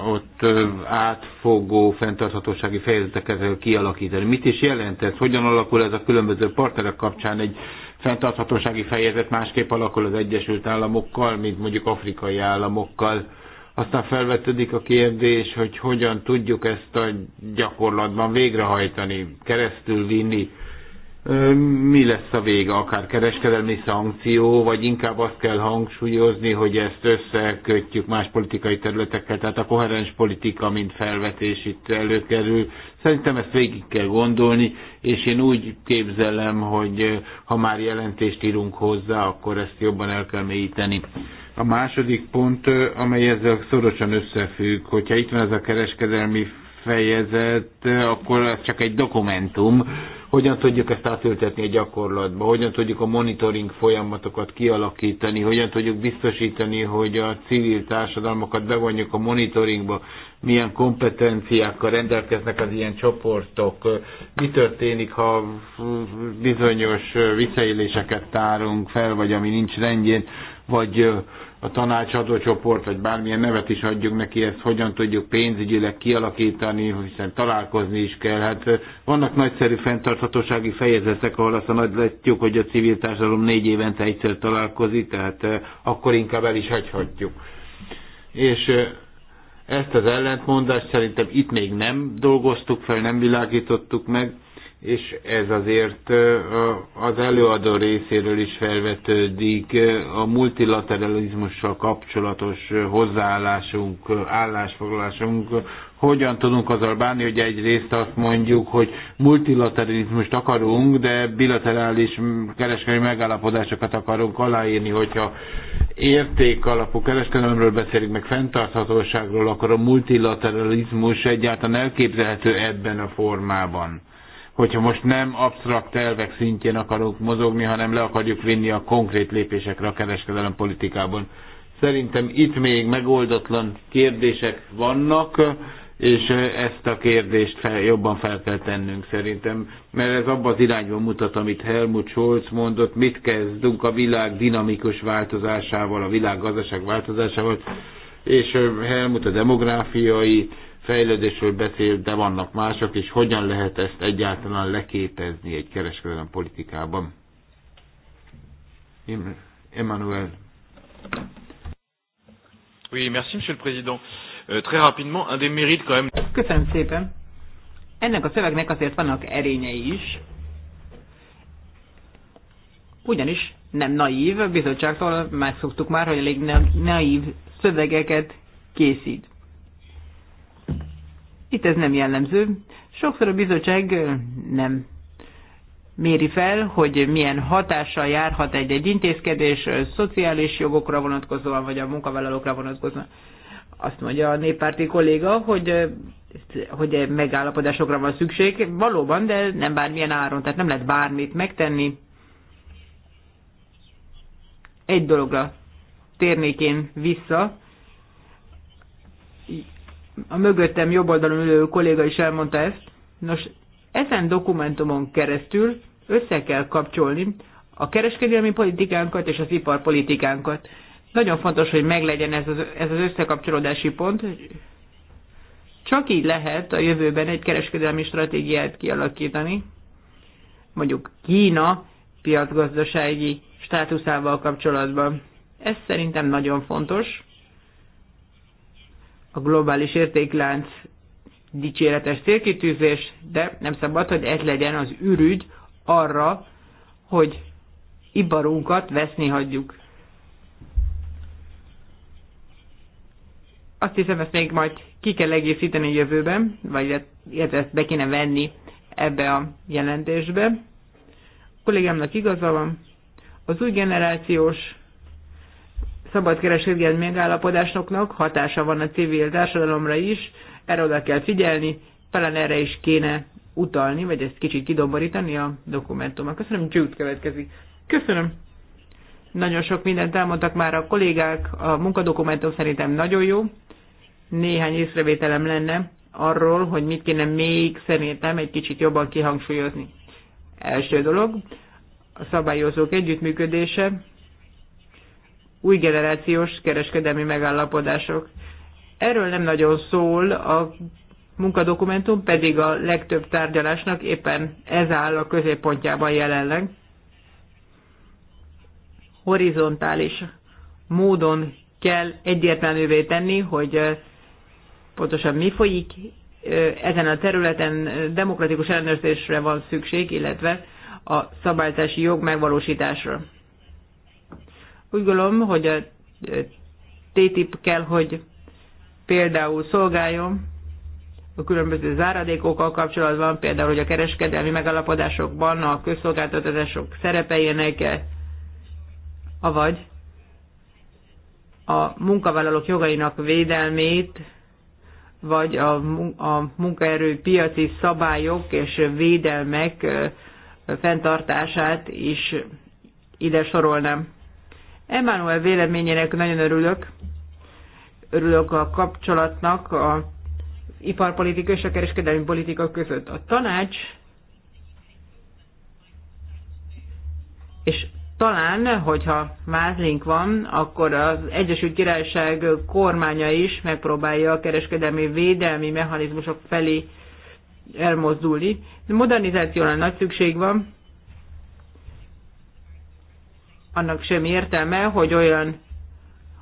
ott átfogó fenntarthatósági fejezeteket kialakítani. Mit is jelent ez? Hogyan alakul ez a különböző partnerek kapcsán egy fenntarthatósági fejezet másképp alakul az Egyesült Államokkal, mint mondjuk afrikai államokkal? Aztán felvetődik a kérdés, hogy hogyan tudjuk ezt a gyakorlatban végrehajtani, keresztül vinni mi lesz a vége, akár kereskedelmi szankció, vagy inkább azt kell hangsúlyozni, hogy ezt összekötjük más politikai területekkel, tehát a koherens politika, mint felvetés itt előkerül. Szerintem ezt végig kell gondolni, és én úgy képzelem, hogy ha már jelentést írunk hozzá, akkor ezt jobban el kell mélyíteni. A második pont, amely ezzel szorosan összefügg, hogyha itt van ez a kereskedelmi fejezet, akkor ez csak egy dokumentum, hogyan tudjuk ezt átültetni a gyakorlatba, hogyan tudjuk a monitoring folyamatokat kialakítani, hogyan tudjuk biztosítani, hogy a civil társadalmakat bevonjuk a monitoringba, milyen kompetenciákkal rendelkeznek az ilyen csoportok, mi történik, ha bizonyos visszaéléseket tárunk fel, vagy ami nincs rendjén, vagy a tanácsadó csoport, vagy bármilyen nevet is adjuk neki, ezt hogyan tudjuk pénzügyileg kialakítani, hiszen találkozni is kell. Hát vannak nagyszerű fenntarthatósági fejezetek, ahol aztán nagy látjuk, hogy a civil társadalom négy évente egyszer találkozik, tehát akkor inkább el is hagyhatjuk. És ezt az ellentmondást szerintem itt még nem dolgoztuk fel, nem világítottuk meg, és ez azért az előadó részéről is felvetődik a multilateralizmussal kapcsolatos hozzáállásunk, állásfoglalásunk, hogyan tudunk azzal bánni, hogy egyrészt azt mondjuk, hogy multilateralizmust akarunk, de bilaterális kereskedelmi megállapodásokat akarunk aláírni, hogyha alapú kereskedelemről beszélünk, meg fenntarthatóságról, akkor a multilateralizmus egyáltalán elképzelhető ebben a formában hogyha most nem absztrakt elvek szintjén akarunk mozogni, hanem le akarjuk vinni a konkrét lépésekre a kereskedelem politikában. Szerintem itt még megoldatlan kérdések vannak, és ezt a kérdést fel, jobban fel kell tennünk szerintem, mert ez abban az irányban mutat, amit Helmut Scholz mondott, mit kezdünk a világ dinamikus változásával, a világ gazdaság változásával, és Helmut a demográfiai fejlődésről beszél, de vannak mások, és hogyan lehet ezt egyáltalán leképezni egy kereskedelem politikában. Emmanuel. Oui, merci, Monsieur le Président. Euh, très rapidement, un des mérites quand même. Köszönöm szépen. Ennek a szövegnek azért vannak erényei is. Ugyanis nem naív, a bizottságtól megszoktuk már, hogy elég naív szövegeket készít. Itt ez nem jellemző. Sokszor a bizottság nem méri fel, hogy milyen hatással járhat egy-egy intézkedés szociális jogokra vonatkozóan, vagy a munkavállalókra vonatkozóan. Azt mondja a néppárti kolléga, hogy, hogy megállapodásokra van szükség. Valóban, de nem bármilyen áron, tehát nem lehet bármit megtenni. Egy dologra térnék én vissza, a mögöttem jobb oldalon ülő kolléga is elmondta ezt. Nos, ezen dokumentumon keresztül össze kell kapcsolni a kereskedelmi politikánkat és az iparpolitikánkat. Nagyon fontos, hogy meglegyen ez az, ez az összekapcsolódási pont. Csak így lehet a jövőben egy kereskedelmi stratégiát kialakítani, mondjuk Kína piacgazdasági státuszával kapcsolatban. Ez szerintem nagyon fontos a globális értéklánc dicséretes célkitűzés, de nem szabad, hogy ez legyen az ürügy arra, hogy ibarunkat veszni hagyjuk. Azt hiszem, ezt még majd ki kell egészíteni a jövőben, vagy ezt be kéne venni ebbe a jelentésbe. A kollégámnak igaza van, az új generációs szabadkereskedelmi megállapodásoknak hatása van a civil társadalomra is, erre oda kell figyelni, talán erre is kéne utalni, vagy ezt kicsit kidomborítani a dokumentumot. Köszönöm, Jude következik. Köszönöm. Nagyon sok mindent elmondtak már a kollégák, a munkadokumentum szerintem nagyon jó. Néhány észrevételem lenne arról, hogy mit kéne még szerintem egy kicsit jobban kihangsúlyozni. Első dolog, a szabályozók együttműködése, új generációs kereskedelmi megállapodások. Erről nem nagyon szól a munkadokumentum, pedig a legtöbb tárgyalásnak éppen ez áll a középpontjában jelenleg. Horizontális módon kell egyértelművé tenni, hogy pontosan mi folyik ezen a területen demokratikus ellenőrzésre van szükség, illetve a szabályzási jog megvalósításra. Úgy gondolom, hogy a TTIP kell, hogy például szolgáljon a különböző záradékokkal kapcsolatban, például, hogy a kereskedelmi megalapodásokban a közszolgáltatások szerepeljenek -e, avagy a munkavállalók jogainak védelmét, vagy a, a munkaerő piaci szabályok és védelmek fenntartását is ide sorolnám. Emmanuel véleményének nagyon örülök. Örülök a kapcsolatnak a iparpolitika és a kereskedelmi politika között. A tanács és talán, hogyha mázlink van, akkor az Egyesült Királyság kormánya is megpróbálja a kereskedelmi védelmi mechanizmusok felé elmozdulni. Modernizációra nagy szükség van, annak sem értelme, hogy olyan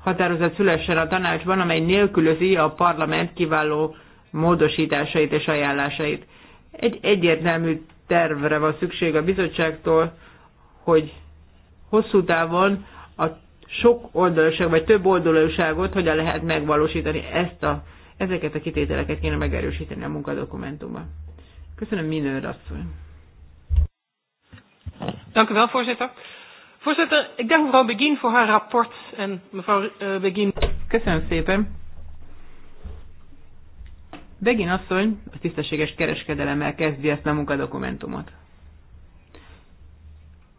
határozat szülessen a tanácsban, amely nélkülözi a parlament kiváló módosításait és ajánlásait. Egy egyértelmű tervre van szükség a bizottságtól, hogy hosszú távon a sok oldalúság vagy több oldalúságot hogyan lehet megvalósítani. Ezt a, ezeket a kitételeket kéne megerősíteni a munkadokumentumban. Köszönöm, minőr asszony. Dank u wel, voorzitter. Voorzitter, ik dank mevrouw Begin voor haar rapport en mevrouw eh, Begin. Köszönöm szépen. Begin asszony a tisztességes kereskedelemmel kezdi ezt a munkadokumentumot.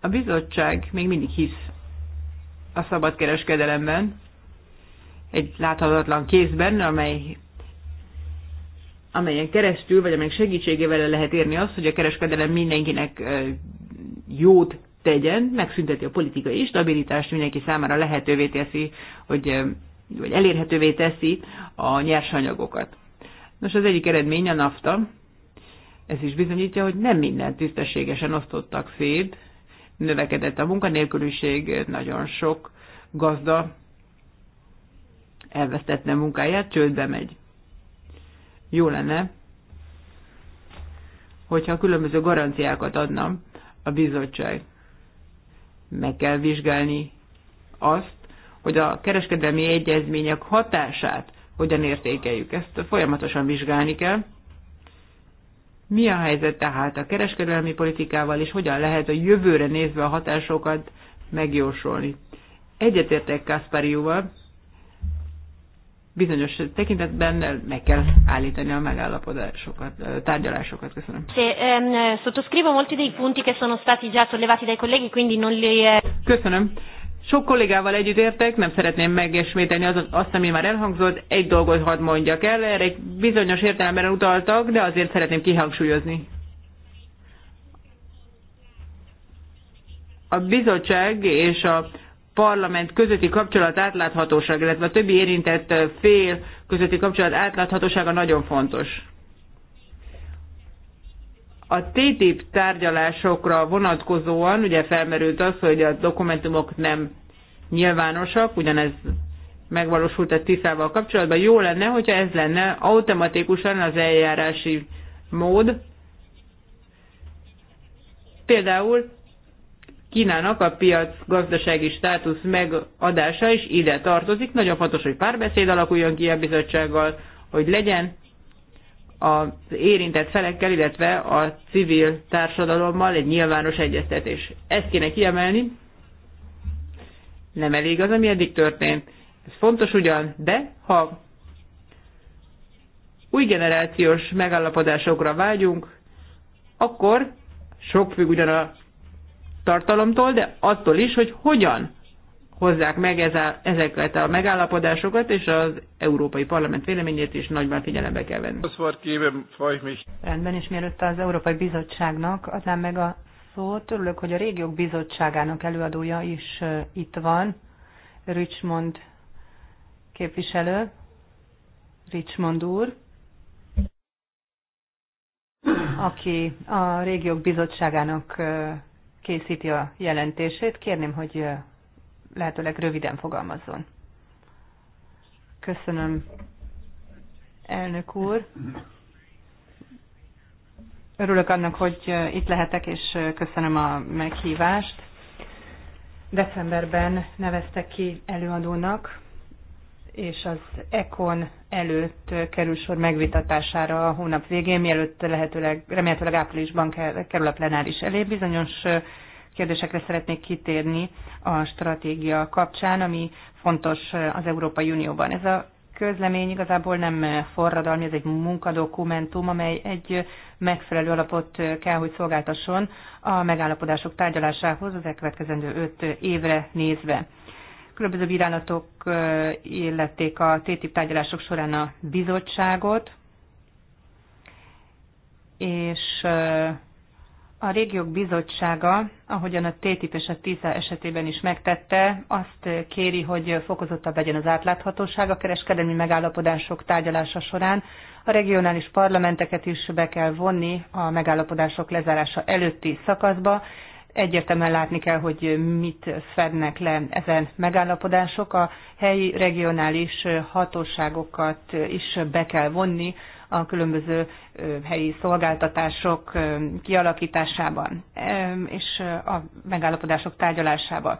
A bizottság még mindig hisz a szabad kereskedelemben, egy láthatatlan kézben, amely amelyen keresztül, vagy amelyek segítségével lehet érni azt, hogy a kereskedelem mindenkinek eh, jót tegyen, megszünteti a politikai stabilitást, mindenki számára lehetővé teszi, hogy, vagy elérhetővé teszi a nyersanyagokat. Nos, az egyik eredmény a NAFTA. Ez is bizonyítja, hogy nem minden tisztességesen osztottak szét, növekedett a munkanélküliség, nagyon sok gazda elvesztette munkáját, csődbe megy. Jó lenne, hogyha különböző garanciákat adna a bizottság meg kell vizsgálni azt, hogy a kereskedelmi egyezmények hatását hogyan értékeljük. Ezt folyamatosan vizsgálni kell. Mi a helyzet tehát a kereskedelmi politikával, és hogyan lehet a jövőre nézve a hatásokat megjósolni? Egyetértek Kaspariuval, bizonyos tekintetben meg kell állítani a megállapodásokat, tárgyalásokat. Köszönöm. Ehm, sottoscrivo molti dei punti che sono stati già sollevati dai colleghi, quindi non li... Eh, Köszönöm. Sok kollégával értek, nem szeretném megismételni az, azt, ami már elhangzott. Egy dolgot hadd mondjak el, erre egy bizonyos értelemben utaltak, de azért szeretném kihangsúlyozni. A bizottság és a parlament közötti kapcsolat átláthatóság, illetve a többi érintett fél közötti kapcsolat átláthatósága nagyon fontos. A TTIP tárgyalásokra vonatkozóan ugye felmerült az, hogy a dokumentumok nem nyilvánosak, ugyanez megvalósult a TISZ-val kapcsolatban. Jó lenne, hogyha ez lenne automatikusan az eljárási mód. Például Kínának a piac gazdasági státusz megadása is ide tartozik. Nagyon fontos, hogy párbeszéd alakuljon ki a bizottsággal, hogy legyen az érintett felekkel, illetve a civil társadalommal egy nyilvános egyeztetés. Ezt kéne kiemelni. Nem elég az, ami eddig történt. Ez fontos ugyan, de ha új generációs megállapodásokra vágyunk, akkor sok függ ugyan a tartalomtól, de attól is, hogy hogyan hozzák meg ez a, ezeket a megállapodásokat, és az Európai Parlament véleményét is nagyban figyelembe kell venni. Rendben, és mielőtt az Európai Bizottságnak adnám meg a szót, örülök, hogy a Régiók Bizottságának előadója is itt van, Richmond képviselő, Richmond úr, aki a Régiók Bizottságának készíti a jelentését. Kérném, hogy lehetőleg röviden fogalmazzon. Köszönöm, elnök úr. Örülök annak, hogy itt lehetek, és köszönöm a meghívást. Decemberben neveztek ki előadónak és az ECON előtt kerül sor megvitatására a hónap végén, mielőtt lehetőleg, remélhetőleg áprilisban kerül a plenáris elé. Bizonyos kérdésekre szeretnék kitérni a stratégia kapcsán, ami fontos az Európai Unióban. Ez a közlemény igazából nem forradalmi, ez egy munkadokumentum, amely egy megfelelő alapot kell, hogy szolgáltasson a megállapodások tárgyalásához az elkövetkezendő öt évre nézve. Különböző bírálatok illették a TTIP tárgyalások során a bizottságot, és a régiók bizottsága, ahogyan a TTIP és a TISA esetében is megtette, azt kéri, hogy fokozottabb legyen az átláthatóság a kereskedelmi megállapodások tárgyalása során. A regionális parlamenteket is be kell vonni a megállapodások lezárása előtti szakaszba, egyértelműen látni kell, hogy mit fednek le ezen megállapodások. A helyi regionális hatóságokat is be kell vonni a különböző helyi szolgáltatások kialakításában és a megállapodások tárgyalásában.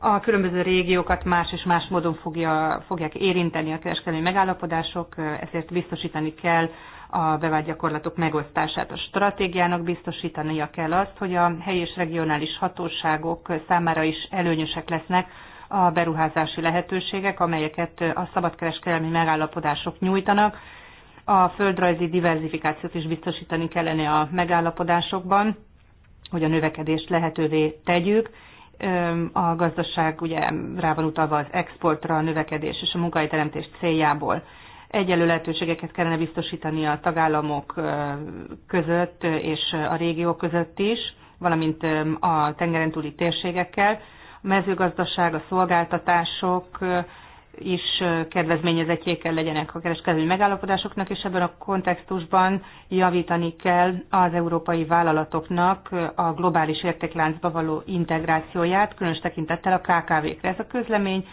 A különböző régiókat más és más módon fogja, fogják érinteni a kereskedelmi megállapodások, ezért biztosítani kell a bevált gyakorlatok megosztását. A stratégiának biztosítania kell azt, hogy a helyi és regionális hatóságok számára is előnyösek lesznek a beruházási lehetőségek, amelyeket a szabadkereskedelmi megállapodások nyújtanak. A földrajzi diverzifikációt is biztosítani kellene a megállapodásokban, hogy a növekedést lehetővé tegyük. A gazdaság ugye rá van utalva az exportra, a növekedés és a munkahelyteremtés céljából egyenlő lehetőségeket kellene biztosítani a tagállamok között és a régió között is, valamint a tengeren túli térségekkel. A mezőgazdaság, a szolgáltatások is kedvezményezetjé kell legyenek a kereskedelmi megállapodásoknak, és ebben a kontextusban javítani kell az európai vállalatoknak a globális értékláncba való integrációját, különös tekintettel a KKV-kre. Ez a közlemény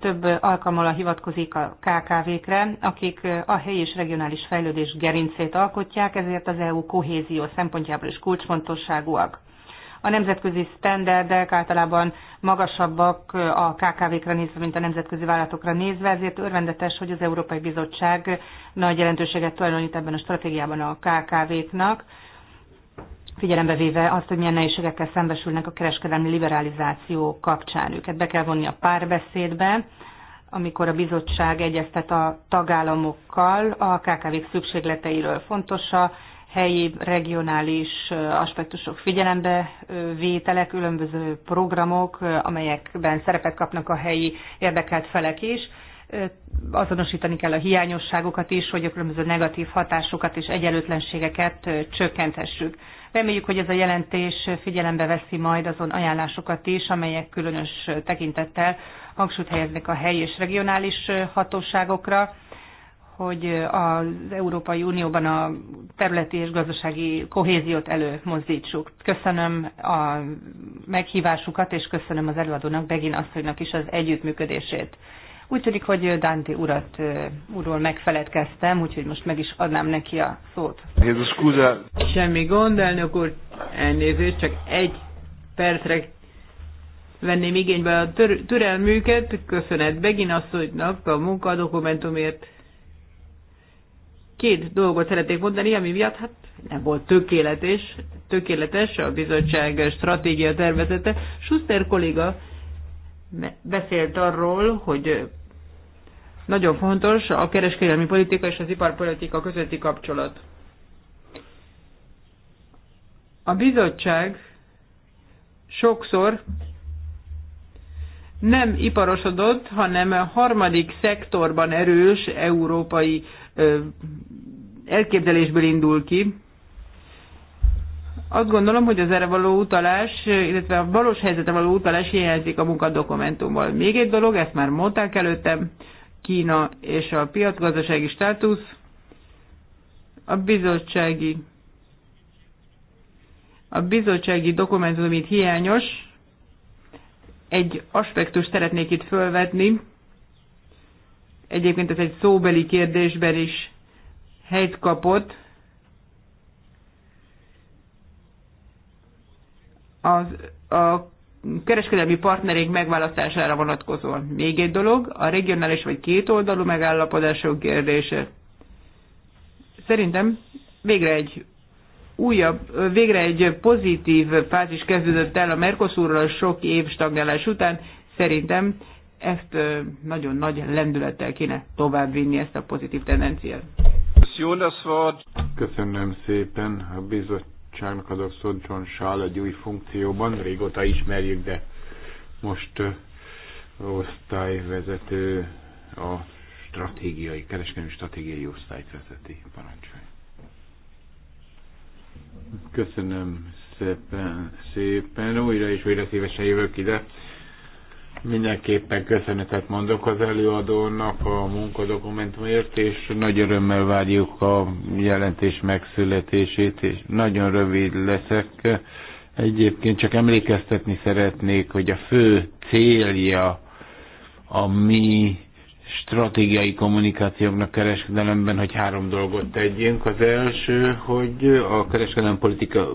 több alkalommal hivatkozik a KKV-kre, akik a helyi és regionális fejlődés gerincét alkotják, ezért az EU kohézió szempontjából is kulcsfontosságúak. A nemzetközi standardek általában magasabbak a KKV-kra nézve, mint a nemzetközi vállalatokra nézve, ezért örvendetes, hogy az Európai Bizottság nagy jelentőséget tulajdonít ebben a stratégiában a KKV-knak, figyelembe véve azt, hogy milyen nehézségekkel szembesülnek a kereskedelmi liberalizáció kapcsán. Őket be kell vonni a párbeszédbe, amikor a bizottság egyeztet a tagállamokkal a kkv szükségleteiről. Fontos a helyi, regionális aspektusok figyelembe vételek, különböző programok, amelyekben szerepet kapnak a helyi érdekelt felek is. Azonosítani kell a hiányosságokat is, hogy a különböző negatív hatásokat és egyenlőtlenségeket csökkenthessük. Reméljük, hogy ez a jelentés figyelembe veszi majd azon ajánlásokat is, amelyek különös tekintettel hangsúlyt helyeznek a helyi és regionális hatóságokra, hogy az Európai Unióban a területi és gazdasági kohéziót előmozdítsuk. Köszönöm a meghívásukat, és köszönöm az előadónak, Begin asszonynak is az együttműködését. Úgy tűnik, hogy Dante urat, úrról megfeledkeztem, úgyhogy most meg is adnám neki a szót. Jézus Kuda. Semmi gond, elnök úr, elnézést, csak egy percre venném igénybe a tör- türelmüket, köszönet Begin asszonynak a munkadokumentumért. Két dolgot szeretnék mondani, ami miatt hát nem volt tökéletes, tökéletes a bizottság stratégia tervezete. Schuster kolléga beszélt arról, hogy nagyon fontos a kereskedelmi politika és az iparpolitika közötti kapcsolat. A bizottság sokszor nem iparosodott, hanem a harmadik szektorban erős európai elképzelésből indul ki. Azt gondolom, hogy az erre való utalás, illetve a valós helyzete való utalás hiányzik a munkadokumentumból. Még egy dolog, ezt már mondták előttem, Kína és a piacgazdasági státusz, a bizottsági a bizottsági dokumentum itt hiányos. Egy aspektust szeretnék itt fölvetni. Egyébként ez egy szóbeli kérdésben is helyt kapott. az, a kereskedelmi partnerék megválasztására vonatkozóan. Még egy dolog, a regionális vagy kétoldalú megállapodások kérdése. Szerintem végre egy újabb, végre egy pozitív fázis kezdődött el a Mercosurral sok év stagnálás után. Szerintem ezt nagyon nagy lendülettel kéne továbbvinni ezt a pozitív tendenciát. Köszönöm szépen a bizottság bizottságnak adok szót egy új funkcióban, régóta ismerjük, de most osztályvezető a stratégiai, kereskedelmi stratégiai osztályt vezeti, parancsolj. Köszönöm szépen, szépen, újra és újra szívesen jövök ide Mindenképpen köszönetet mondok az előadónak a munkadokumentumért, és nagy örömmel várjuk a jelentés megszületését, és nagyon rövid leszek. Egyébként csak emlékeztetni szeretnék, hogy a fő célja a mi stratégiai kommunikációknak kereskedelemben, hogy három dolgot tegyünk. Az első, hogy a kereskedelem politika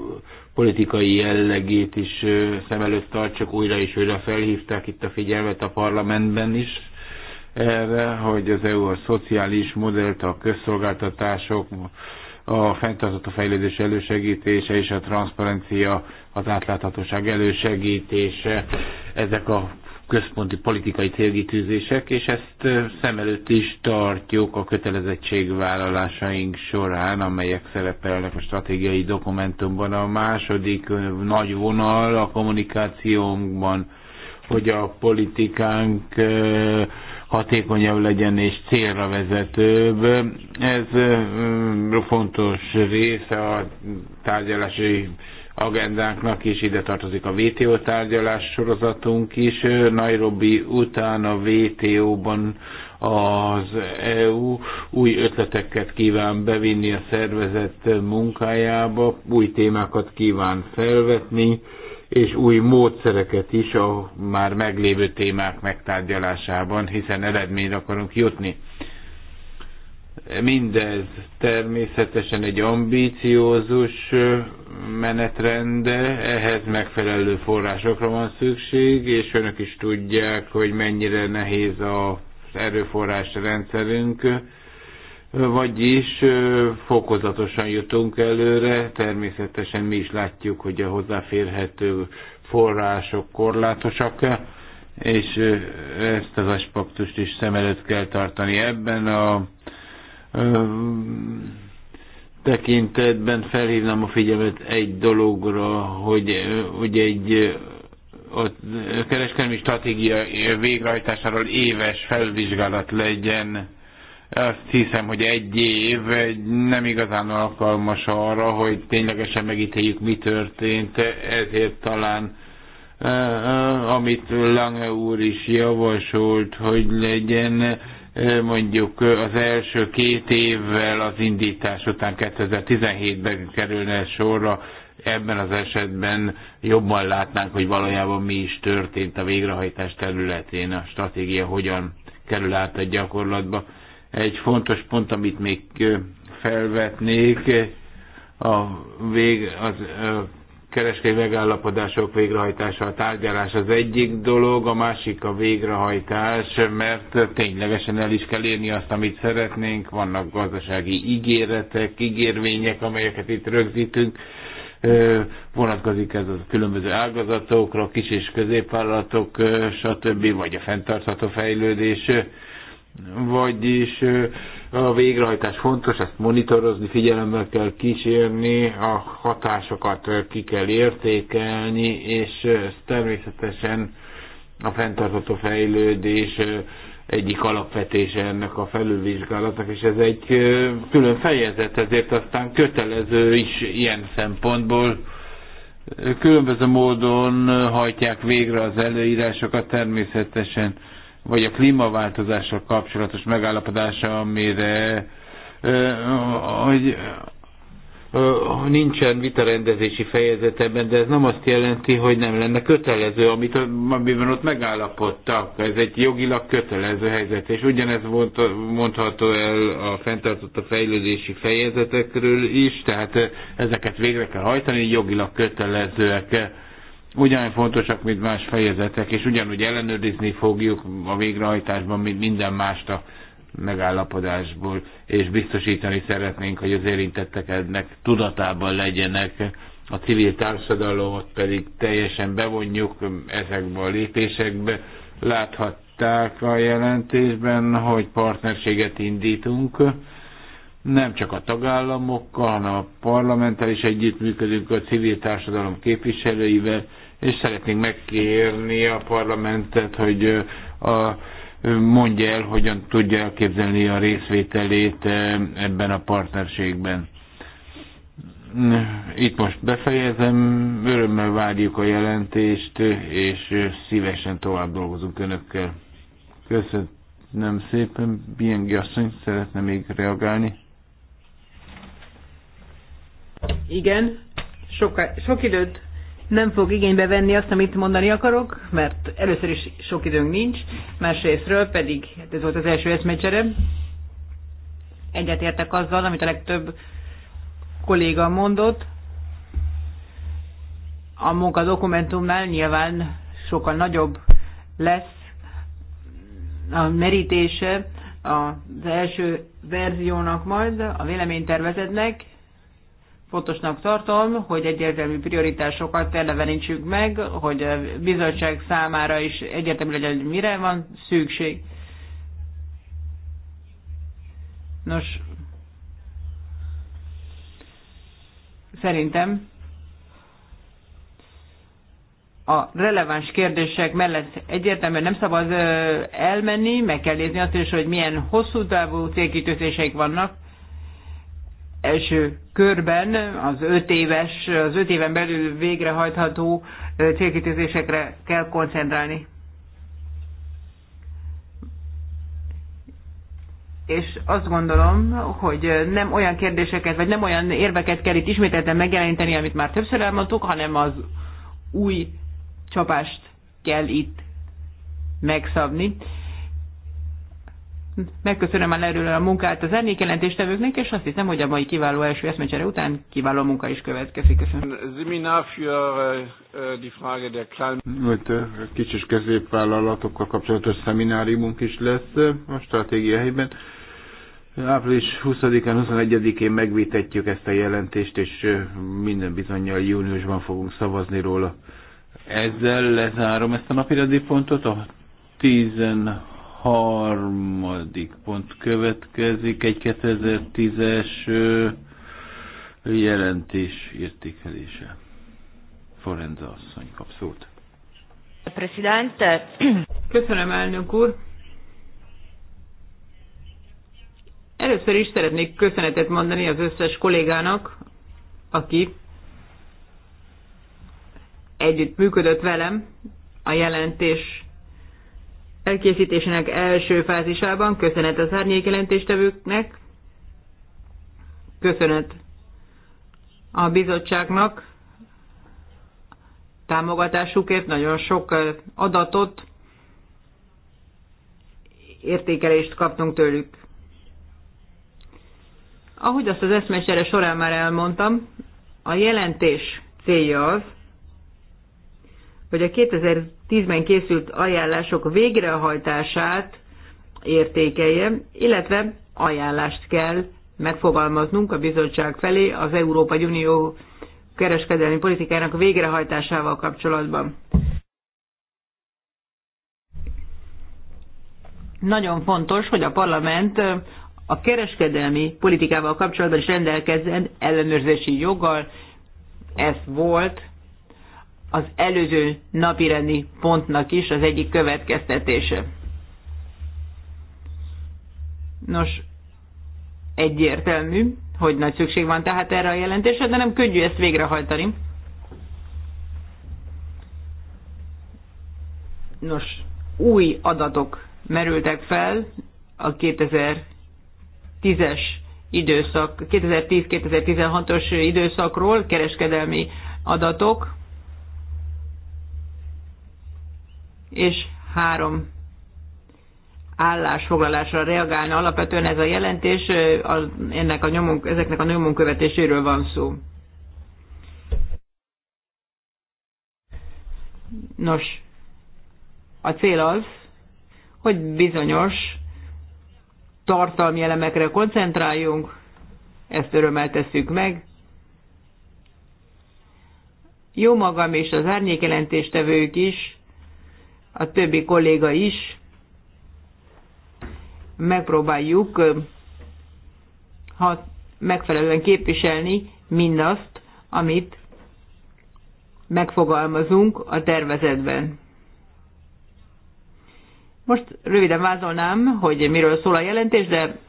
politikai jellegét is szem előtt tartsak, újra és újra felhívták itt a figyelmet a parlamentben is erre, hogy az EU a szociális modellt, a közszolgáltatások, a fenntartható fejlődés elősegítése és a transzparencia, az átláthatóság elősegítése, ezek a központi politikai célgitűzések, és ezt szem előtt is tartjuk a kötelezettségvállalásaink során, amelyek szerepelnek a stratégiai dokumentumban. A második nagy vonal a kommunikációnkban, hogy a politikánk hatékonyabb legyen és célra vezetőbb. Ez fontos része a tárgyalási agendánknak is, ide tartozik a WTO tárgyalás sorozatunk is. Nairobi után a WTO-ban az EU új ötleteket kíván bevinni a szervezet munkájába, új témákat kíván felvetni, és új módszereket is a már meglévő témák megtárgyalásában, hiszen eredményre akarunk jutni. Mindez természetesen egy ambíciózus menetrende, ehhez megfelelő forrásokra van szükség, és önök is tudják, hogy mennyire nehéz az erőforrás rendszerünk, vagyis fokozatosan jutunk előre, természetesen mi is látjuk, hogy a hozzáférhető források korlátosak, és ezt az aspektust is szem előtt kell tartani ebben a tekintetben felhívnám a figyelmet egy dologra, hogy, hogy egy a kereskedelmi stratégia végrehajtásáról éves felvizsgálat legyen. Azt hiszem, hogy egy év nem igazán alkalmas arra, hogy ténylegesen megítéljük, mi történt, ezért talán amit Lange úr is javasolt, hogy legyen mondjuk az első két évvel az indítás után 2017-ben kerülne sorra, ebben az esetben jobban látnánk, hogy valójában mi is történt a végrehajtás területén, a stratégia hogyan kerül át a gyakorlatba. Egy fontos pont, amit még felvetnék, a vég, az a kereskedelmi megállapodások végrehajtása, a tárgyalás az egyik dolog, a másik a végrehajtás, mert ténylegesen el is kell érni azt, amit szeretnénk, vannak gazdasági ígéretek, ígérvények, amelyeket itt rögzítünk, vonatkozik ez a különböző ágazatokra, kis és középvállalatok, stb., vagy a fenntartható fejlődés, vagyis a végrehajtás fontos, ezt monitorozni, figyelemmel kell kísérni, a hatásokat ki kell értékelni, és ez természetesen a fenntartható fejlődés egyik alapvetése ennek a felülvizsgálatnak, és ez egy külön fejezet, ezért aztán kötelező is ilyen szempontból. Különböző módon hajtják végre az előírásokat természetesen vagy a klímaváltozással kapcsolatos megállapodása, amire hogy nincsen vitarendezési fejezet de ez nem azt jelenti, hogy nem lenne kötelező, amit, amiben ott megállapodtak. Ez egy jogilag kötelező helyzet, és ugyanez mondható el a fenntartott a fejlődési fejezetekről is, tehát ezeket végre kell hajtani, jogilag kötelezőek ugyanolyan fontosak, mint más fejezetek, és ugyanúgy ellenőrizni fogjuk a végrehajtásban, mint minden mást a megállapodásból, és biztosítani szeretnénk, hogy az érintettek ennek tudatában legyenek, a civil társadalomot pedig teljesen bevonjuk ezekbe a lépésekbe. Láthatták a jelentésben, hogy partnerséget indítunk, nem csak a tagállamokkal, hanem a parlamenttel is együttműködünk, a civil társadalom képviselőivel, és szeretnénk megkérni a parlamentet, hogy a, mondja el, hogyan tudja elképzelni a részvételét ebben a partnerségben. Itt most befejezem, örömmel várjuk a jelentést, és szívesen tovább dolgozunk Önökkel. Köszönöm szépen, Biengi asszony, szeretne még reagálni? Igen, sok, sok időt nem fog igénybe venni azt, amit mondani akarok, mert először is sok időnk nincs, másrésztről pedig hát ez volt az első eszmecsere. Egyetértek azzal, amit a legtöbb kolléga mondott. A munka dokumentumnál nyilván sokkal nagyobb lesz a merítése az első verziónak majd, a véleménytervezetnek, fontosnak tartom, hogy egyértelmű prioritásokat elevenítsük meg, hogy a bizottság számára is egyértelmű legyen, hogy mire van szükség. Nos, szerintem a releváns kérdések mellett egyértelműen nem szabad elmenni, meg kell nézni azt is, hogy milyen hosszú távú célkitűzéseik vannak, első körben az öt éves, az öt éven belül végrehajtható célkitűzésekre kell koncentrálni. És azt gondolom, hogy nem olyan kérdéseket, vagy nem olyan érveket kell itt ismételten megjeleníteni, amit már többször elmondtuk, hanem az új csapást kell itt megszabni megköszönöm a lerülő a munkát az jelentéstevőknek, és azt hiszem, hogy a mai kiváló első eszmecsere után kiváló munka is következik. Köszönöm. Semina für äh, äh, der äh, Kis és középvállalatokkal kapcsolatos szemináriumunk is lesz a stratégia helyben. Április 20-án, 21-én megvitetjük ezt a jelentést, és minden bizonyal júniusban fogunk szavazni róla. Ezzel lezárom ezt a napirendi pontot, a 16 harmadik pont következik, egy 2010-es jelentés értékelése. Forenza asszony kap szót. Köszönöm, elnök úr. Először is szeretnék köszönetet mondani az összes kollégának, aki együtt működött velem a jelentés elkészítésének első fázisában. Köszönet az jelentéstevőknek, köszönet a bizottságnak támogatásukért, nagyon sok adatot, értékelést kaptunk tőlük. Ahogy azt az eszmesere során már elmondtam, a jelentés célja az, hogy a 2010-ben készült ajánlások végrehajtását értékelje, illetve ajánlást kell megfogalmaznunk a bizottság felé az Európai Unió kereskedelmi politikának végrehajtásával kapcsolatban. Nagyon fontos, hogy a parlament a kereskedelmi politikával kapcsolatban is rendelkezzen ellenőrzési joggal. Ez volt az előző napirendi pontnak is az egyik következtetése. Nos, egyértelmű, hogy nagy szükség van tehát erre a jelentésre, de nem könnyű ezt végrehajtani. Nos, új adatok merültek fel a 2010-es időszak, 2010-2016-os időszakról, kereskedelmi adatok, és három állásfoglalásra reagálni Alapvetően ez a jelentés, ennek a nyomon, ezeknek a nyomon követéséről van szó. Nos, a cél az, hogy bizonyos tartalmi elemekre koncentráljunk, ezt örömmel tesszük meg. Jó magam és az árnyékjelentéstevők is a többi kolléga is. Megpróbáljuk ha megfelelően képviselni mindazt, amit megfogalmazunk a tervezetben. Most röviden vázolnám, hogy miről szól a jelentés, de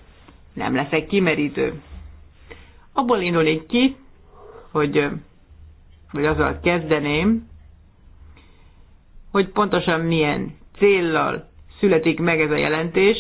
nem leszek kimerítő. Abból indulnék ki, hogy, hogy azzal kezdeném, hogy pontosan milyen céllal születik meg ez a jelentés.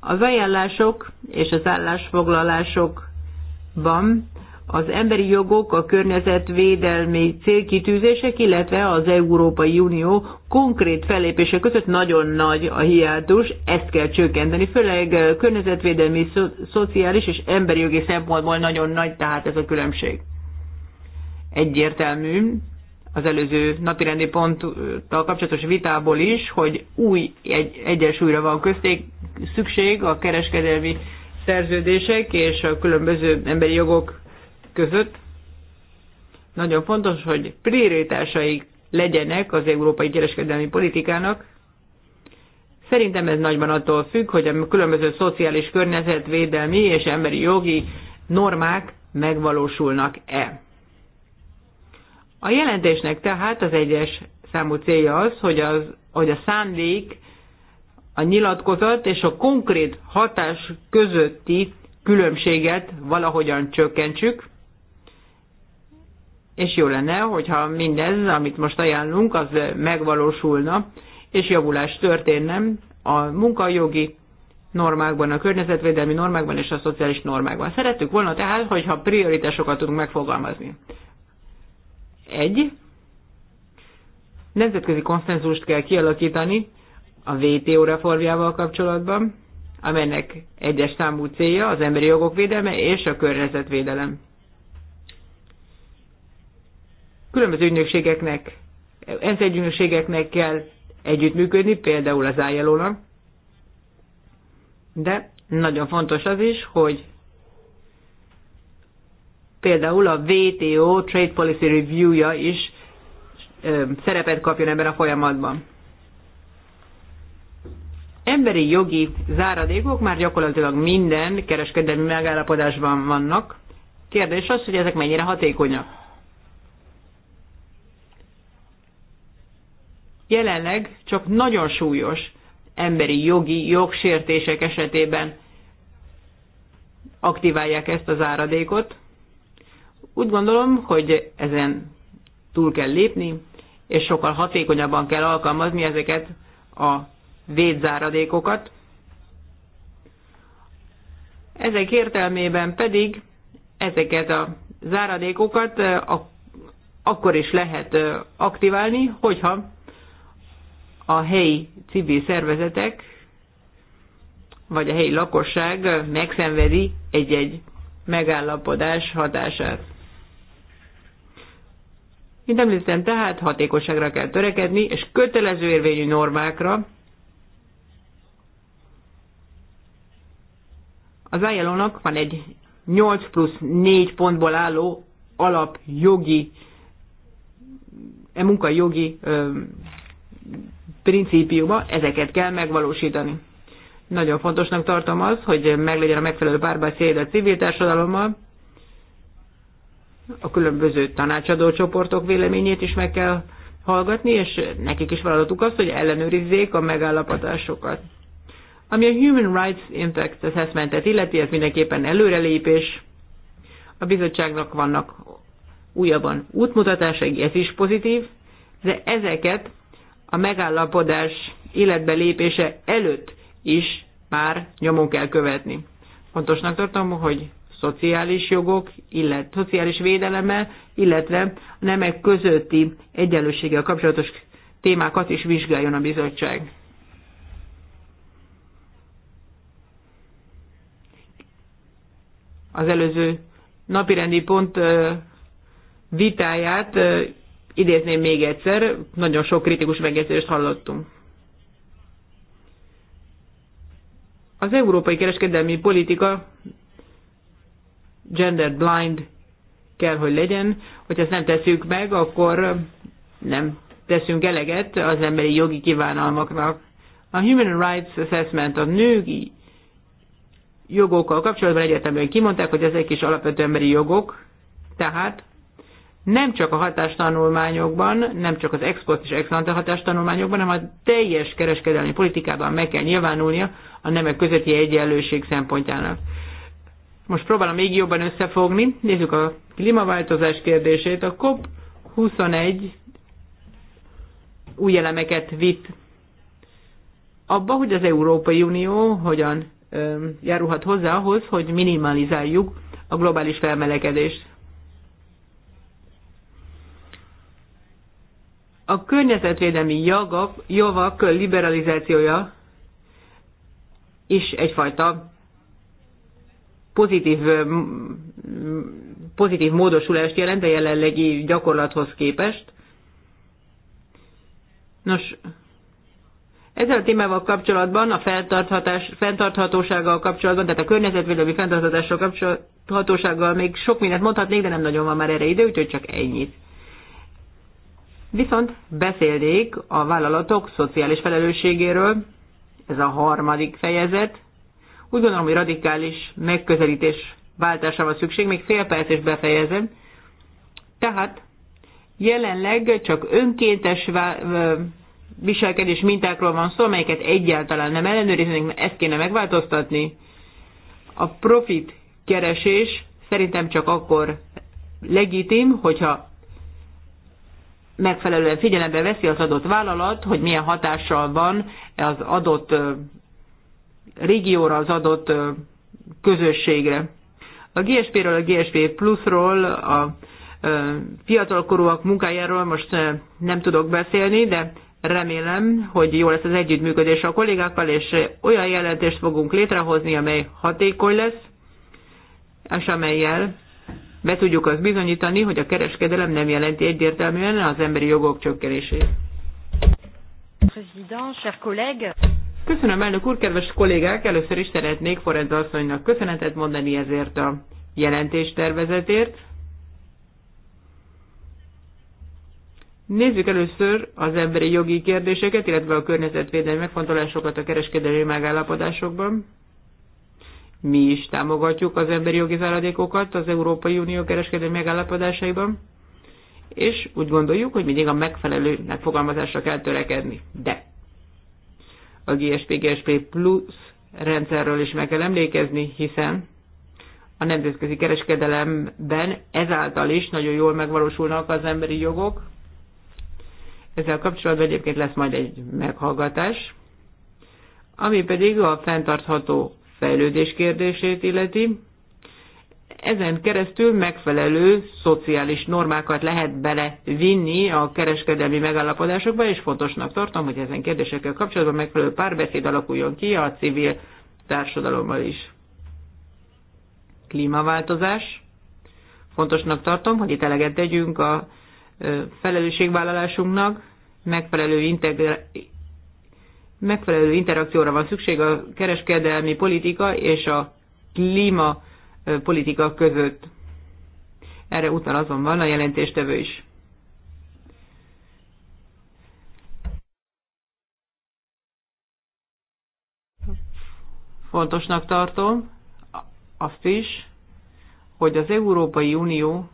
Az ajánlások és az állásfoglalásokban az emberi jogok, a környezetvédelmi célkitűzések, illetve az Európai Unió konkrét fellépése között nagyon nagy a hiátus, ezt kell csökkenteni, főleg eh, környezetvédelmi, szo szociális és emberi jogi szempontból nagyon nagy, tehát ez a különbség. Egyértelmű, az előző napirendi ponttal kapcsolatos vitából is, hogy új egy, egyensúlyra van közték szükség a kereskedelmi szerződések és a különböző emberi jogok között. Nagyon fontos, hogy prioritásaik legyenek az európai kereskedelmi politikának. Szerintem ez nagyban attól függ, hogy a különböző szociális környezetvédelmi és emberi jogi normák megvalósulnak-e. A jelentésnek tehát az egyes számú célja az, hogy, az, hogy a szándék, a nyilatkozat és a konkrét hatás közötti különbséget valahogyan csökkentsük és jó lenne, hogyha mindez, amit most ajánlunk, az megvalósulna, és javulás történne a munkajogi normákban, a környezetvédelmi normákban és a szociális normákban. Szerettük volna tehát, hogyha prioritásokat tudunk megfogalmazni. Egy, nemzetközi konszenzust kell kialakítani a WTO reformjával kapcsolatban, amelynek egyes számú célja az emberi jogok védelme és a környezetvédelem. Különböző ügynökségeknek, ENSZ ügynökségeknek kell együttműködni, például az ilo de nagyon fontos az is, hogy például a WTO Trade Policy Review-ja is ö, szerepet kapjon ebben a folyamatban. Emberi jogi záradékok már gyakorlatilag minden kereskedelmi megállapodásban vannak. Kérdés az, hogy ezek mennyire hatékonyak. Jelenleg csak nagyon súlyos emberi jogi jogsértések esetében aktiválják ezt az áradékot. Úgy gondolom, hogy ezen túl kell lépni, és sokkal hatékonyabban kell alkalmazni ezeket a védzáradékokat. Ezek értelmében pedig ezeket a záradékokat eh, akkor is lehet eh, aktiválni, hogyha a helyi civil szervezetek, vagy a helyi lakosság megszenvedi egy-egy megállapodás hatását. Mint említettem, tehát hatékosságra kell törekedni, és kötelező érvényű normákra. Az ilo van egy 8 plusz 4 pontból álló alapjogi, e munkajogi principiuma, ezeket kell megvalósítani. Nagyon fontosnak tartom az, hogy meglegyen a megfelelő párbeszéd a civil társadalommal, a különböző tanácsadó csoportok véleményét is meg kell hallgatni, és nekik is feladatuk az, hogy ellenőrizzék a megállapodásokat. Ami a Human Rights Impact Assessment-et illeti, ez mindenképpen előrelépés. A bizottságnak vannak újabban útmutatásai, ez is pozitív, de ezeket a megállapodás életbe lépése előtt is már nyomon kell követni. Fontosnak tartom, hogy szociális jogok, illetve szociális védelemmel, illetve a nemek közötti egyenlőséggel kapcsolatos témákat is vizsgáljon a bizottság. Az előző napirendi pont vitáját idézném még egyszer, nagyon sok kritikus megjegyzést hallottunk. Az európai kereskedelmi politika gender blind kell, hogy legyen. Hogyha ezt nem tesszük meg, akkor nem teszünk eleget az emberi jogi kívánalmaknak. A Human Rights Assessment a női jogokkal kapcsolatban egyértelműen kimondták, hogy ezek is alapvető emberi jogok, tehát nem csak a hatástanulmányokban, nem csak az export és exante hatástanulmányokban, hanem a teljes kereskedelmi politikában meg kell nyilvánulnia a nemek közötti egyenlőség szempontjának. Most próbálom még jobban összefogni. Nézzük a klímaváltozás kérdését. A COP21 új elemeket vitt abba, hogy az Európai Unió hogyan járulhat hozzá ahhoz, hogy minimalizáljuk a globális felmelegedést. A környezetvédelmi jogok, jogok liberalizációja is egyfajta pozitív, mm, pozitív módosulást jelent a jelenlegi gyakorlathoz képest. Nos, ezzel a témával kapcsolatban, a fenntarthatósággal kapcsolatban, tehát a környezetvédelmi fenntarthatással kapcsolatban hatósággal még sok mindent mondhatnék, de nem nagyon van már erre idő, úgyhogy csak ennyit. Viszont beszélnék a vállalatok szociális felelősségéről, ez a harmadik fejezet. Úgy gondolom, hogy radikális megközelítés váltásra van szükség, még fél perc és befejezem. Tehát jelenleg csak önkéntes viselkedés mintákról van szó, amelyeket egyáltalán nem ellenőriznek, mert ezt kéne megváltoztatni. A profit keresés szerintem csak akkor legitim, hogyha megfelelően figyelembe veszi az adott vállalat, hogy milyen hatással van az adott régióra, az adott közösségre. A GSP-ről, a GSP pluszról, a fiatalkorúak munkájáról most nem tudok beszélni, de remélem, hogy jó lesz az együttműködés a kollégákkal, és olyan jelentést fogunk létrehozni, amely hatékony lesz, és amelyel be tudjuk azt bizonyítani, hogy a kereskedelem nem jelenti egyértelműen az emberi jogok csökkenését. Köszönöm, elnök úr, kedves kollégák! Először is szeretnék Forenza asszonynak köszönetet mondani ezért a tervezetért. Nézzük először az emberi jogi kérdéseket, illetve a környezetvédelmi megfontolásokat a kereskedelmi megállapodásokban. Mi is támogatjuk az emberi jogi záradékokat az Európai Unió kereskedelmi megállapodásaiban, és úgy gondoljuk, hogy mindig a megfelelő megfogalmazásra kell törekedni. De a GSP-GSP plusz rendszerről is meg kell emlékezni, hiszen a nemzetközi kereskedelemben ezáltal is nagyon jól megvalósulnak az emberi jogok. Ezzel kapcsolatban egyébként lesz majd egy meghallgatás, ami pedig a fenntartható fejlődés kérdését illeti. Ezen keresztül megfelelő szociális normákat lehet belevinni a kereskedelmi megállapodásokba, és fontosnak tartom, hogy ezen kérdésekkel kapcsolatban megfelelő párbeszéd alakuljon ki a civil társadalommal is. Klímaváltozás. Fontosnak tartom, hogy itt eleget tegyünk a felelősségvállalásunknak, megfelelő integra- megfelelő interakcióra van szükség a kereskedelmi politika és a klíma politika között. Erre utal azonban a jelentéstevő is. Fontosnak tartom azt is, hogy az Európai Unió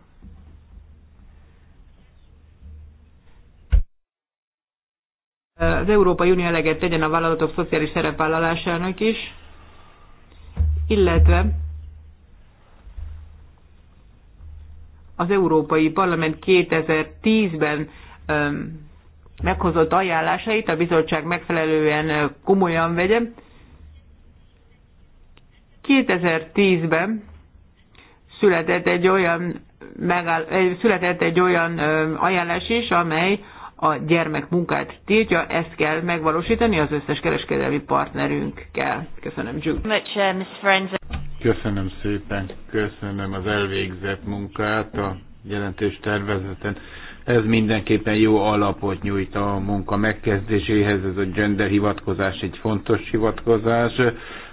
az Európai Unió eleget tegyen a vállalatok szociális szerepvállalásának is, illetve az Európai Parlament 2010-ben meghozott ajánlásait a bizottság megfelelően komolyan vegye. 2010-ben született egy olyan, megáll, született egy olyan ajánlás is, amely a gyermek munkát tiltja, ezt kell megvalósítani az összes kereskedelmi partnerünkkel. Köszönöm, Jude. Köszönöm szépen, köszönöm az elvégzett munkát a jelentős tervezeten. Ez mindenképpen jó alapot nyújt a munka megkezdéséhez, ez a gender hivatkozás egy fontos hivatkozás.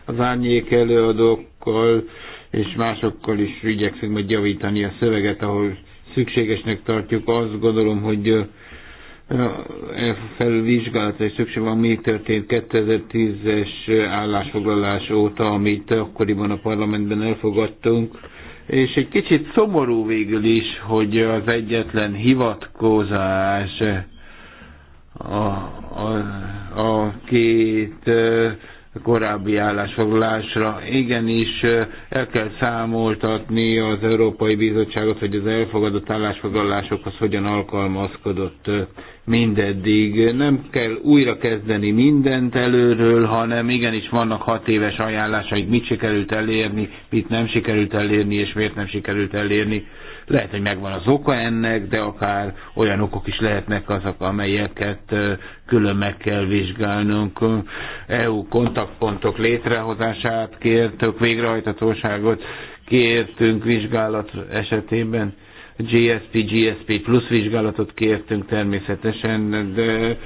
Az árnyék előadókkal és másokkal is igyekszünk majd javítani a szöveget, ahol szükségesnek tartjuk. Azt gondolom, hogy felvizsgálatra és szükség van, mi történt 2010-es állásfoglalás óta, amit akkoriban a parlamentben elfogadtunk, és egy kicsit szomorú végül is, hogy az egyetlen hivatkozás a, a, a két korábbi állásfoglalásra. Igenis el kell számoltatni az Európai Bizottságot, hogy az elfogadott állásfoglalásokhoz hogyan alkalmazkodott mindeddig. Nem kell újra kezdeni mindent előről, hanem igenis vannak hat éves ajánlásaik, mit sikerült elérni, mit nem sikerült elérni, és miért nem sikerült elérni. Lehet, hogy megvan az oka ennek, de akár olyan okok is lehetnek azok, amelyeket külön meg kell vizsgálnunk. EU kontaktpontok létrehozását kértük, végrehajtatóságot kértünk vizsgálat esetében. GSP, GSP plusz vizsgálatot kértünk természetesen, de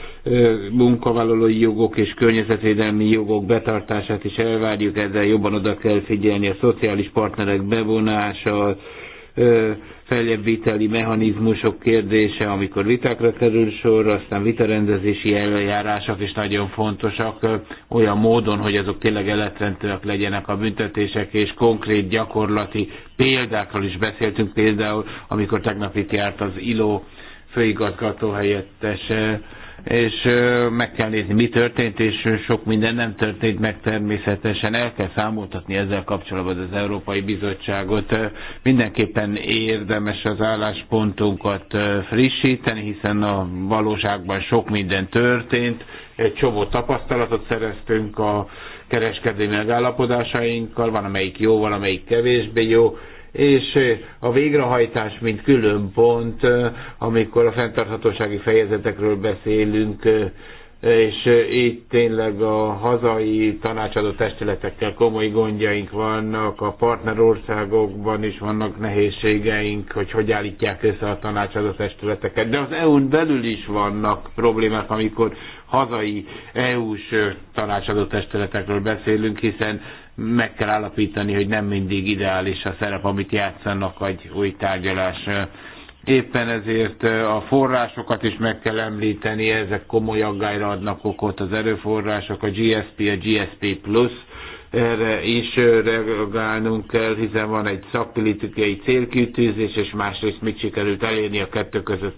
munkavállalói jogok és környezetvédelmi jogok betartását is elvárjuk, ezzel jobban oda kell figyelni, a szociális partnerek bevonása, feljebbviteli mechanizmusok kérdése, amikor vitákra kerül sor, aztán vitarendezési eljárások is nagyon fontosak, olyan módon, hogy azok tényleg eletrendőek legyenek a büntetések, és konkrét gyakorlati példákról is beszéltünk, például amikor tegnap itt járt az ILO főigazgató helyettese, és meg kell nézni, mi történt, és sok minden nem történt meg természetesen. El kell számoltatni ezzel kapcsolatban az Európai Bizottságot. Mindenképpen érdemes az álláspontunkat frissíteni, hiszen a valóságban sok minden történt. Egy csomó tapasztalatot szereztünk a kereskedelmi megállapodásainkkal, van amelyik jó, van amelyik kevésbé jó és a végrehajtás, mint külön pont, amikor a fenntarthatósági fejezetekről beszélünk, és itt tényleg a hazai tanácsadó testületekkel komoly gondjaink vannak, a partnerországokban is vannak nehézségeink, hogy hogy állítják össze a tanácsadó testületeket, de az EU-n belül is vannak problémák, amikor hazai EU-s tanácsadó testületekről beszélünk, hiszen meg kell állapítani, hogy nem mindig ideális a szerep, amit játszanak egy új tárgyalás. Éppen ezért a forrásokat is meg kell említeni, ezek komoly aggályra adnak okot, az erőforrások, a GSP, a GSP+, erre is reagálnunk kell, hiszen van egy szakpolitikai célkütőzés, és másrészt mit sikerült elérni a kettő között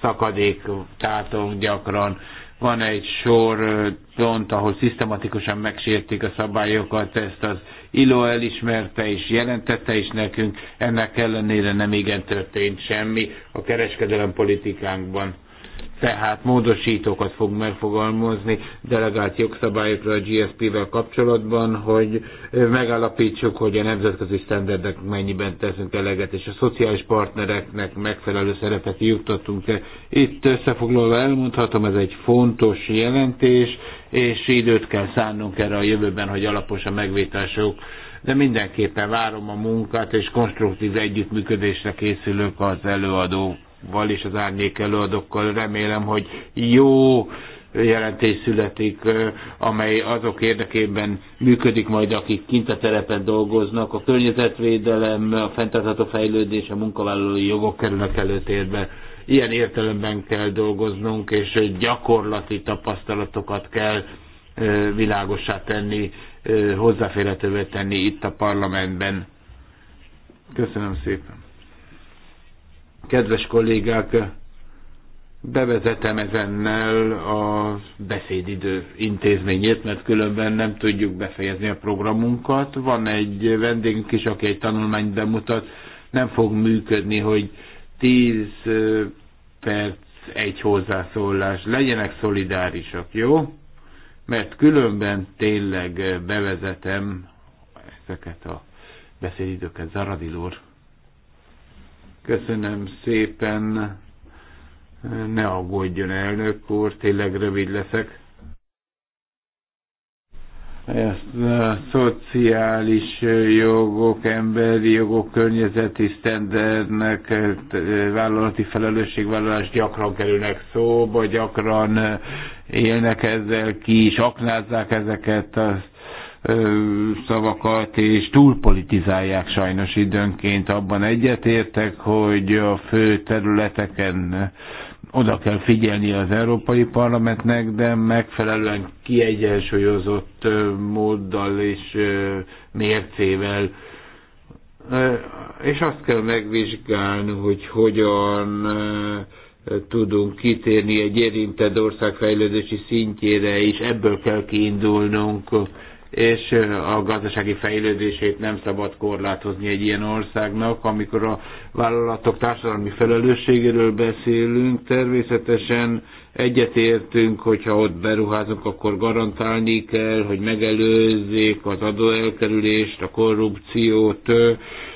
szakadék tátolunk gyakran. Van egy sor pont, ahol szisztematikusan megsértik a szabályokat, ezt az ILO elismerte és jelentette is nekünk, ennek ellenére nem igen történt semmi a kereskedelem politikánkban tehát módosítókat fog megfogalmazni delegált jogszabályokra a GSP-vel kapcsolatban, hogy megállapítsuk, hogy a nemzetközi standardek mennyiben teszünk eleget, és a szociális partnereknek megfelelő szerepet juttatunk -e. Itt összefoglalva elmondhatom, ez egy fontos jelentés, és időt kell szánnunk erre a jövőben, hogy alapos a megvétások de mindenképpen várom a munkát, és konstruktív együttműködésre készülök az előadó val és az árnyék előadókkal. Remélem, hogy jó jelentés születik, amely azok érdekében működik majd, akik kint a terepen dolgoznak. A környezetvédelem, a fenntartható fejlődés, a munkavállalói jogok kerülnek előtérbe. Ilyen értelemben kell dolgoznunk, és gyakorlati tapasztalatokat kell világosá tenni, hozzáférhetővé tenni itt a parlamentben. Köszönöm szépen! Kedves kollégák, bevezetem ezennel a beszédidő intézményét, mert különben nem tudjuk befejezni a programunkat. Van egy vendégünk is, aki egy tanulmányt bemutat, nem fog működni, hogy 10 perc egy hozzászólás. Legyenek szolidárisak, jó? Mert különben tényleg bevezetem ezeket a beszédidőket. Zaradil úr. Köszönöm szépen. Ne aggódjon, elnök úr, tényleg rövid leszek. Ezt a szociális jogok, emberi jogok, környezeti sztendernek, vállalati felelősségvállalás gyakran kerülnek szóba, gyakran élnek ezzel ki, és aknázzák ezeket. Azt szavakat, és túlpolitizálják sajnos időnként. Abban egyetértek, hogy a fő területeken oda kell figyelni az Európai Parlamentnek, de megfelelően kiegyensúlyozott móddal és mércével. És azt kell megvizsgálni, hogy hogyan tudunk kitérni egy érintett ország fejlődési szintjére, és ebből kell kiindulnunk és a gazdasági fejlődését nem szabad korlátozni egy ilyen országnak. Amikor a vállalatok társadalmi felelősségéről beszélünk, természetesen egyetértünk, hogyha ott beruházunk, akkor garantálni kell, hogy megelőzzék az adóelkerülést, a korrupciót,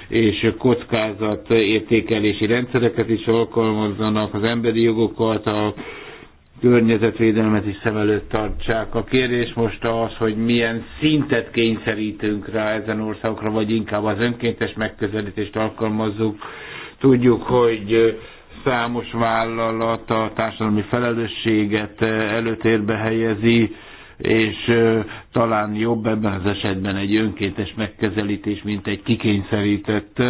és kockázat értékelési rendszereket is alkalmazzanak, az emberi jogokat, a környezetvédelmet is szem előtt tartsák. A kérdés most az, hogy milyen szintet kényszerítünk rá ezen országokra, vagy inkább az önkéntes megközelítést alkalmazzuk. Tudjuk, hogy számos vállalat a társadalmi felelősséget előtérbe helyezi, és talán jobb ebben az esetben egy önkéntes megközelítés, mint egy kikényszerített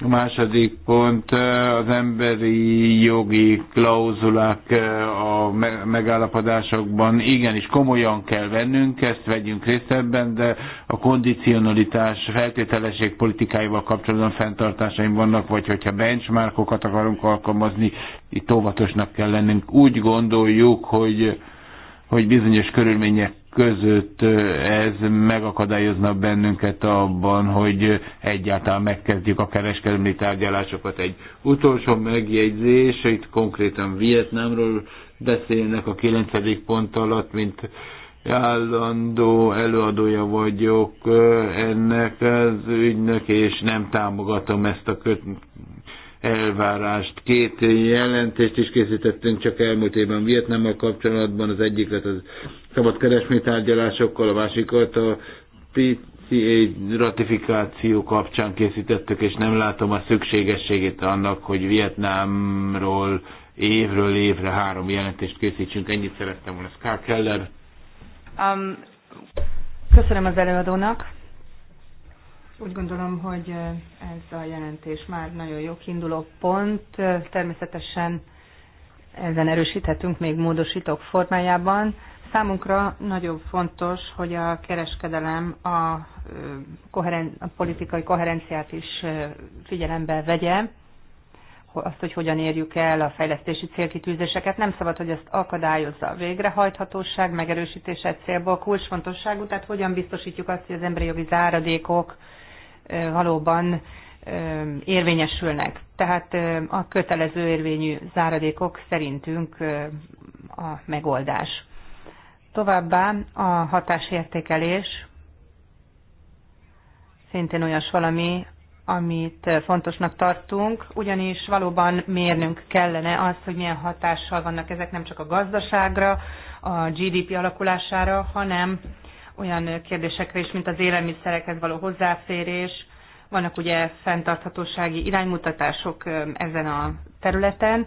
a második pont eh, az emberi jogi klauzulák eh, a megállapodásokban. Igenis, komolyan kell vennünk, ezt vegyünk részt ebben, de a kondicionalitás feltételesség politikáival kapcsolatban fenntartásaim vannak, vagy hogyha benchmarkokat akarunk alkalmazni, itt óvatosnak kell lennünk. Úgy gondoljuk, hogy hogy bizonyos körülmények között ez megakadályozna bennünket abban, hogy egyáltalán megkezdjük a kereskedelmi tárgyalásokat. Egy utolsó megjegyzés, itt konkrétan Vietnámról beszélnek a 9. pont alatt, mint állandó előadója vagyok ennek az ügynek, és nem támogatom ezt a köt elvárást. Két jelentést is készítettünk csak elmúlt évben Vietnámmal kapcsolatban, az egyik lett az szabad tárgyalásokkal, a másikat a PCA ratifikáció kapcsán készítettük, és nem látom a szükségességét annak, hogy Vietnámról évről évre három jelentést készítsünk. Ennyit szerettem volna. Ská Keller. Um, köszönöm az előadónak úgy gondolom, hogy eh, ez a jelentés már nagyon jó kiinduló pont. Természetesen ezen erősíthetünk még módosítók formájában. Számunkra nagyon fontos, hogy a kereskedelem a, eh, koheren, a politikai koherenciát is eh, figyelembe vegye, azt, hogy hogyan érjük el a fejlesztési célkitűzéseket. Nem szabad, hogy ezt akadályozza a végrehajthatóság, megerősítése célból kulcsfontosságú, tehát hogyan biztosítjuk azt, hogy az emberi jogi záradékok valóban érvényesülnek. Tehát a kötelező érvényű záradékok szerintünk a megoldás. Továbbá a hatásértékelés szintén olyas valami, amit fontosnak tartunk, ugyanis valóban mérnünk kellene azt, hogy milyen hatással vannak ezek nem csak a gazdaságra, a GDP alakulására, hanem olyan kérdésekre is, mint az élelmiszerekhez való hozzáférés. Vannak ugye fenntarthatósági iránymutatások ezen a területen,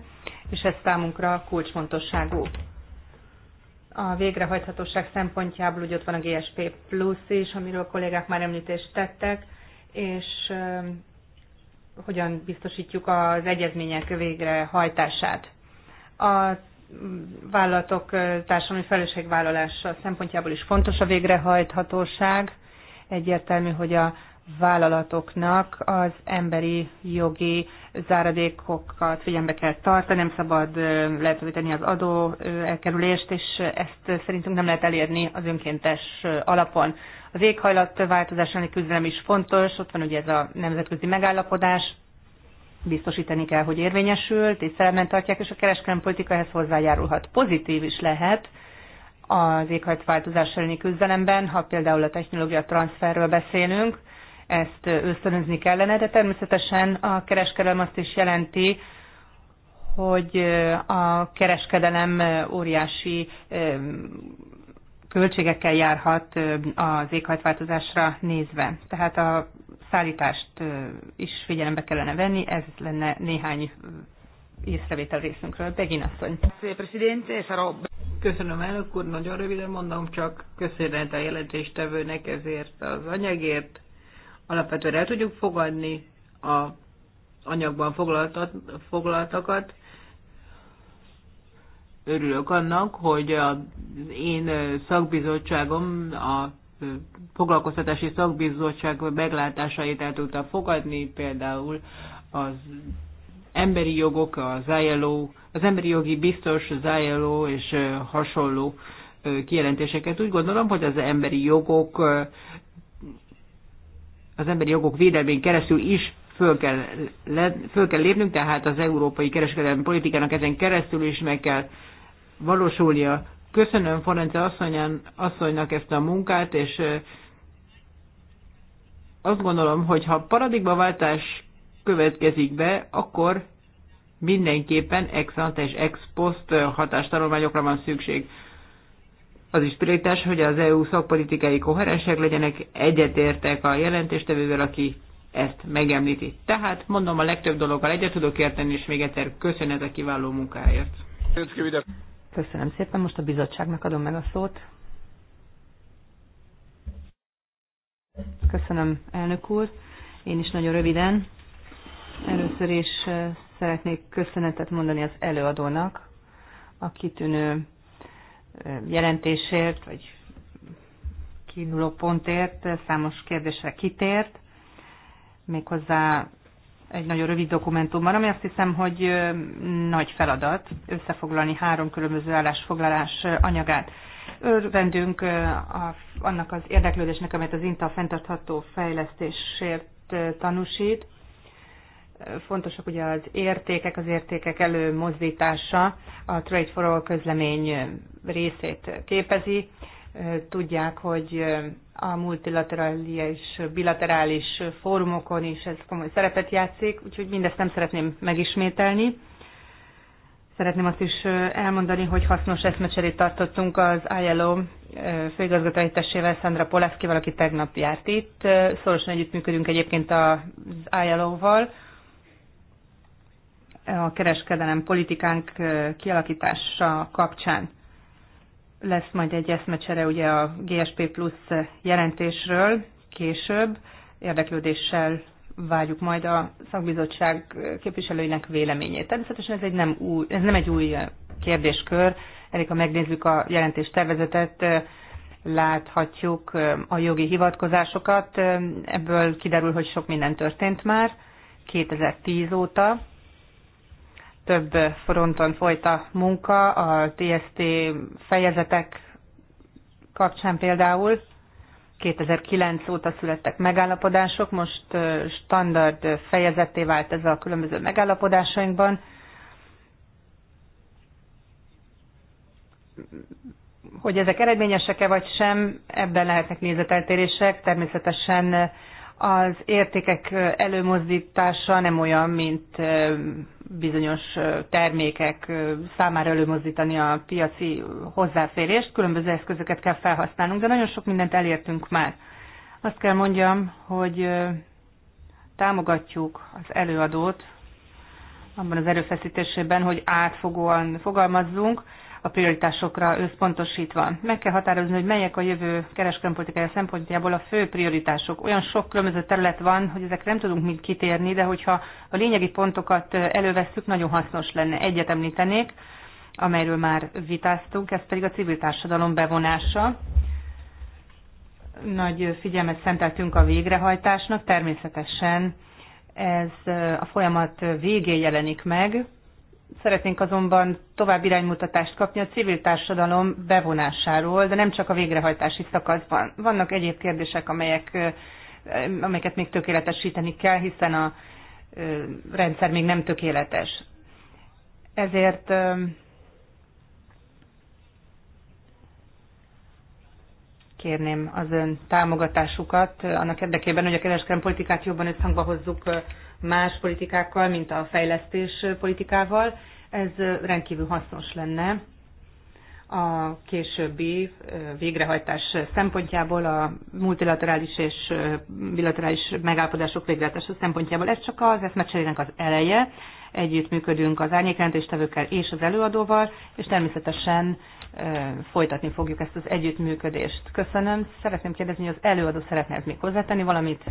és ez számunkra kulcsfontosságú. A végrehajthatóság szempontjából ugye ott van a GSP Plus is, amiről a kollégák már említést tettek, és hogyan biztosítjuk az egyezmények végrehajtását. A vállalatok társadalmi felelősségvállalása szempontjából is fontos a végrehajthatóság. Egyértelmű, hogy a vállalatoknak az emberi jogi záradékokat figyelembe kell tartani, nem szabad lehetővé tenni az adó elkerülést, és ezt szerintünk nem lehet elérni az önkéntes alapon. Az éghajlat változásának küzdelem is fontos, ott van ugye ez a nemzetközi megállapodás, biztosítani kell, hogy érvényesül, tisztelemben tartják, és a kereskedelmi politika ehhez hozzájárulhat. Pozitív is lehet az éghajtváltozás elleni küzdelemben, ha például a technológia transferről beszélünk, ezt ösztönözni kellene, de természetesen a kereskedelem azt is jelenti, hogy a kereskedelem óriási költségekkel járhat az éghajtváltozásra nézve. Tehát a szállítást is figyelembe kellene venni, ez lenne néhány észrevétel részünkről. Begin asszony. Köszönöm elnök úr, nagyon röviden mondom, csak köszönöm a jelentéstevőnek ezért az anyagért. Alapvetően el tudjuk fogadni a anyagban foglaltakat. Örülök annak, hogy az én szakbizottságom a foglalkoztatási szakbizottság meglátásait el tudta fogadni, például az emberi jogok, az ILO, az emberi jogi biztos, az ILO és hasonló kijelentéseket. Úgy gondolom, hogy az emberi jogok az emberi jogok védelmén keresztül is föl kell, le, föl kell lépnünk, tehát az európai kereskedelmi politikának ezen keresztül is meg kell valósulnia. Köszönöm Forence asszonyán, asszonynak ezt a munkát, és azt gondolom, hogy ha paradigmaváltás következik be, akkor mindenképpen ex ante és ex post hatástanulmányokra van szükség. Az is prioritás, hogy az EU szakpolitikai koherensek legyenek, egyetértek a jelentéstevővel, aki ezt megemlíti. Tehát mondom, a legtöbb dologgal egyet tudok érteni, és még egyszer köszönet a kiváló munkáért. Köszönöm szépen, most a bizottságnak adom meg a szót. Köszönöm, elnök úr. Én is nagyon röviden. Először is eh, szeretnék köszönetet mondani az előadónak a kitűnő eh, jelentésért, vagy kiinduló pontért, eh, számos kérdésre kitért, méghozzá egy nagyon rövid dokumentumban, ami azt hiszem, hogy nagy feladat összefoglalni három különböző állásfoglalás anyagát. Örvendünk annak az érdeklődésnek, amelyet az INTA fenntartható fejlesztésért tanúsít. Fontosak ugye az értékek, az értékek előmozdítása a Trade for All közlemény részét képezi. Tudják, hogy a multilaterális, bilaterális fórumokon is ez komoly szerepet játszik, úgyhogy mindezt nem szeretném megismételni. Szeretném azt is elmondani, hogy hasznos eszmecserét tartottunk az ILO főigazgatóhelyettesével, Sandra Poleszkival, aki tegnap járt itt. Szorosan együttműködünk egyébként az ILO-val a kereskedelem politikánk kialakítása kapcsán lesz majd egy eszmecsere ugye a GSP Plus jelentésről később. Érdeklődéssel várjuk majd a szakbizottság képviselőinek véleményét. Természetesen ez, egy nem új, ez nem egy új kérdéskör. Elég, ha megnézzük a jelentés tervezetet, láthatjuk a jogi hivatkozásokat. Ebből kiderül, hogy sok minden történt már 2010 óta több fronton folyt a munka, a TST fejezetek kapcsán például. 2009 óta születtek megállapodások, most standard fejezetté vált ez a különböző megállapodásainkban. Hogy ezek eredményesek-e vagy sem, ebben lehetnek nézeteltérések. Természetesen az értékek előmozdítása nem olyan, mint bizonyos termékek számára előmozdítani a piaci hozzáférést, különböző eszközöket kell felhasználnunk, de nagyon sok mindent elértünk már. Azt kell mondjam, hogy támogatjuk az előadót abban az erőfeszítésében, hogy átfogóan fogalmazzunk, a prioritásokra összpontosítva. Meg kell határozni, hogy melyek a jövő kereskedelmi szempontjából a fő prioritások. Olyan sok különböző terület van, hogy ezekre nem tudunk mind kitérni, de hogyha a lényegi pontokat elővesszük, nagyon hasznos lenne. Egyet említenék, amelyről már vitáztunk, ez pedig a civil társadalom bevonása. Nagy figyelmet szenteltünk a végrehajtásnak, természetesen ez a folyamat végén jelenik meg, Szeretnénk azonban tovább iránymutatást kapni a civil társadalom bevonásáról, de nem csak a végrehajtási szakaszban. Vannak egyéb kérdések, amelyek, amelyeket még tökéletesíteni kell, hiszen a rendszer még nem tökéletes. Ezért kérném az ön támogatásukat annak érdekében, hogy a kereskedelmi politikát jobban összhangba hozzuk más politikákkal, mint a fejlesztés politikával. Ez rendkívül hasznos lenne a későbbi végrehajtás szempontjából, a multilaterális és bilaterális megállapodások végrehajtása szempontjából. Ez csak az eszmecserének az eleje együttműködünk az árnyékrendéstevőkkel és az előadóval, és természetesen folytatni fogjuk ezt az együttműködést. Köszönöm. Szeretném kérdezni, hogy az előadó szeretne ezt még hozzátenni valamit?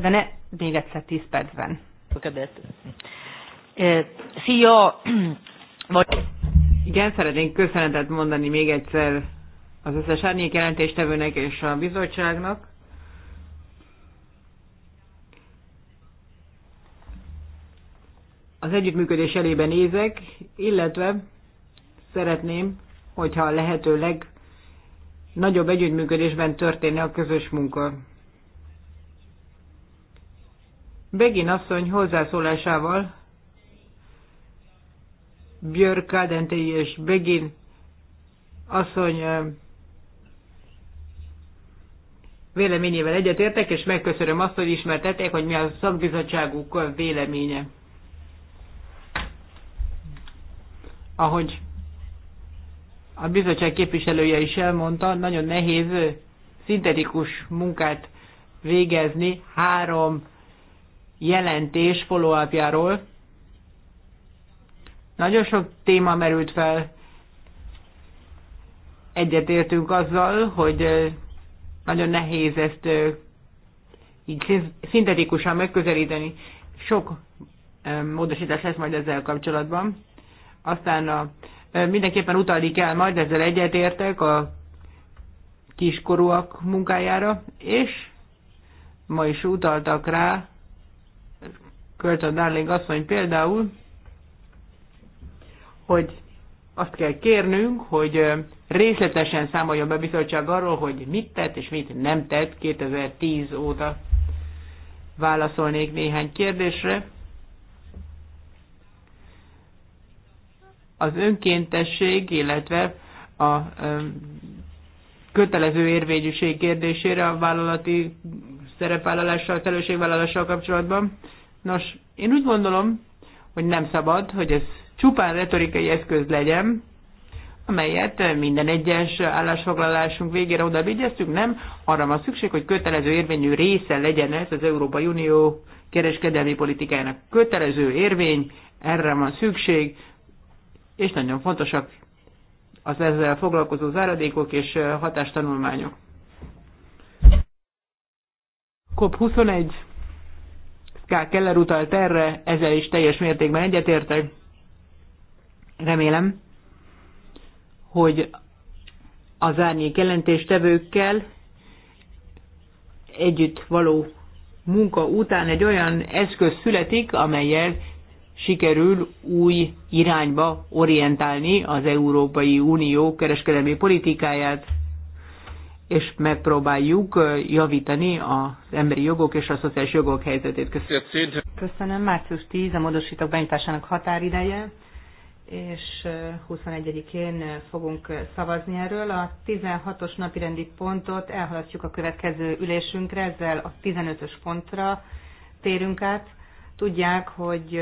De ne még egyszer 10 percben. Szia! Igen, szeretnénk köszönetet mondani még egyszer az összes jelentéstevőnek és a bizottságnak. az együttműködés elébe nézek, illetve szeretném, hogyha lehetőleg nagyobb együttműködésben történne a közös munka. Begin asszony hozzászólásával Björk Kádentei és Begin asszony véleményével egyetértek, és megköszönöm azt, hogy ismertették, hogy mi a szakbizottságuk véleménye. Ahogy a bizottság képviselője is elmondta, nagyon nehéz szintetikus munkát végezni három jelentés follow Nagyon sok téma merült fel, egyetértünk azzal, hogy nagyon nehéz ezt így szintetikusan megközelíteni. Sok módosítás lesz majd ezzel kapcsolatban. Aztán a, mindenképpen utalni kell majd, ezzel egyetértek a kiskorúak munkájára, és ma is utaltak rá, Curtin Darling mondja például, hogy azt kell kérnünk, hogy részletesen számoljon be bizottság arról, hogy mit tett és mit nem tett 2010 óta. Válaszolnék néhány kérdésre. az önkéntesség, illetve a kötelező érvényűség kérdésére a vállalati szerepvállalással, felelősségvállalással kapcsolatban. Nos, én úgy gondolom, hogy nem szabad, hogy ez csupán retorikai eszköz legyen, amelyet minden egyes állásfoglalásunk végére oda vigyeztünk, nem, arra van szükség, hogy kötelező érvényű része legyen ez az Európai Unió kereskedelmi politikájának. Kötelező érvény, erre van szükség, és nagyon fontosak az ezzel foglalkozó záradékok és hatástanulmányok. COP21, Ská Keller utalt erre, ezzel is teljes mértékben egyetértek. Remélem, hogy az árnyék jelentéstevőkkel együtt való munka után egy olyan eszköz születik, amelyel sikerül új irányba orientálni az Európai Unió kereskedelmi politikáját, és megpróbáljuk javítani az emberi jogok és a szociális jogok helyzetét. Köszönöm. Köszönöm. Március 10 a módosítók benyitásának határideje, és 21-én fogunk szavazni erről. A 16-os napirendi pontot elhalasztjuk a következő ülésünkre, ezzel a 15-ös pontra térünk át Tudják, hogy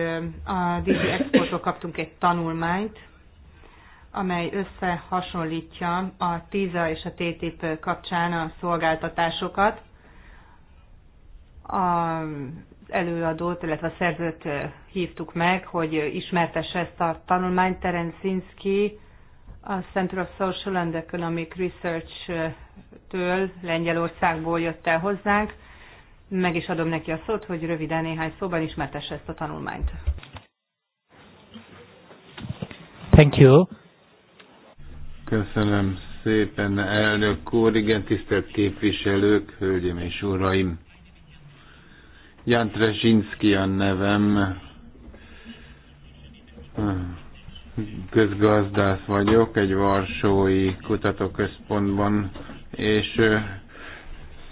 a DG Exportról kaptunk egy tanulmányt, amely összehasonlítja a TISA és a TTIP kapcsán a szolgáltatásokat. Az előadót, illetve a szerzőt hívtuk meg, hogy ismertesse ezt a tanulmányt. Terence a Center of Social and Economic Research-től Lengyelországból jött el hozzánk meg is adom neki a szót, hogy röviden néhány szóban ismertesse ezt a tanulmányt. Thank you. Köszönöm szépen, elnök úr, igen, tisztelt képviselők, hölgyeim és uraim. Jan Tresinski a nevem, közgazdász vagyok, egy Varsói Kutatóközpontban, és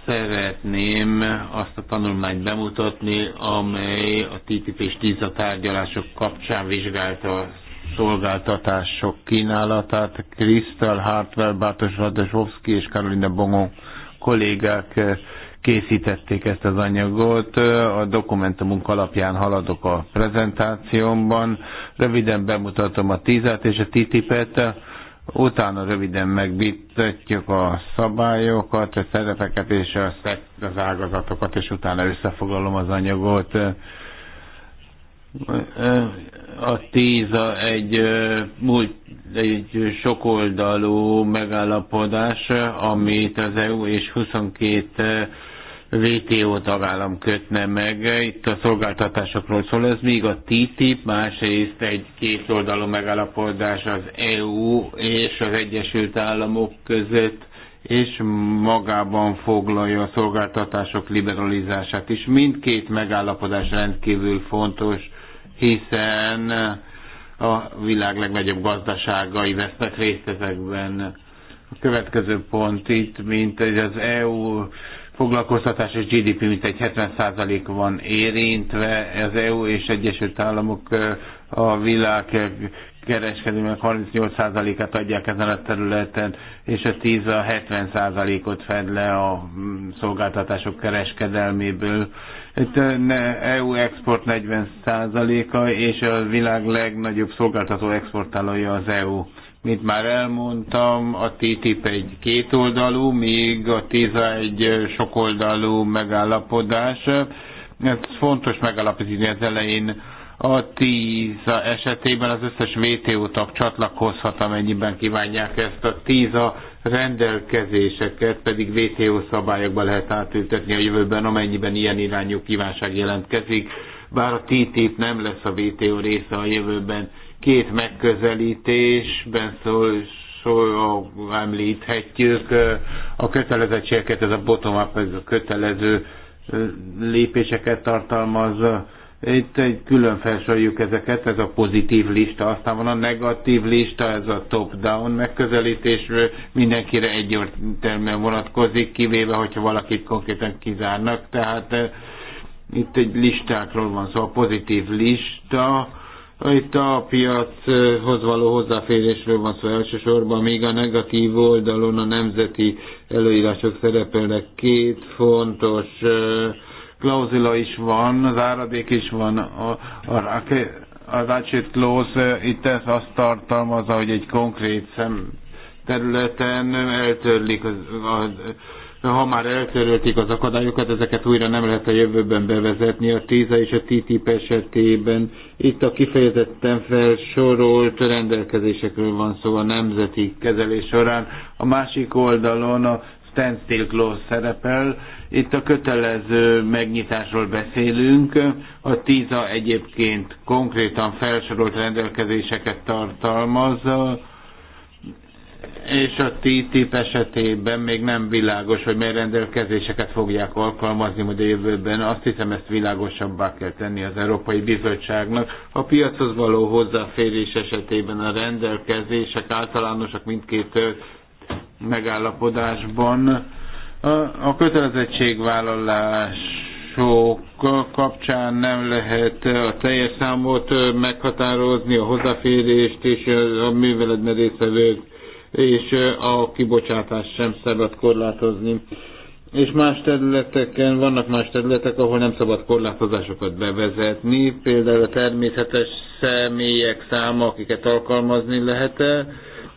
szeretném azt a tanulmányt bemutatni, amely a TTIP és TISA tárgyalások kapcsán vizsgálta a szolgáltatások kínálatát. Krisztel Hartwell, Bátos Radosovski és Karolina Bongo kollégák készítették ezt az anyagot. A dokumentumunk alapján haladok a prezentációmban. Röviden bemutatom a tisa és a TTIP-et utána röviden megvitatjuk a szabályokat, a szerepeket és a szekt, az ágazatokat, és utána összefoglalom az anyagot. A tíza egy, egy sokoldalú megállapodás, amit az EU és 22 VTO tagállam kötne meg. Itt a szolgáltatásokról szól ez, még a TTIP másrészt egy kétoldalú megállapodás az EU és az Egyesült Államok között, és magában foglalja a szolgáltatások liberalizását is. Mindkét megállapodás rendkívül fontos, hiszen a világ legnagyobb gazdaságai vesznek részt ezekben. A következő pont itt, mint az EU foglalkoztatás és GDP mintegy 70% van érintve, az EU és Egyesült Államok a világ kereskedőnek 38%-át adják ezen a területen, és a 10 a 70%-ot fed le a mm, szolgáltatások kereskedelméből. Itt EU e export 40%-a, és a világ legnagyobb szolgáltató exportálója az EU mint már elmondtam, a TTIP egy kétoldalú, míg a TISA egy sokoldalú megállapodás. Ez fontos megállapítani az elején. A TISA esetében az összes WTO tag csatlakozhat, amennyiben kívánják ezt a TISA rendelkezéseket, pedig WTO szabályokba lehet átültetni a jövőben, amennyiben ilyen irányú kívánság jelentkezik. Bár a TTIP nem lesz a WTO része a jövőben, két megközelítésben szól, szól említhetjük a kötelezettségeket, ez a bottom-up, ez a kötelező lépéseket tartalmaz. Itt külön felsoroljuk ezeket, ez a pozitív lista, aztán van a negatív lista, ez a top-down megközelítés, mindenkire egyértelműen vonatkozik, kivéve, hogyha valakit konkrétan kizárnak, tehát itt egy listákról van szó, a pozitív lista, itt a piachoz való hozzáférésről van szó elsősorban, még a negatív oldalon a nemzeti előírások szerepelnek. Két fontos klauzula is van, az áradék is van, a, a, a ratchet clause itt ez azt tartalmazza, hogy egy konkrét szem területen eltörlik az, az, ha már eltörölték az akadályokat, ezeket újra nem lehet a jövőben bevezetni a TISA és a TTIP esetében. Itt a kifejezetten felsorolt rendelkezésekről van szó a nemzeti kezelés során. A másik oldalon a standstill clause szerepel. Itt a kötelező megnyitásról beszélünk. A TISA egyébként konkrétan felsorolt rendelkezéseket tartalmaz és a TTIP esetében még nem világos, hogy mely rendelkezéseket fogják alkalmazni majd a jövőben. Azt hiszem, ezt világosabbá kell tenni az Európai Bizottságnak. A piachoz való hozzáférés esetében a rendelkezések általánosak mindkét megállapodásban. A kötelezettségvállalás sok kapcsán nem lehet a teljes számot meghatározni, a hozzáférést és a műveletben résztvevők és a kibocsátás sem szabad korlátozni. És más területeken, vannak más területek, ahol nem szabad korlátozásokat bevezetni, például a természetes személyek száma, akiket alkalmazni lehet -e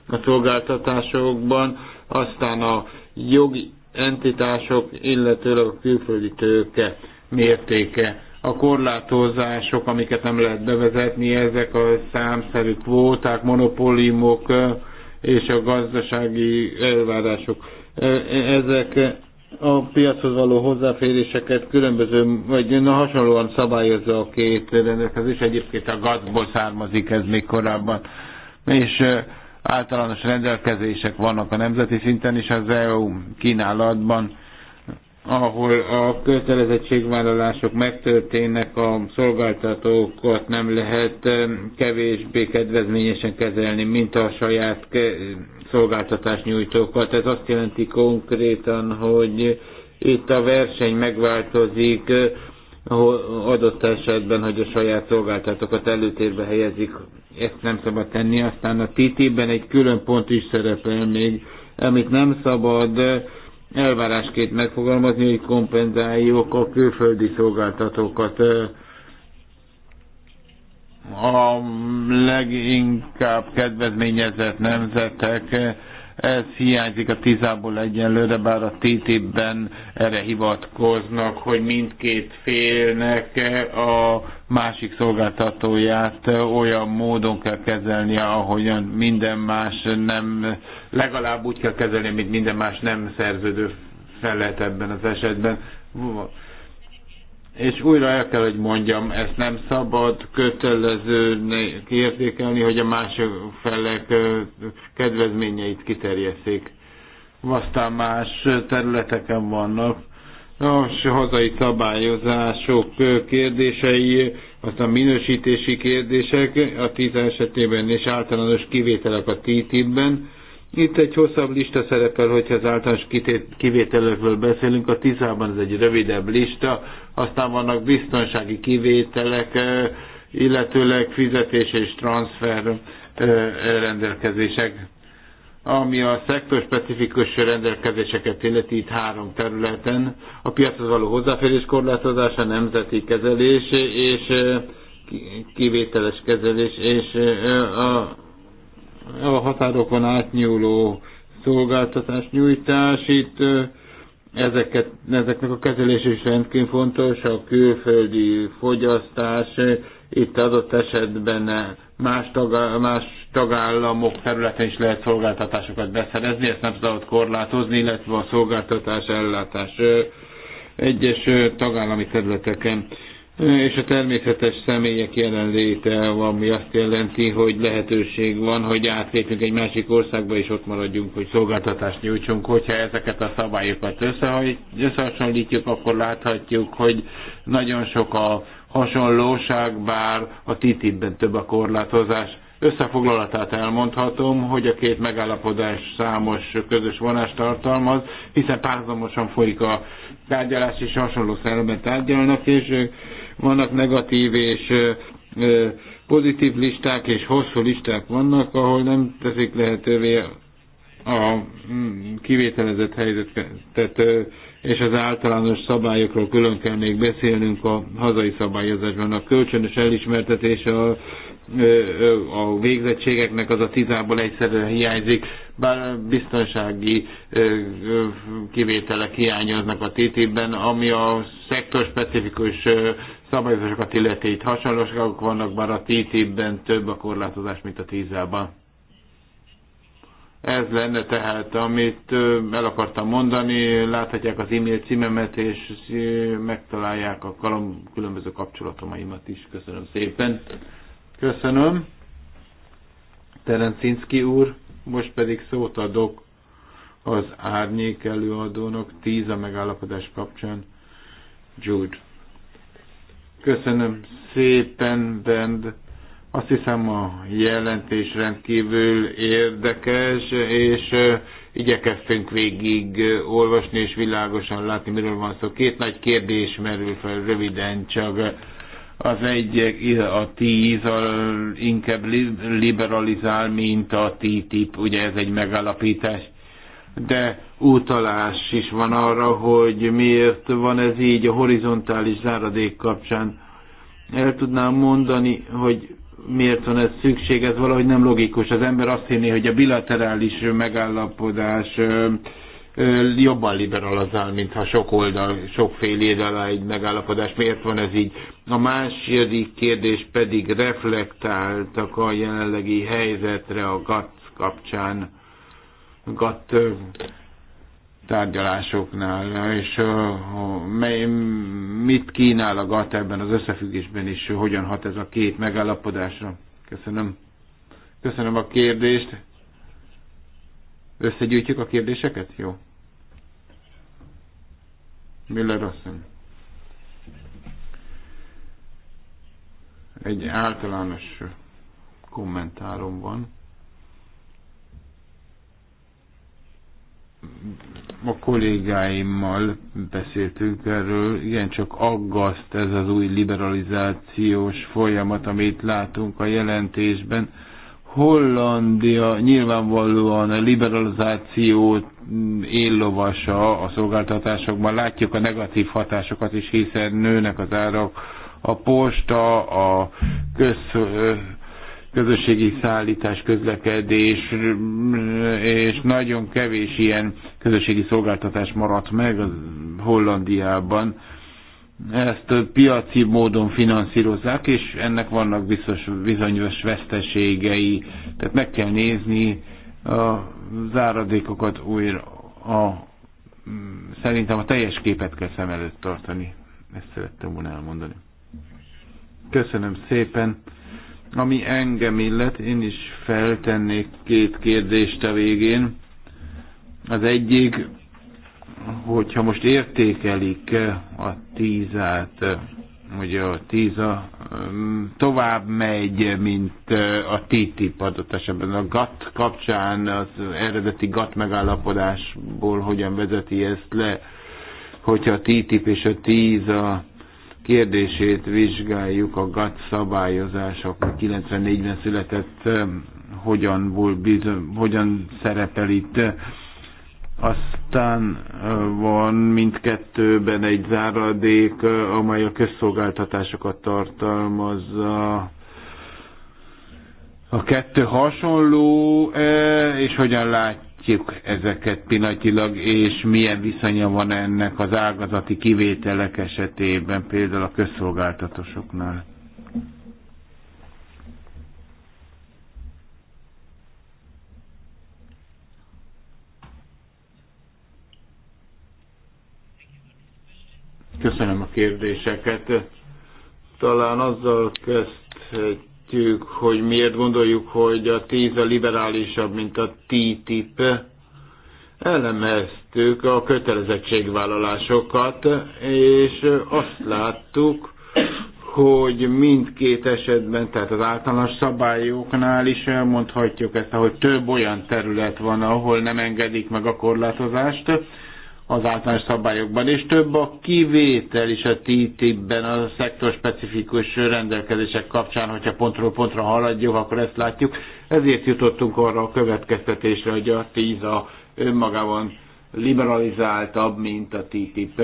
a szolgáltatásokban, aztán a jogi entitások, illetőleg a külföldi tőke mértéke. A korlátozások, amiket nem lehet bevezetni, ezek a számszerű kvóták, monopóliumok, és a gazdasági elvárások. E, e, ezek a piachoz való hozzáféréseket különböző, vagy na, hasonlóan szabályozza a két rendelkezés, egyébként a gazból származik ez még korábban, és e, általános rendelkezések vannak a nemzeti szinten is az EU kínálatban, ahol a kötelezettségvállalások megtörténnek, a szolgáltatókat nem lehet kevésbé kedvezményesen kezelni, mint a saját szolgáltatás nyújtókat. Ez azt jelenti konkrétan, hogy itt a verseny megváltozik, adott esetben, hogy a saját szolgáltatókat előtérbe helyezik, ezt nem szabad tenni. Aztán a tt ben egy külön pont is szerepel még, amit nem szabad elvárásként megfogalmazni, hogy kompenzáljuk a külföldi szolgáltatókat. A leginkább kedvezményezett nemzetek ez hiányzik a tízából egyenlőre, bár a TTIP-ben erre hivatkoznak, hogy mindkét félnek a másik szolgáltatóját olyan módon kell kezelnie, ahogyan minden más nem, legalább úgy kell kezelni, mint minden más nem szerződő felett ebben az esetben és újra el kell, hogy mondjam, ezt nem szabad kötelező értékelni, hogy a másik felek kedvezményeit kiterjeszik. Aztán más területeken vannak. A hazai szabályozások kérdései, aztán minősítési kérdések a tíz esetében és általános kivételek a TTIP-ben itt egy hosszabb lista szerepel, hogyha az általános kivételekről beszélünk, a tiszában ez egy rövidebb lista, aztán vannak biztonsági kivételek, illetőleg fizetés és transfer rendelkezések. Ami a specifikus rendelkezéseket illeti itt három területen, a piachoz való hozzáférés korlátozása, nemzeti kezelés és kivételes kezelés, és a a határokon átnyúló szolgáltatás nyújtás. Itt ezeket, ezeknek a kezelés is rendkívül fontos, a külföldi fogyasztás, itt adott esetben más, tagá, más tagállamok területen is lehet szolgáltatásokat beszerezni, ezt nem szabad korlátozni, illetve a szolgáltatás ellátás egyes tagállami területeken és a természetes személyek jelenléte, ami azt jelenti, hogy lehetőség van, hogy átlépjünk egy másik országba, és ott maradjunk, hogy szolgáltatást nyújtsunk. Hogyha ezeket a szabályokat összehasonlítjuk, akkor láthatjuk, hogy nagyon sok a hasonlóság, bár a TTIP-ben több a korlátozás. Összefoglalatát elmondhatom, hogy a két megállapodás számos közös vonást tartalmaz, hiszen párhuzamosan folyik a tárgyalás, és hasonló szellemben tárgyalnak, és vannak negatív és pozitív listák és hosszú listák vannak, ahol nem teszik lehetővé a mm, kivételezett helyzetet, és az általános szabályokról külön kell még beszélnünk a hazai szabályozásban. A kölcsönös elismertetés a, a végzettségeknek az a tizából egyszerűen hiányzik, bár biztonsági kivételek hiányoznak a TTIP-ben, ami a szektorspecifikus szabályozásokat illeti itt hasonlóságok vannak, bár a TTIP-ben több a korlátozás, mint a TISA-ban. Ez lenne tehát, amit el akartam mondani, láthatják az e-mail címemet, és megtalálják a kalom, különböző kapcsolatomaimat is. Köszönöm szépen. Köszönöm. Terencinski úr, most pedig szót adok az árnyék előadónak tíz a megállapodás kapcsán. Jude. Köszönöm szépen, Bend. Azt hiszem a jelentés rendkívül érdekes, és igyekeztünk végig olvasni és világosan látni, miről van szó. Két nagy kérdés merül fel röviden csak. Az egy, a tíz a, inkább liberalizál, mint a TTIP, ugye ez egy megállapítás de utalás is van arra, hogy miért van ez így a horizontális záradék kapcsán. El tudnám mondani, hogy miért van ez szükség, ez valahogy nem logikus. Az ember azt hinné, hogy a bilaterális megállapodás jobban liberalizál, mintha sok oldal, sok fél alá egy megállapodás. Miért van ez így? A második kérdés pedig reflektáltak a jelenlegi helyzetre a GATS kapcsán gat tárgyalásoknál, és mely, mit kínál a GATT ebben az összefüggésben, és hogyan hat ez a két megállapodásra? Köszönöm. Köszönöm a kérdést. Összegyűjtjük a kérdéseket? Jó. Miller asszony. Egy általános kommentárom van. a kollégáimmal beszéltünk erről, igen, csak aggaszt ez az új liberalizációs folyamat, amit látunk a jelentésben. Hollandia nyilvánvalóan a liberalizáció éllovasa a szolgáltatásokban. Látjuk a negatív hatásokat is, hiszen nőnek az árak. A posta, a köz közösségi szállítás, közlekedés, és nagyon kevés ilyen közösségi szolgáltatás maradt meg az Hollandiában. Ezt piaci módon finanszírozzák, és ennek vannak biztos, bizonyos veszteségei. Tehát meg kell nézni a záradékokat újra. A, szerintem a teljes képet kell szem előtt tartani. Ezt szerettem volna elmondani. Köszönöm szépen. Ami engem illet, én is feltennék két kérdést a végén. Az egyik, hogyha most értékelik a tízát, ugye a tíza tovább megy, mint a TTIP adott esetben. A GATT kapcsán az eredeti GATT megállapodásból hogyan vezeti ezt le, hogyha a TTIP és a tíza kérdését vizsgáljuk a GATT szabályozás, a 94-ben született, hogyan, volt bizony, hogyan szerepel itt. Aztán van mindkettőben egy záradék, amely a közszolgáltatásokat tartalmazza. A kettő hasonló, és hogyan látja? látjuk ezeket pillanatilag, és milyen viszonya van ennek az ágazati kivételek esetében, például a közszolgáltatosoknál? Köszönöm a kérdéseket. Talán azzal kezdhetjük, értjük, hogy miért gondoljuk, hogy a a liberálisabb, mint a TTIP. Elemeztük a kötelezettségvállalásokat, és azt láttuk, hogy mindkét esetben, tehát az általános szabályoknál is elmondhatjuk ezt, hogy több olyan terület van, ahol nem engedik meg a korlátozást, az általános szabályokban, és több a kivétel is a TTIP-ben a szektorspecifikus rendelkezések kapcsán, hogyha pontról pontra haladjuk, akkor ezt látjuk. Ezért jutottunk arra a következtetésre, hogy a TISA önmagában liberalizáltabb, mint a TTIP.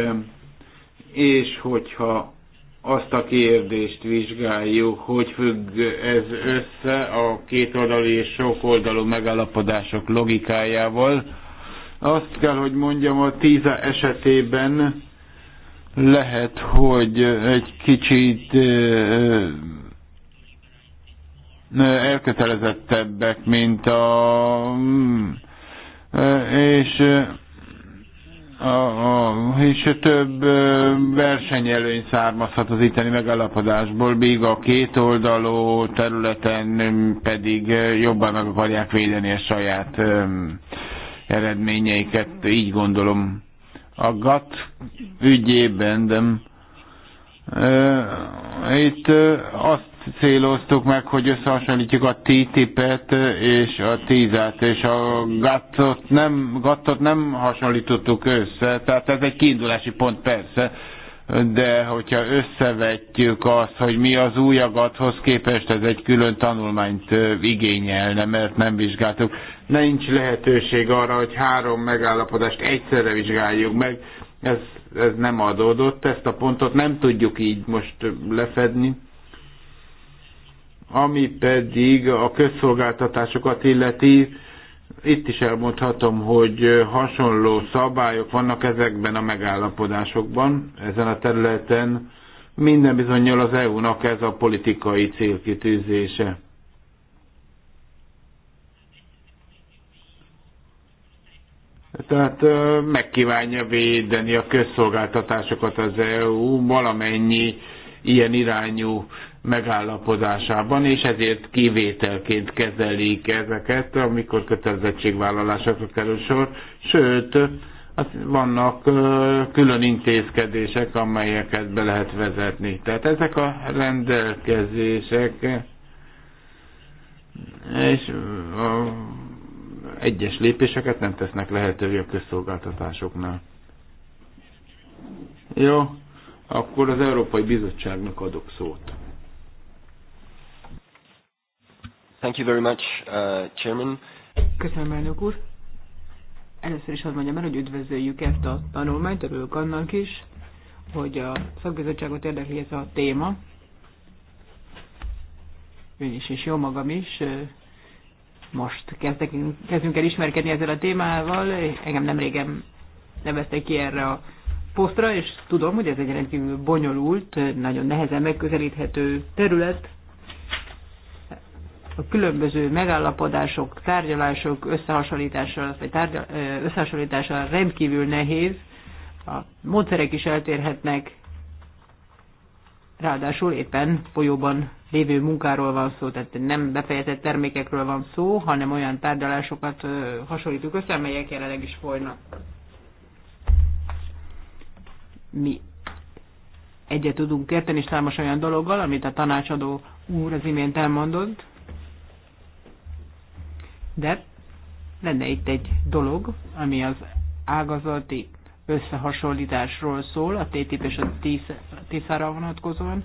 És hogyha azt a kérdést vizsgáljuk, hogy függ ez össze a kétoldalú és sokoldalú megállapodások logikájával, azt kell, hogy mondjam, a tíza esetében lehet, hogy egy kicsit elkötelezettebbek, mint a... és a, a, és több versenyelőny származhat az itteni megállapodásból, míg a két oldalú területen pedig jobban meg akarják védeni a saját eredményeiket, így gondolom. A GATT ügyében, de itt azt céloztuk meg, hogy összehasonlítjuk a TTIP-et és a tiz t és a GATT-ot nem, GATT-ot nem hasonlítottuk össze, tehát ez egy kiindulási pont persze, de hogyha összevetjük azt, hogy mi az új agathoz képest, ez egy külön tanulmányt igényelne, mert nem vizsgáltuk. Nincs lehetőség arra, hogy három megállapodást egyszerre vizsgáljuk meg. Ez, ez nem adódott, ezt a pontot nem tudjuk így most lefedni. Ami pedig a közszolgáltatásokat illeti, itt is elmondhatom, hogy hasonló szabályok vannak ezekben a megállapodásokban, ezen a területen. Minden bizonyal az EU-nak ez a politikai célkitűzése. Tehát megkívánja védeni a közszolgáltatásokat az EU valamennyi ilyen irányú megállapodásában, és ezért kivételként kezelik ezeket, amikor kötelezettségvállalásokra kerül sor. Sőt, az vannak külön intézkedések, amelyeket be lehet vezetni. Tehát ezek a rendelkezések és a egyes lépéseket nem tesznek lehetővé a közszolgáltatásoknál. Jó, akkor az Európai Bizottságnak adok szót. Thank you very much, uh, Chairman. Köszönöm, elnök úr. Először is azt mondjam el, hogy üdvözöljük ezt a tanulmányt, örülök annak is, hogy a szakbizottságot érdekli ez a téma. Ön is, és jó magam is. Most kezdek, kezdünk el ismerkedni ezzel a témával. Engem nem régen neveztek ki erre a posztra, és tudom, hogy ez egy rendkívül bonyolult, nagyon nehezen megközelíthető terület, a különböző megállapodások, tárgyalások összehasonlítása, vagy tárgyal, összehasonlítása rendkívül nehéz, a módszerek is eltérhetnek, ráadásul éppen folyóban lévő munkáról van szó, tehát nem befejezett termékekről van szó, hanem olyan tárgyalásokat hasonlítjuk össze, amelyek jelenleg is folynak. Mi egyet tudunk érteni, és számos olyan dologgal, amit a tanácsadó úr az imént elmondott. De lenne itt egy dolog, ami az ágazati összehasonlításról szól, a TTIP és a TISZ-ra vonatkozóan.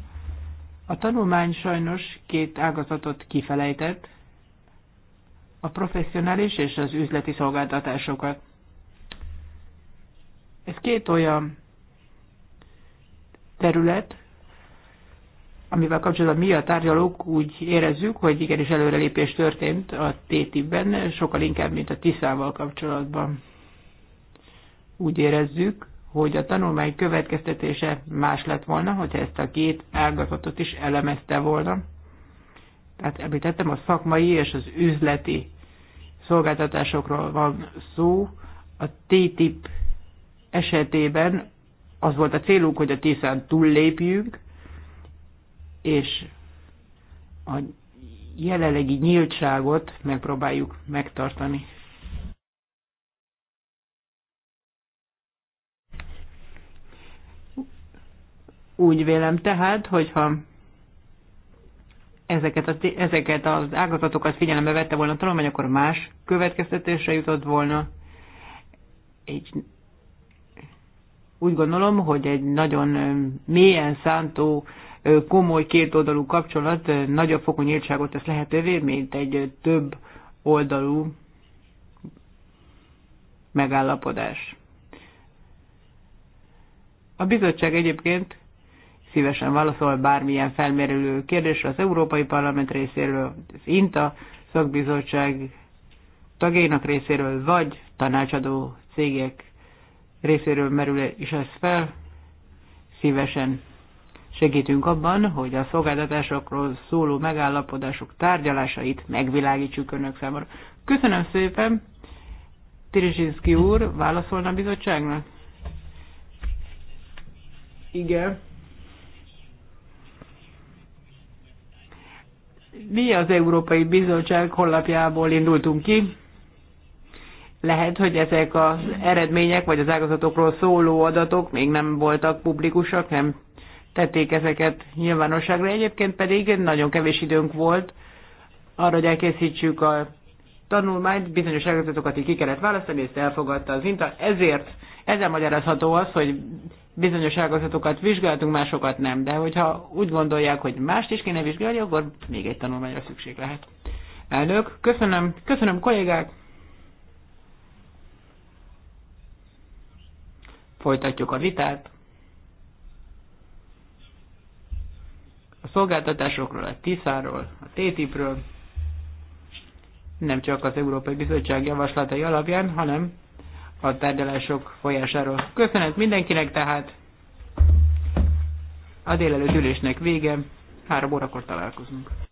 A tanulmány sajnos két ágazatot kifelejtett, a professzionális és az üzleti szolgáltatásokat. Ez két olyan terület, amivel kapcsolatban mi a tárgyalók úgy érezzük, hogy igenis előrelépés történt a TTIP-ben, sokkal inkább, mint a tisz kapcsolatban. Úgy érezzük, hogy a tanulmány következtetése más lett volna, hogyha ezt a két ágazatot is elemezte volna. Tehát említettem, a szakmai és az üzleti szolgáltatásokról van szó. A TTIP esetében az volt a célunk, hogy a Tiszán án túllépjünk, és a jelenlegi nyíltságot megpróbáljuk megtartani. Úgy vélem tehát, hogyha ezeket, a, ezeket az ágazatokat figyelembe vette volna a tanulmány, akkor más következtetésre jutott volna. Egy, úgy gondolom, hogy egy nagyon mélyen szántó komoly kétoldalú kapcsolat nagyobb fokú nyíltságot tesz lehetővé, mint egy több oldalú megállapodás. A bizottság egyébként szívesen válaszol bármilyen felmerülő kérdésre az Európai Parlament részéről, az INTA szakbizottság tagjainak részéről, vagy tanácsadó cégek részéről merül is ez fel, szívesen Segítünk abban, hogy a szolgáltatásokról szóló megállapodások tárgyalásait megvilágítsuk önök számára. Köszönöm szépen! Tirizsinszki úr, válaszolna a bizottságnak? Igen. Mi az Európai Bizottság honlapjából indultunk ki. Lehet, hogy ezek az eredmények, vagy az ágazatokról szóló adatok még nem voltak publikusak, nem tették ezeket nyilvánosságra. Egyébként pedig nagyon kevés időnk volt arra, hogy elkészítsük a tanulmányt, bizonyos ágazatokat így ki kellett választani, ezt elfogadta az INTA. Ezért ezzel magyarázható az, hogy bizonyos ágazatokat vizsgáltunk, másokat nem. De hogyha úgy gondolják, hogy mást is kéne vizsgálni, akkor még egy tanulmányra szükség lehet. Elnök, köszönöm, köszönöm kollégák! Folytatjuk a vitát. szolgáltatásokról, a TISZ-ról, a TTIP-ről, nem csak az Európai Bizottság javaslatai alapján, hanem a tárgyalások folyásáról. Köszönet mindenkinek tehát! A délelőtt ülésnek vége, három órakor találkozunk.